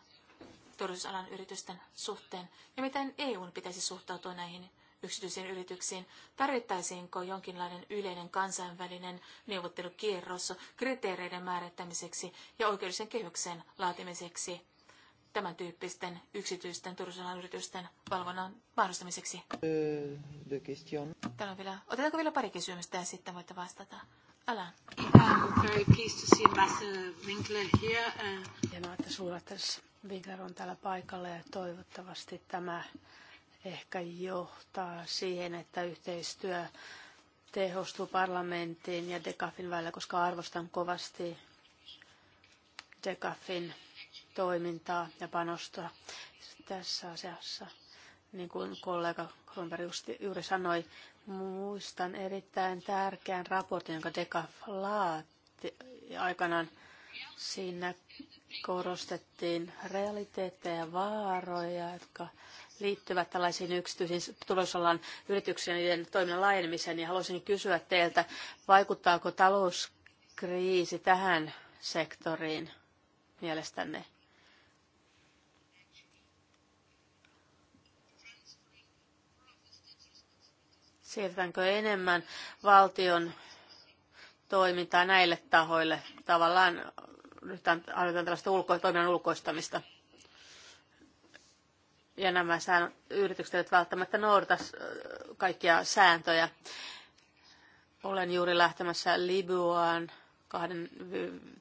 turvallisuusalan yritysten suhteen ja miten EU pitäisi suhtautua näihin yksityisiin yrityksiin? Tarvittaisiinko jonkinlainen yleinen kansainvälinen neuvottelukierros kriteereiden määrittämiseksi ja oikeudellisen kehyksen laatimiseksi tämän tyyppisten yksityisten turvallisuuden yritysten valvonnan mahdollistamiseksi? Täällä on vielä, otetaanko vielä pari kysymystä ja sitten voitte vastata. Älä. I'm very pleased to see Ambassador Winkler here. Uh, Hienoa, että suurlähettiläs Winkler on täällä paikalla ja toivottavasti tämä ehkä johtaa siihen, että yhteistyö tehostuu parlamenttiin ja DECAFin välillä, koska arvostan kovasti DECAFin toimintaa ja panostaa tässä asiassa. Niin kuin kollega Kronberg juuri sanoi, muistan erittäin tärkeän raportin, jonka Deka laati aikanaan. Siinä korostettiin realiteetteja ja vaaroja, jotka liittyvät tällaisiin yksityisiin tulosalan yrityksiin ja toiminnan laajenemiseen, ja haluaisin kysyä teiltä, vaikuttaako talouskriisi tähän sektoriin mielestänne? Siirretäänkö enemmän valtion toimintaa näille tahoille? Tavallaan ryhtään, aloitetaan tällaista ulko- toiminnan ulkoistamista. Ja nämä sään, yritykset eivät välttämättä noudata äh, kaikkia sääntöjä. Olen juuri lähtemässä Libyaan kahden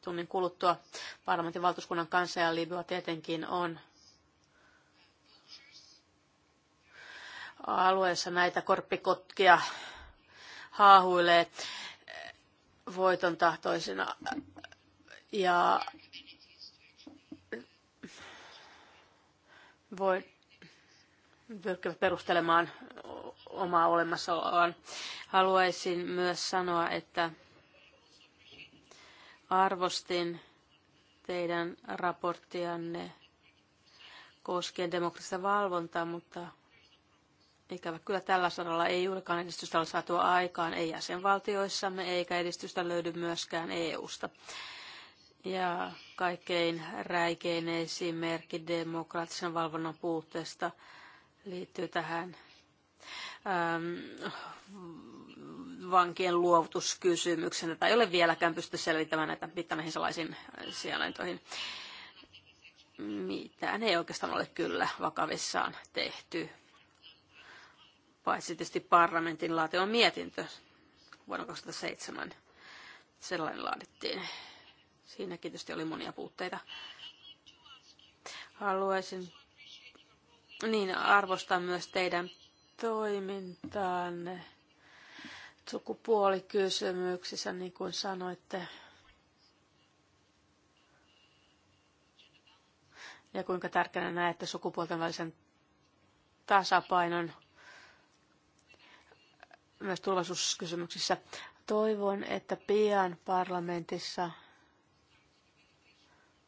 tunnin kuluttua parlamentin valtuuskunnan kanssa ja Libya tietenkin on alueessa näitä korppikotkia haahuilee voiton tahtoisena ja voi pyrkivä perustelemaan omaa olemassaoloaan. Haluaisin myös sanoa, että arvostin teidän raporttianne koskien demokraattista valvontaa, mutta Ikävä kyllä tällä saralla ei juurikaan edistystä ole saatu aikaan, ei jäsenvaltioissamme eikä edistystä löydy myöskään EU-sta. Ja kaikkein räikein esimerkki demokraattisen valvonnan puutteesta liittyy tähän ähm, vankien luovutuskysymykseen. Tätä ei ole vieläkään pysty selvittämään näitä viittameihin salaisiin sijaintoihin. Mitään ei oikeastaan ole kyllä vakavissaan tehty paitsi tietysti parlamentin laatima mietintö vuonna 2007. Sellainen laadittiin. Siinäkin tietysti oli monia puutteita. Haluaisin niin arvostaa myös teidän toimintaanne sukupuolikysymyksissä, niin kuin sanoitte. Ja kuinka tärkeänä näette sukupuolten välisen tasapainon myös turvallisuuskysymyksissä. Toivon, että pian parlamentissa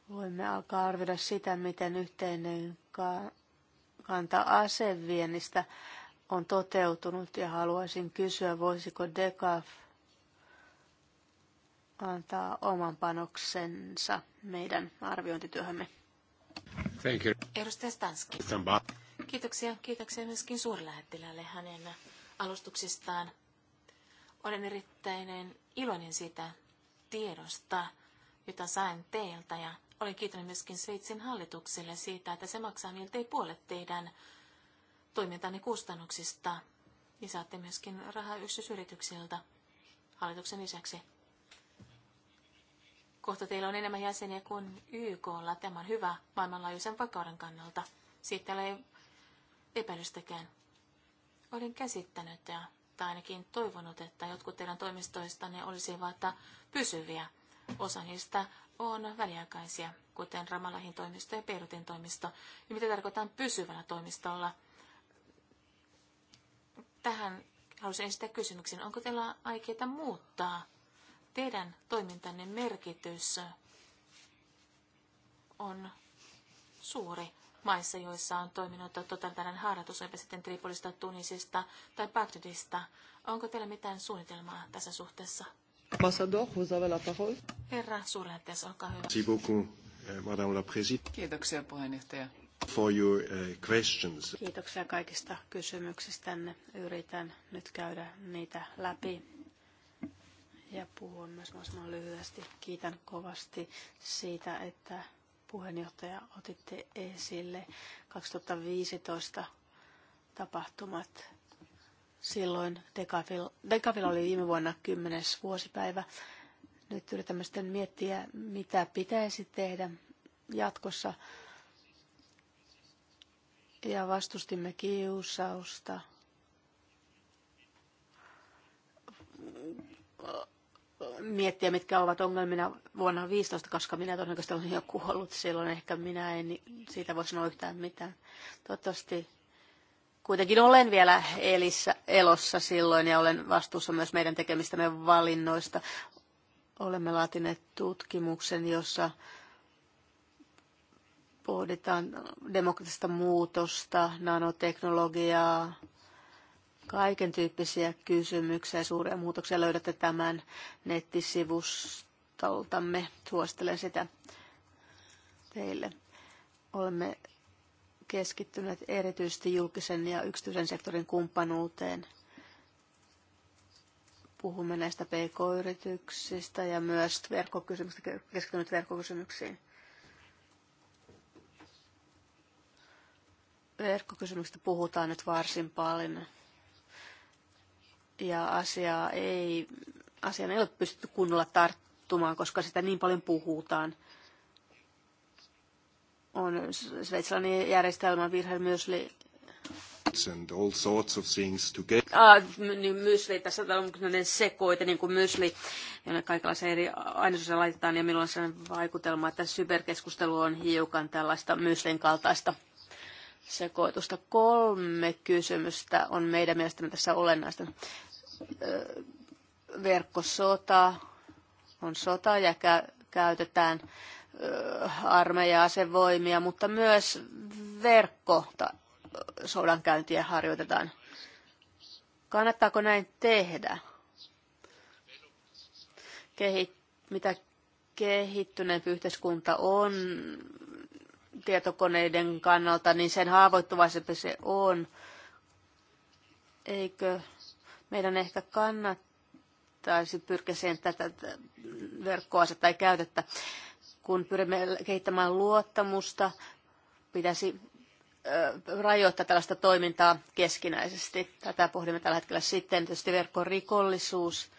voimme alkaa arvioida sitä, miten yhteinen kanta aseviennistä on toteutunut ja haluaisin kysyä, voisiko DECAF antaa oman panoksensa meidän arviointityöhömme. Thank you. Edustaja Stanski. Kiitoksia. Kiitoksia myöskin suurlähettilälle hänen Alustuksistaan Olen erittäin iloinen siitä tiedosta, jota sain teiltä ja olen kiitollinen myöskin Sveitsin hallitukselle siitä, että se maksaa miltei puolet teidän toimintanne kustannuksista. Ja saatte myöskin rahaa yksityisyrityksiltä hallituksen lisäksi. Kohta teillä on enemmän jäseniä kuin YKlla. Tämä on hyvä maailmanlaajuisen vakauden kannalta. Siitä ei ole epäilystäkään. Olin käsittänyt ja tai ainakin toivonut, että jotkut teidän toimistoistanne olisivat pysyviä. Osa niistä on väliaikaisia, kuten Ramalahin toimisto ja Beirutin toimisto. Ja mitä tarkoitan pysyvällä toimistolla? Tähän haluaisin esittää kysymyksen. Onko teillä aikeita muuttaa teidän toimintanne merkitys on suuri maissa, joissa on toiminut totalitaarinen harjoitus, olipa sitten Tripolista, Tunisista tai Bagdadista. Onko teillä mitään suunnitelmaa tässä suhteessa? Herra suurlähettiläs, olkaa hyvä. Eh, la présidente. Kiitoksia puheenjohtaja. For your eh, questions. Kiitoksia kaikista kysymyksistänne. Yritän nyt käydä niitä läpi ja puhun myös mahdollisimman lyhyesti. Kiitän kovasti siitä, että puheenjohtaja, otitte esille 2015 tapahtumat. Silloin dekavil oli viime vuonna kymmenes vuosipäivä. Nyt yritämme sitten miettiä, mitä pitäisi tehdä jatkossa. Ja vastustimme kiusausta miettiä, mitkä ovat ongelmina vuonna 15, koska minä todennäköisesti olen jo kuollut silloin. Ehkä minä en siitä voi sanoa yhtään mitään. Toivottavasti kuitenkin olen vielä elissä, elossa silloin ja olen vastuussa myös meidän tekemistämme valinnoista. Olemme laatineet tutkimuksen, jossa pohditaan demokratista muutosta, nanoteknologiaa, Kaiken tyyppisiä kysymyksiä ja suuria muutoksia löydätte tämän nettisivustoltamme. Suosittelen sitä teille. Olemme keskittyneet erityisesti julkisen ja yksityisen sektorin kumppanuuteen. Puhumme näistä pk-yrityksistä ja myös verkkokysymyksistä, keskittynyt verkkokysymyksiin. Verkkokysymyksistä puhutaan nyt varsin paljon ja asiaa ei, asiaan ei ole pystytty kunnolla tarttumaan, koska sitä niin paljon puhutaan. On sveitsalainen järjestelmä virhe myös li- and all sorts of things get. Ah, niin mysli, tässä on tämmöinen sekoite, niin kuin mysli, jonne kaikenlaisia eri ainesosia laitetaan, ja milloin on vaikutelma, että superkeskustelu on hiukan tällaista myslin kaltaista sekoitusta. Kolme kysymystä on meidän mielestämme tässä olennaista verkkosota on sota ja käytetään armeijaa, asevoimia, mutta myös verkko sodankäyntiä harjoitetaan. Kannattaako näin tehdä? Kehit, mitä kehittyneempi yhteiskunta on tietokoneiden kannalta, niin sen haavoittuvaisempi se on. Eikö meidän ehkä kannattaisi pyrkiä siihen tätä verkkoa tai käytettä. Kun pyrimme kehittämään luottamusta, pitäisi rajoittaa tällaista toimintaa keskinäisesti. Tätä pohdimme tällä hetkellä sitten. Tietysti verkkorikollisuus.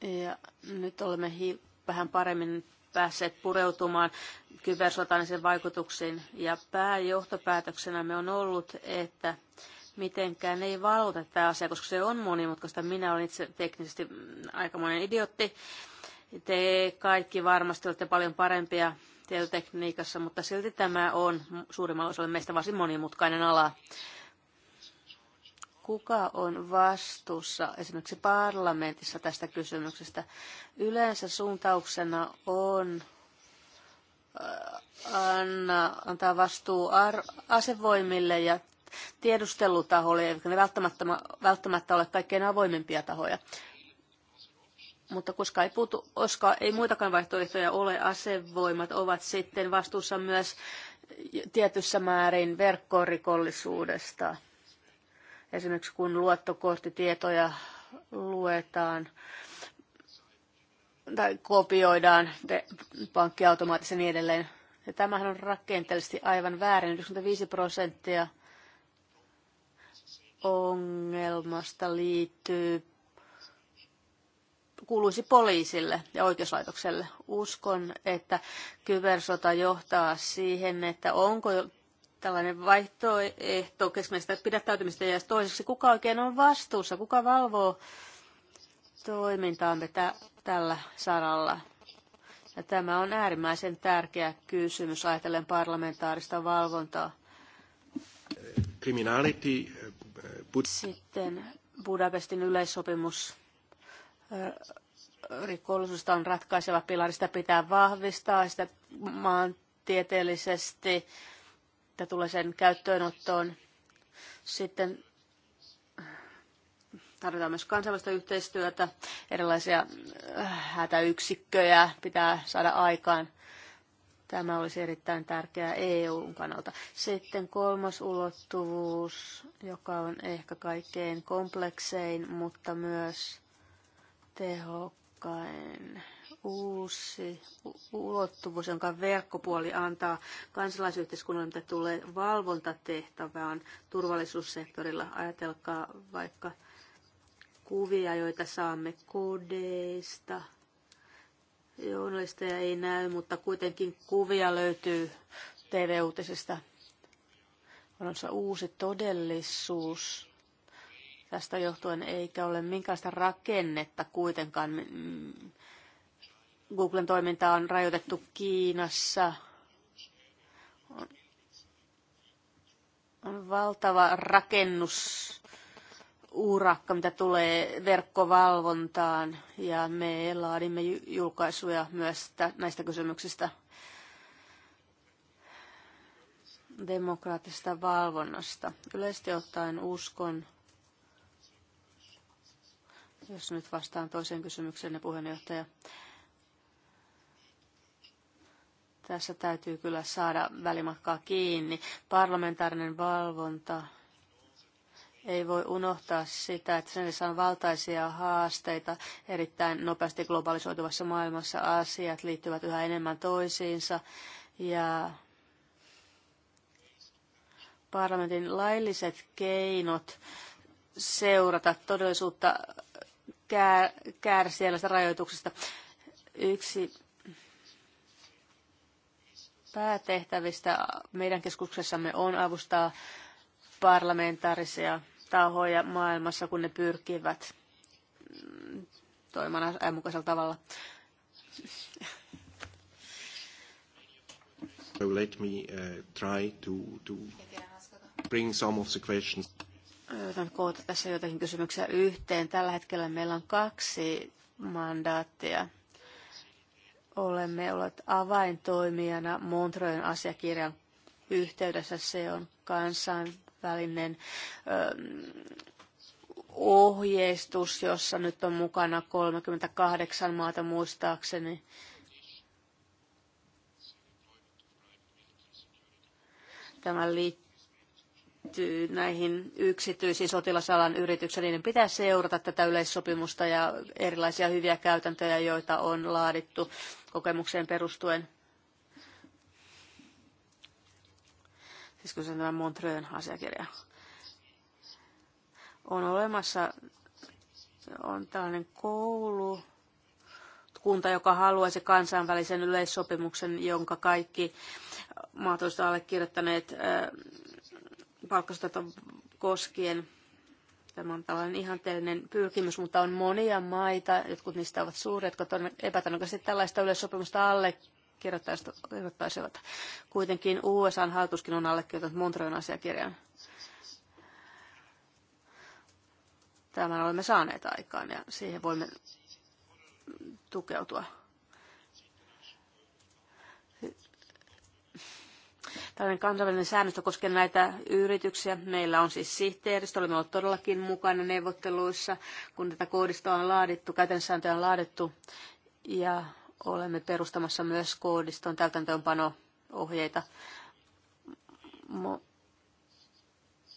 Ja nyt olemme hi- vähän paremmin päässeet pureutumaan kybersotaisen vaikutuksiin. Ja pääjohtopäätöksenä me on ollut, että mitenkään ei valvota tämä asia, koska se on monimutkaista. Minä olen itse teknisesti aikamoinen idiotti. Te kaikki varmasti olette paljon parempia tietotekniikassa, mutta silti tämä on suurimmalla osalla meistä varsin monimutkainen ala kuka on vastuussa esimerkiksi parlamentissa tästä kysymyksestä. Yleensä suuntauksena on äh, anna, antaa vastuu ar- asevoimille ja tiedustelutaholle, eivätkä ne välttämättä, välttämättä ole kaikkein avoimimpia tahoja. Mutta koska ei, puutu, koska ei muitakaan vaihtoehtoja ole, asevoimat ovat sitten vastuussa myös tietyssä määrin verkkorikollisuudesta Esimerkiksi kun luottokorttitietoja luetaan tai kopioidaan pankkiautomaatissa ja niin edelleen. Ja niin tämähän on rakenteellisesti aivan väärin. 95 prosenttia ongelmasta liittyy kuuluisi poliisille ja oikeuslaitokselle. Uskon, että kybersota johtaa siihen, että onko tällainen vaihtoehto keskimmäistä pidättäytymistä ja toiseksi kuka oikein on vastuussa, kuka valvoo toimintaamme tä- tällä saralla. Ja tämä on äärimmäisen tärkeä kysymys ajatellen parlamentaarista valvontaa. Sitten Budapestin yleissopimus rikollisuudesta on ratkaiseva pilari. Sitä pitää vahvistaa sitä maantieteellisesti mitä tulee sen käyttöönottoon. Sitten tarvitaan myös kansainvälistä yhteistyötä, erilaisia äh, hätäyksikköjä pitää saada aikaan. Tämä olisi erittäin tärkeää EUn kannalta. Sitten kolmas ulottuvuus, joka on ehkä kaikkein kompleksein, mutta myös tehokkain uusi ulottuvuus, jonka verkkopuoli antaa kansalaisyhteiskunnalle, mitä tulee valvontatehtävään turvallisuussektorilla. Ajatelkaa vaikka kuvia, joita saamme kodeista. Journalisteja ei näy, mutta kuitenkin kuvia löytyy TV-uutisista. On se uusi todellisuus tästä johtuen, eikä ole minkäänlaista rakennetta kuitenkaan, Googlen toimintaa on rajoitettu Kiinassa. On, on valtava rakennus urakka, mitä tulee verkkovalvontaan, ja me laadimme julkaisuja myös näistä kysymyksistä demokraattisesta valvonnasta. Yleisesti ottaen uskon, jos nyt vastaan toiseen kysymykseen, niin puheenjohtaja, tässä täytyy kyllä saada välimatkaa kiinni. Parlamentaarinen valvonta ei voi unohtaa sitä, että sen on valtaisia haasteita erittäin nopeasti globalisoituvassa maailmassa. Asiat liittyvät yhä enemmän toisiinsa ja parlamentin lailliset keinot seurata todellisuutta kär, rajoituksista Yksi päätehtävistä meidän keskuksessamme on avustaa parlamentaarisia tahoja maailmassa, kun ne pyrkivät toimimaan ajanmukaisella tavalla. So let me uh, try to, to bring some of the questions. Yritän koota tässä jotakin kysymyksiä yhteen. Tällä hetkellä meillä on kaksi mandaattia olemme olleet avaintoimijana Montreuxin asiakirjan yhteydessä. Se on kansainvälinen ö, ohjeistus, jossa nyt on mukana 38 maata muistaakseni. Tämä liittyy näihin yksityisiin sotilasalan yrityksiin. Niiden pitää seurata tätä yleissopimusta ja erilaisia hyviä käytäntöjä, joita on laadittu kokemukseen perustuen. Siis kun se on tämä Montreön asiakirja. On olemassa on tällainen koulu, kunta, joka haluaisi kansainvälisen yleissopimuksen, jonka kaikki maat olisivat allekirjoittaneet palkkasota koskien. Tämä on tällainen ihanteellinen pyrkimys, mutta on monia maita, jotkut niistä ovat suuret, jotka epätodennäköisesti tällaista yleissopimusta kirjoittaisivat. Kuitenkin USA hallituskin on allekirjoittanut Montreon asiakirjan. Tämän olemme saaneet aikaan ja siihen voimme tukeutua tällainen kansainvälinen säännöstö koskee näitä yrityksiä. Meillä on siis sihteeristö, olemme olleet todellakin mukana neuvotteluissa, kun tätä koodistoa on laadittu, käytännössääntöä on laadittu, ja olemme perustamassa myös koodiston täytäntöönpano-ohjeita.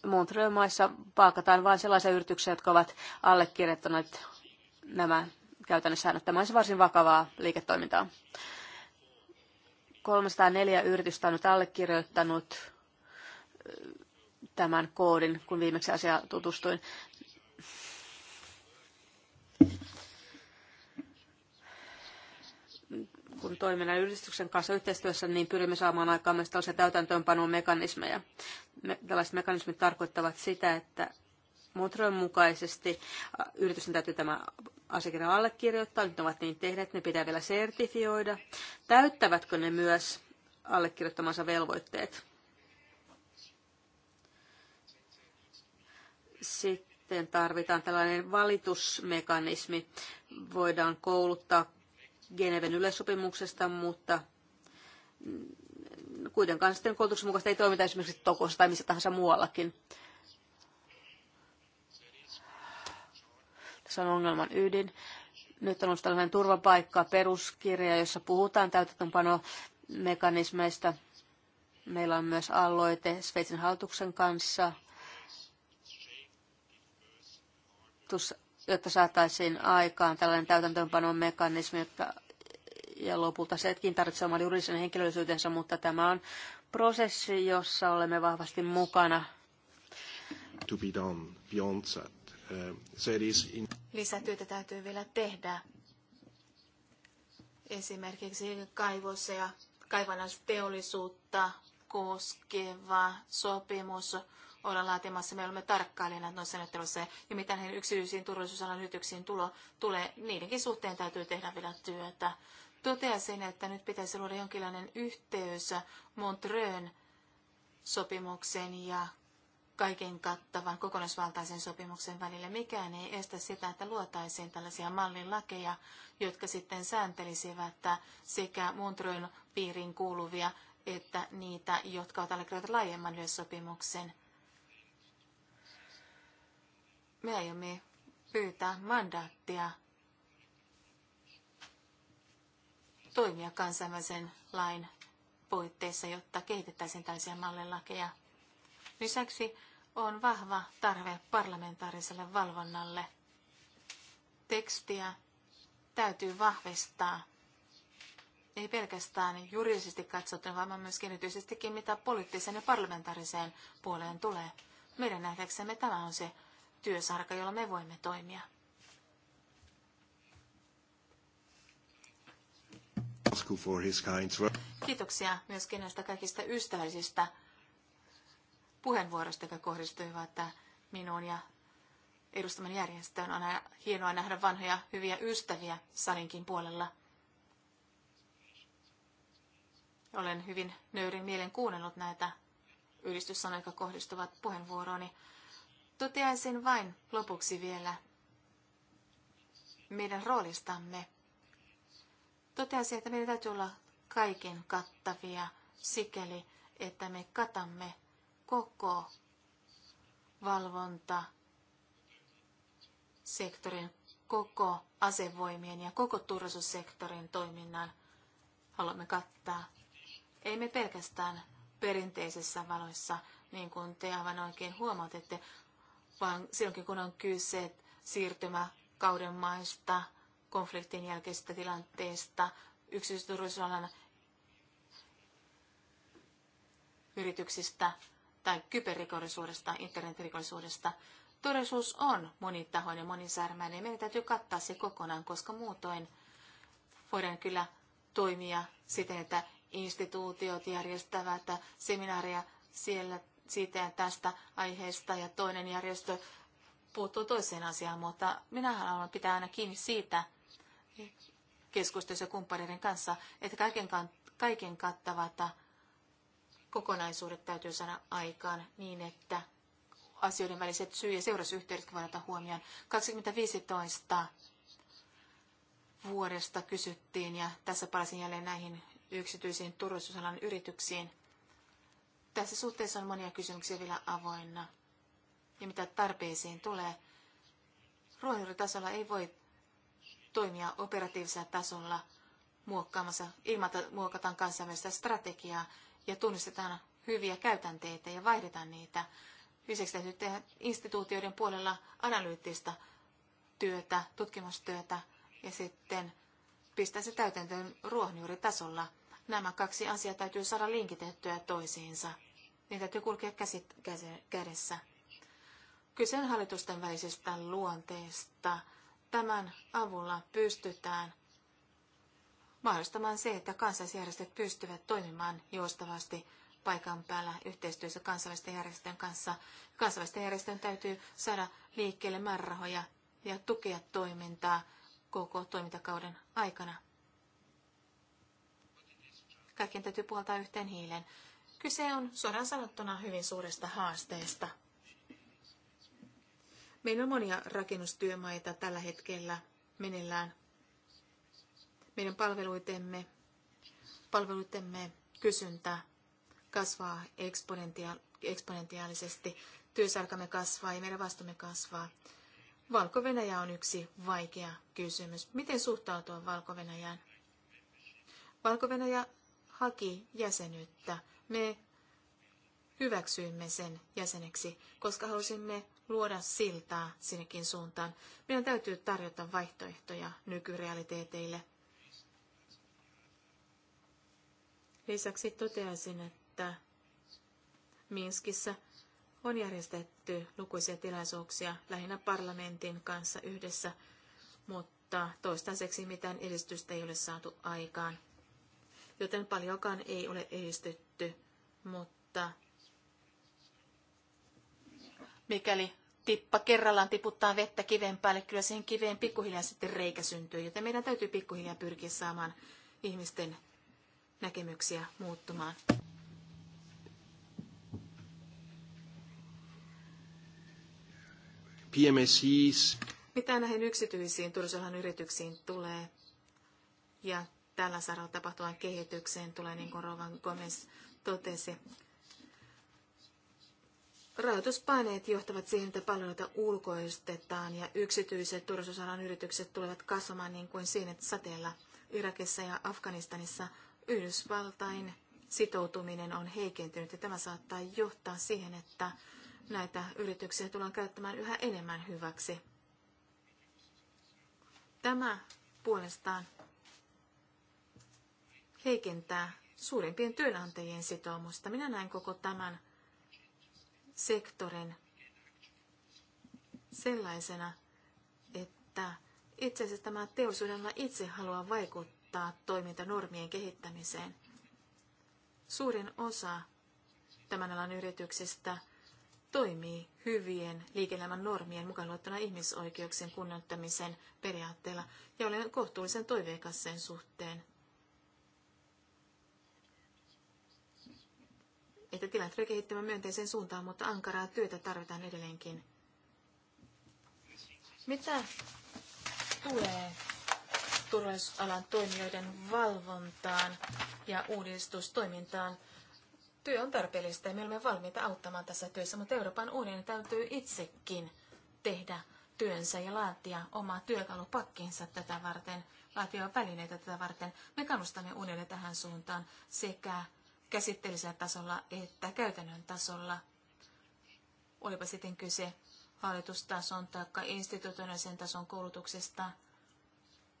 Montreux-maissa palkataan vain sellaisia yrityksiä, jotka ovat allekirjoittaneet nämä käytännössä säännöt. Tämä olisi siis varsin vakavaa liiketoimintaa. 304 yritystä on nyt allekirjoittanut äh, tämän koodin, kun viimeksi asiaa tutustuin. Kun toiminnan yhdistyksen kanssa yhteistyössä, niin pyrimme saamaan aikaan myös tällaisia täytäntöönpanon mekanismeja. Me, tällaiset mekanismit tarkoittavat sitä, että Montreon mukaisesti äh, yritysten täytyy tämä asiakirjan allekirjoittaa, nyt ovat niin tehneet, ne pitää vielä sertifioida. Täyttävätkö ne myös allekirjoittamansa velvoitteet? Sitten tarvitaan tällainen valitusmekanismi. Voidaan kouluttaa Geneven yleissopimuksesta, mutta kuitenkaan sitten koulutuksen mukaista ei toimita esimerkiksi Tokossa tai missä tahansa muuallakin. Se on ongelman ydin. Nyt on ollut tällainen turvapaikka peruskirja, jossa puhutaan täytäntöönpanomekanismeista. Meillä on myös aloite Sveitsin hallituksen kanssa, jotta saataisiin aikaan tällainen täytäntöönpanomekanismi, jotta ja lopulta sekin tarvitsee oman juridisen henkilöllisyytensä, mutta tämä on prosessi, jossa olemme vahvasti mukana. To be done beyond Lisätyötä täytyy vielä tehdä. Esimerkiksi kaivos- ja kaivannaisteollisuutta koskeva sopimus ollaan laatimassa. Me olemme tarkkailijana noissa neuvotteluissa ja mitä näihin yksityisiin turvallisuusalan yrityksiin tulo, tulee, niidenkin suhteen täytyy tehdä vielä työtä. Toteasin, että nyt pitäisi luoda jonkinlainen yhteys Montreön sopimuksen ja kaiken kattavan kokonaisvaltaisen sopimuksen välillä. Mikään ei estä sitä, että luotaisiin tällaisia mallilakeja, jotka sitten sääntelisivät sekä Montrön piiriin kuuluvia että niitä, jotka ovat allekirjoittaneet laajemman yleissopimuksen. Me aiomme pyytää mandaattia toimia kansainvälisen lain puitteissa, jotta kehitettäisiin tällaisia mallilakeja – Lisäksi on vahva tarve parlamentaariselle valvonnalle. Tekstiä täytyy vahvistaa. Ei pelkästään juridisesti katsottuna, vaan myöskin erityisestikin mitä poliittiseen ja parlamentaariseen puoleen tulee. Meidän nähdäksemme tämä on se työsarka, jolla me voimme toimia. Kiitoksia myöskin näistä kaikista ystävällisistä puheenvuorosta, joka että minuun ja edustaman järjestöön. On aina hienoa nähdä vanhoja hyviä ystäviä salinkin puolella. Olen hyvin nöyrin mielen kuunnellut näitä ylistyssanoja, jotka kohdistuvat puheenvuorooni. Toteaisin vain lopuksi vielä meidän roolistamme. Toteaisin, että meidän täytyy olla kaiken kattavia sikeli, että me katamme koko valvonta sektorin, koko asevoimien ja koko turvallisuussektorin toiminnan haluamme kattaa. Ei me pelkästään perinteisessä valoissa, niin kuin te aivan oikein huomautette, vaan silloinkin kun on kyse siirtymäkauden maista, konfliktin jälkeisestä tilanteesta, yksityisturvallisuusalan yrityksistä tai kyberrikollisuudesta, internetrikollisuudesta. Todellisuus on monitahoinen, monisärmäinen. Meidän täytyy kattaa se kokonaan, koska muutoin voidaan kyllä toimia siten, että instituutiot järjestävät seminaaria siellä siitä ja tästä aiheesta ja toinen järjestö puuttuu toiseen asiaan, mutta minä haluan pitää aina kiinni siitä keskustelussa kumppaneiden kanssa, että kaiken, kaiken kattavat kokonaisuudet täytyy saada aikaan niin, että asioiden väliset syy- ja seurasyhteydet voidaan ottaa huomioon. 2015 vuodesta kysyttiin, ja tässä palasin jälleen näihin yksityisiin turvallisuusalan yrityksiin. Tässä suhteessa on monia kysymyksiä vielä avoinna. Ja mitä tarpeisiin tulee, ruohonjuuritasolla ei voi toimia operatiivisella tasolla muokkaamassa, ilman että muokataan kansainvälistä strategiaa ja tunnistetaan hyviä käytänteitä ja vaihdetaan niitä. Lisäksi täytyy tehdä instituutioiden puolella analyyttistä työtä, tutkimustyötä ja sitten pistää se täytäntöön ruohonjuuritasolla. Nämä kaksi asiaa täytyy saada linkitettyä toisiinsa. Niitä täytyy kulkea käsit, kädessä. Kyse on hallitusten välisestä luonteesta. Tämän avulla pystytään mahdollistamaan se, että kansalaisjärjestöt pystyvät toimimaan joustavasti paikan päällä yhteistyössä kansainvälisten järjestöjen kanssa. Kansainvälisten järjestöjen täytyy saada liikkeelle määrärahoja ja tukea toimintaa koko toimintakauden aikana. Kaikkien täytyy puhaltaa yhteen hiilen. Kyse on suoraan sanottuna hyvin suuresta haasteesta. Meillä on monia rakennustyömaita tällä hetkellä meneillään meidän palveluitemme, palveluitemme kysyntä kasvaa eksponentiaalisesti. Työsarkamme kasvaa ja meidän vastumme kasvaa. valko on yksi vaikea kysymys. Miten suhtautua valko -Venäjään? valko -Venäjä haki jäsenyyttä. Me hyväksyimme sen jäseneksi, koska halusimme luoda siltaa sinnekin suuntaan. Meidän täytyy tarjota vaihtoehtoja nykyrealiteeteille. Lisäksi toteaisin, että Minskissä on järjestetty lukuisia tilaisuuksia lähinnä parlamentin kanssa yhdessä, mutta toistaiseksi mitään edistystä ei ole saatu aikaan. Joten paljonkaan ei ole edistytty, mutta mikäli tippa kerrallaan tiputtaa vettä kiven päälle, kyllä siihen kiveen pikkuhiljaa sitten reikä syntyy, joten meidän täytyy pikkuhiljaa pyrkiä saamaan ihmisten näkemyksiä muuttumaan. PMSIs. Mitä näihin yksityisiin turvallisuusalan yrityksiin tulee ja tällä saralla tapahtuvaan kehitykseen tulee, niin kuin Rovan Gomez totesi, Rahoituspaineet johtavat siihen, että palveluita ulkoistetaan ja yksityiset turvallisuusalan yritykset tulevat kasvamaan niin kuin siinä sateella Irakissa ja Afganistanissa Yhdysvaltain sitoutuminen on heikentynyt ja tämä saattaa johtaa siihen, että näitä yrityksiä tullaan käyttämään yhä enemmän hyväksi. Tämä puolestaan heikentää suurimpien työnantajien sitoumusta. Minä näen koko tämän sektorin sellaisena, että itse asiassa tämä teollisuudella itse haluaa vaikuttaa vaikuttaa toimintanormien kehittämiseen. Suurin osa tämän alan yrityksistä toimii hyvien liike-elämän normien mukaan luottuna ihmisoikeuksien kunnioittamisen periaatteella ja olen kohtuullisen toiveikas sen suhteen. Että tilanne tulee kehittämään myönteiseen suuntaan, mutta ankaraa työtä tarvitaan edelleenkin. Mitä tulee turvallisuusalan toimijoiden valvontaan ja uudistustoimintaan. Työ on tarpeellista ja me olemme valmiita auttamaan tässä työssä, mutta Euroopan unionin täytyy itsekin tehdä työnsä ja laatia oma työkalupakkinsa tätä varten, laatia välineitä tätä varten. Me kannustamme unionia tähän suuntaan sekä käsitteellisellä tasolla että käytännön tasolla. Olipa sitten kyse hallitustason tai instituutioiden tason koulutuksesta –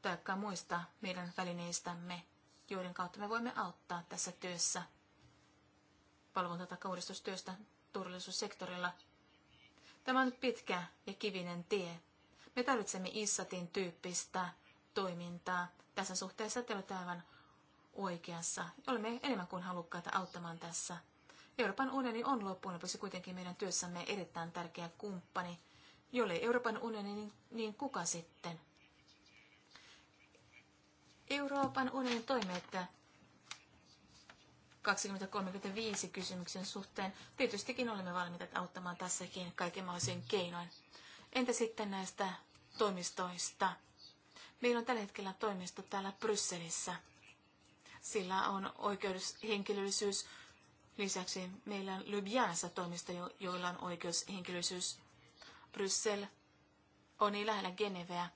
tai muista meidän välineistämme, joiden kautta me voimme auttaa tässä työssä, valvonta- tai uudistustyöstä turvallisuussektorilla. Tämä on pitkä ja kivinen tie. Me tarvitsemme Issatin tyyppistä toimintaa. Tässä suhteessa te olette aivan oikeassa. Olemme enemmän kuin halukkaita auttamaan tässä. Euroopan unioni on loppuun lopuksi kuitenkin meidän työssämme erittäin tärkeä kumppani. Jolle Euroopan unioni, niin kuka sitten? Euroopan unionin toimet 2035 kysymyksen suhteen. Tietystikin olemme valmiita auttamaan tässäkin kaiken mahdollisen keinoin. Entä sitten näistä toimistoista? Meillä on tällä hetkellä toimisto täällä Brysselissä. Sillä on oikeushenkilöllisyys. Lisäksi meillä on Ljubljanassa toimisto, joilla on oikeushenkilöllisyys. Bryssel on niin lähellä Geneveä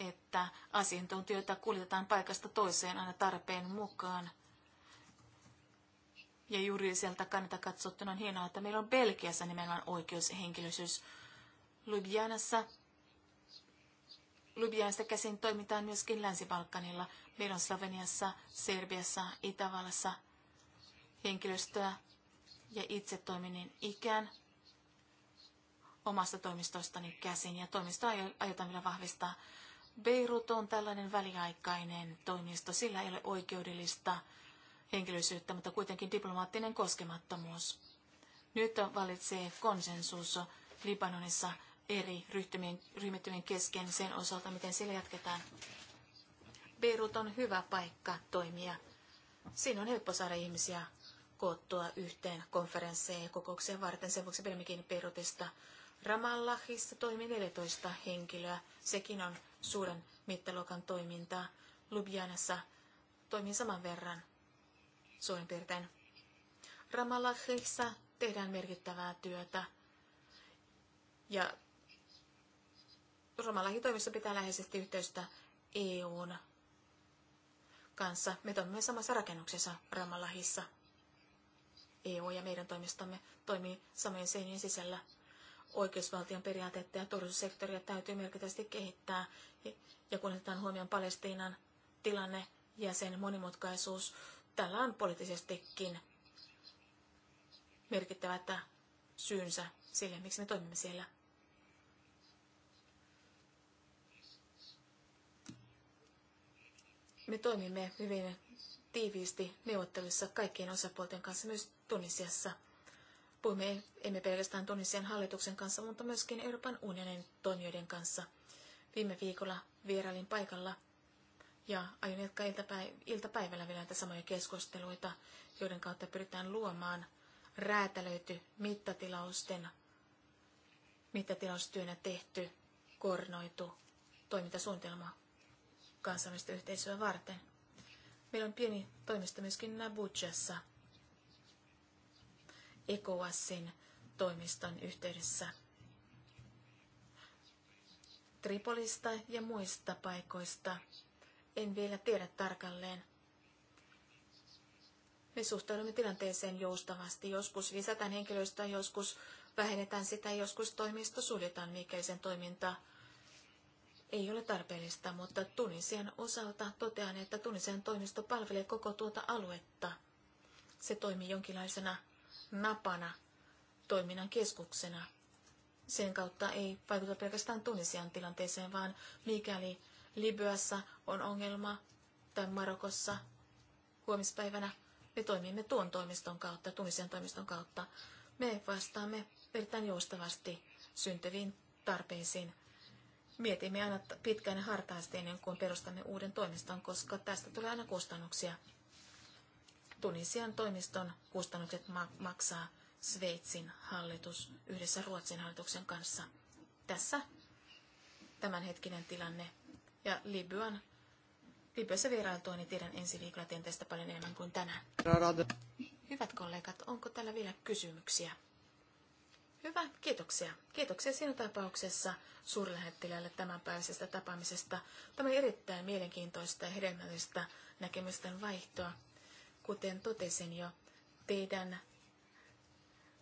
että asiantuntijoita kuljetetaan paikasta toiseen aina tarpeen mukaan. Ja juridiselta kannalta katsottuna on hienoa, että meillä on Belgiassa nimenomaan oikeushenkilöisyys. Ljubljanassa Ljubljanasta käsin toimitaan myöskin Länsi-Balkanilla. Meillä on Sloveniassa, Serbiassa, Itävallassa henkilöstöä ja itse toiminnin ikään omasta toimistostani käsin. Ja toimistoa aiotaan vielä vahvistaa Beirut on tällainen väliaikainen toimisto, sillä ei ole oikeudellista henkilöisyyttä, mutta kuitenkin diplomaattinen koskemattomuus. Nyt valitsee konsensus Libanonissa eri ryhtymien, ryhmittymien kesken sen osalta, miten sillä jatketaan. Beirut on hyvä paikka toimia. Siinä on helppo saada ihmisiä koottua yhteen konferensseen ja kokoukseen varten. Sen vuoksi pidämme kiinni Beirutista. Ramallahissa toimii 14 henkilöä. Sekin on suuren mittaluokan toimintaa. Ljubljanassa toimii saman verran suurin piirtein. Ramallahissa tehdään merkittävää työtä ja Ramallahin toimissa pitää läheisesti yhteystä EUn kanssa. Me toimimme samassa rakennuksessa Ramallahissa. EU ja meidän toimistamme toimii samojen seinien sisällä oikeusvaltion periaatetta ja turvallisuussektoria täytyy merkittävästi kehittää. Ja kun otetaan huomioon Palestiinan tilanne ja sen monimutkaisuus, tällä on poliittisestikin merkittävät syynsä sille, miksi me toimimme siellä. Me toimimme hyvin tiiviisti neuvottelussa kaikkien osapuolten kanssa myös Tunisiassa – Puhumme emme pelkästään Tunisian hallituksen kanssa, mutta myöskin Euroopan unionin toimijoiden kanssa. Viime viikolla vierailin paikalla ja aion jatkaa iltapäiv- iltapäivällä vielä näitä samoja keskusteluita, joiden kautta pyritään luomaan räätälöity mittatilausten, mittatilaustyönä tehty, koordinoitu toimintasuunnitelma kansainvälistä yhteisöä varten. Meillä on pieni toimisto myöskin Nabujassa – ECOWASin toimiston yhteydessä. Tripolista ja muista paikoista en vielä tiedä tarkalleen. Me suhtaudumme tilanteeseen joustavasti. Joskus lisätään henkilöstöä, joskus vähennetään sitä, joskus toimisto suljetaan, mikäli sen toiminta ei ole tarpeellista, mutta Tunisian osalta totean, että Tunisian toimisto palvelee koko tuota aluetta. Se toimii jonkinlaisena napana toiminnan keskuksena. Sen kautta ei vaikuta pelkästään Tunisian tilanteeseen, vaan mikäli Libyassa on ongelma tai Marokossa huomispäivänä, me toimimme tuon toimiston kautta, Tunisian toimiston kautta. Me vastaamme erittäin joustavasti syntyviin tarpeisiin. Mietimme aina pitkään ja hartaasti ennen kuin perustamme uuden toimiston, koska tästä tulee aina kustannuksia. Tunisian toimiston kustannukset maksaa Sveitsin hallitus yhdessä Ruotsin hallituksen kanssa. Tässä tämänhetkinen tilanne. Ja Libyan, Libyassa vierailtua, niin tiedän ensi viikolla teen tästä paljon enemmän kuin tänään. Hyvät kollegat, onko täällä vielä kysymyksiä? Hyvä, kiitoksia. Kiitoksia sinun tapauksessa suurlähettilälle tämänpäiväisestä tapaamisesta. Tämä erittäin mielenkiintoista ja hedelmällistä näkemysten vaihtoa. Kuten totesin jo, teidän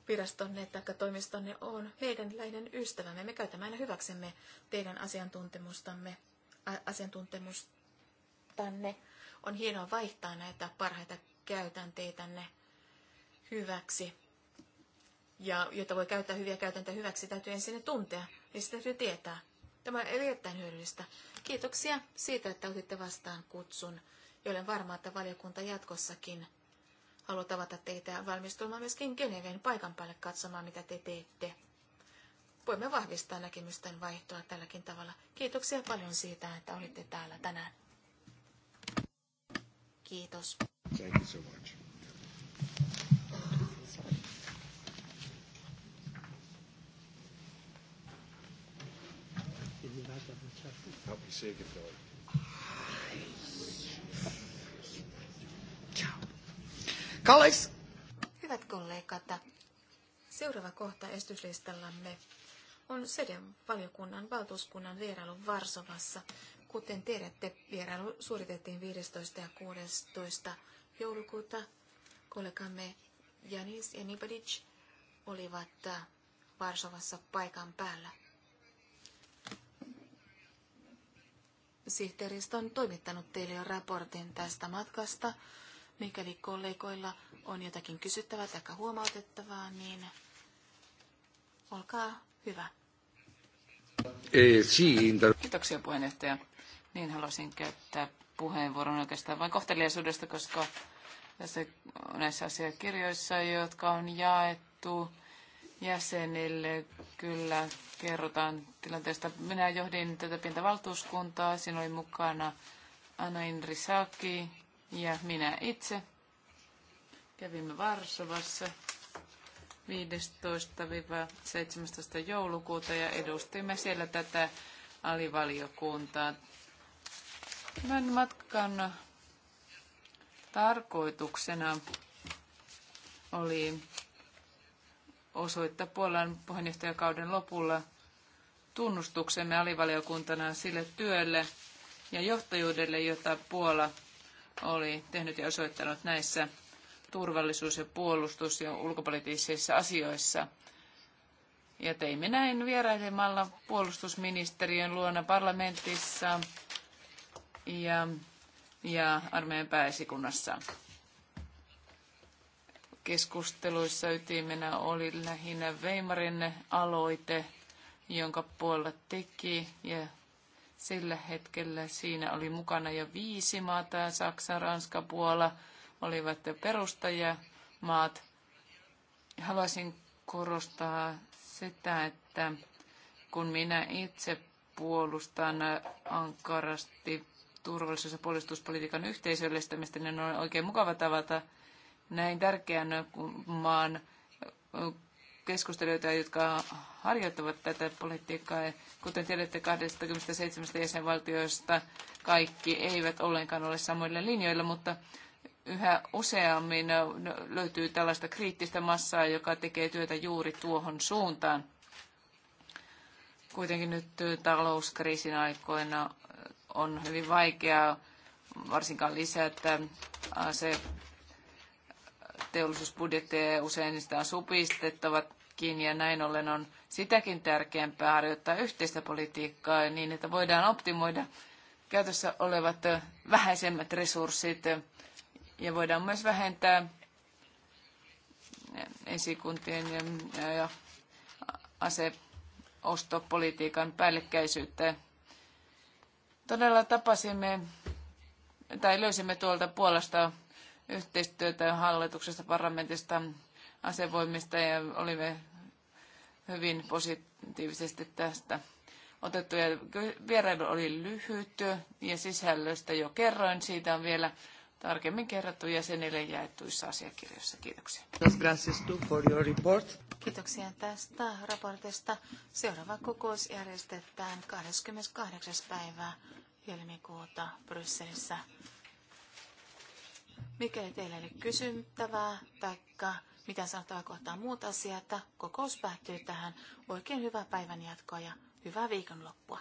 virastonne tai toimistonne on meidän läheinen ystävämme. Me käytämme aina hyväksemme teidän asiantuntemustamme, asiantuntemustanne. On hienoa vaihtaa näitä parhaita käytänteitänne hyväksi. Ja jotta voi käyttää hyviä käytäntöjä hyväksi, täytyy ensin ne tuntea, niin sitä täytyy tietää. Tämä on erittäin hyödyllistä. Kiitoksia siitä, että otitte vastaan kutsun ja olen varma, että valiokunta jatkossakin haluaa tavata teitä ja valmistumaan myöskin Geneveen paikan päälle katsomaan, mitä te teette. Voimme vahvistaa näkemysten vaihtoa tälläkin tavalla. Kiitoksia paljon siitä, että olitte täällä tänään. Kiitos. Thank you so much. Help me see it going. Colleagues. Hyvät kollegat, seuraava kohta estyslistallamme on SEDEN valiokunnan valtuuskunnan vierailu Varsovassa. Kuten tiedätte, vierailu suoritettiin 15. ja 16. joulukuuta. Kollegamme Janis ja Nibadic olivat Varsovassa paikan päällä. Sihteeristö on toimittanut teille jo raportin tästä matkasta. Mikäli kollegoilla on jotakin kysyttävää tai huomautettavaa, niin olkaa hyvä. Eh, Kiitoksia puheenjohtaja. Niin haluaisin käyttää puheenvuoron oikeastaan vain kohteliaisuudesta, koska tässä näissä asiakirjoissa, jotka on jaettu jäsenille, kyllä kerrotaan tilanteesta. Minä johdin tätä pientä valtuuskuntaa, siinä oli mukana Anna Saki, ja minä itse kävimme Varsovassa 15-17. joulukuuta ja edustimme siellä tätä alivaliokuntaa. Tämän matkan tarkoituksena oli osoittaa Puolan puheenjohtajakauden lopulla tunnustuksemme alivaliokuntana sille työlle ja johtajuudelle, jota Puola oli tehnyt ja osoittanut näissä turvallisuus- ja puolustus- ja ulkopoliittisissa asioissa. Ja teimme näin vierailemalla puolustusministeriön luona parlamentissa ja, ja armeijan pääesikunnassa. Keskusteluissa ytimenä oli lähinnä Weimarin aloite, jonka puolella teki ja sillä hetkellä siinä oli mukana jo viisi maata, Saksa, Ranska, Puola olivat perustajamaat. Haluaisin korostaa sitä, että kun minä itse puolustan ankarasti turvallisuus- ja puolustuspolitiikan yhteisöllistämistä, niin on oikein mukava tavata näin tärkeän maan keskustelijoita, jotka harjoittavat tätä politiikkaa. Kuten tiedätte, 27 jäsenvaltioista kaikki eivät ollenkaan ole samoilla linjoilla, mutta yhä useammin löytyy tällaista kriittistä massaa, joka tekee työtä juuri tuohon suuntaan. Kuitenkin nyt talouskriisin aikoina on hyvin vaikeaa varsinkaan lisätä se teollisuusbudjetteja ja usein niistä on supistettava kaikkiin ja näin ollen on sitäkin tärkeämpää harjoittaa yhteistä politiikkaa niin, että voidaan optimoida käytössä olevat vähäisemmät resurssit ja voidaan myös vähentää esikuntien ja aseostopolitiikan päällekkäisyyttä. Todella tapasimme tai löysimme tuolta Puolasta yhteistyötä hallituksesta, parlamentista, asevoimista ja olimme hyvin positiivisesti tästä otettu. Ja vierailu oli lyhyt ja sisällöstä jo kerroin. Siitä on vielä tarkemmin kerrottu jäsenille jaettuissa asiakirjoissa. Kiitoksia. Gracias tu your report. Kiitoksia tästä raportista. Seuraava kokous järjestetään 28. päivää helmikuuta Brysselissä. Mikäli teillä ei ole kysyttävää tai mitä saattaa kohtaa muuta asiaa, että kokous päättyy tähän. Oikein hyvää päivänjatkoa ja hyvää viikonloppua.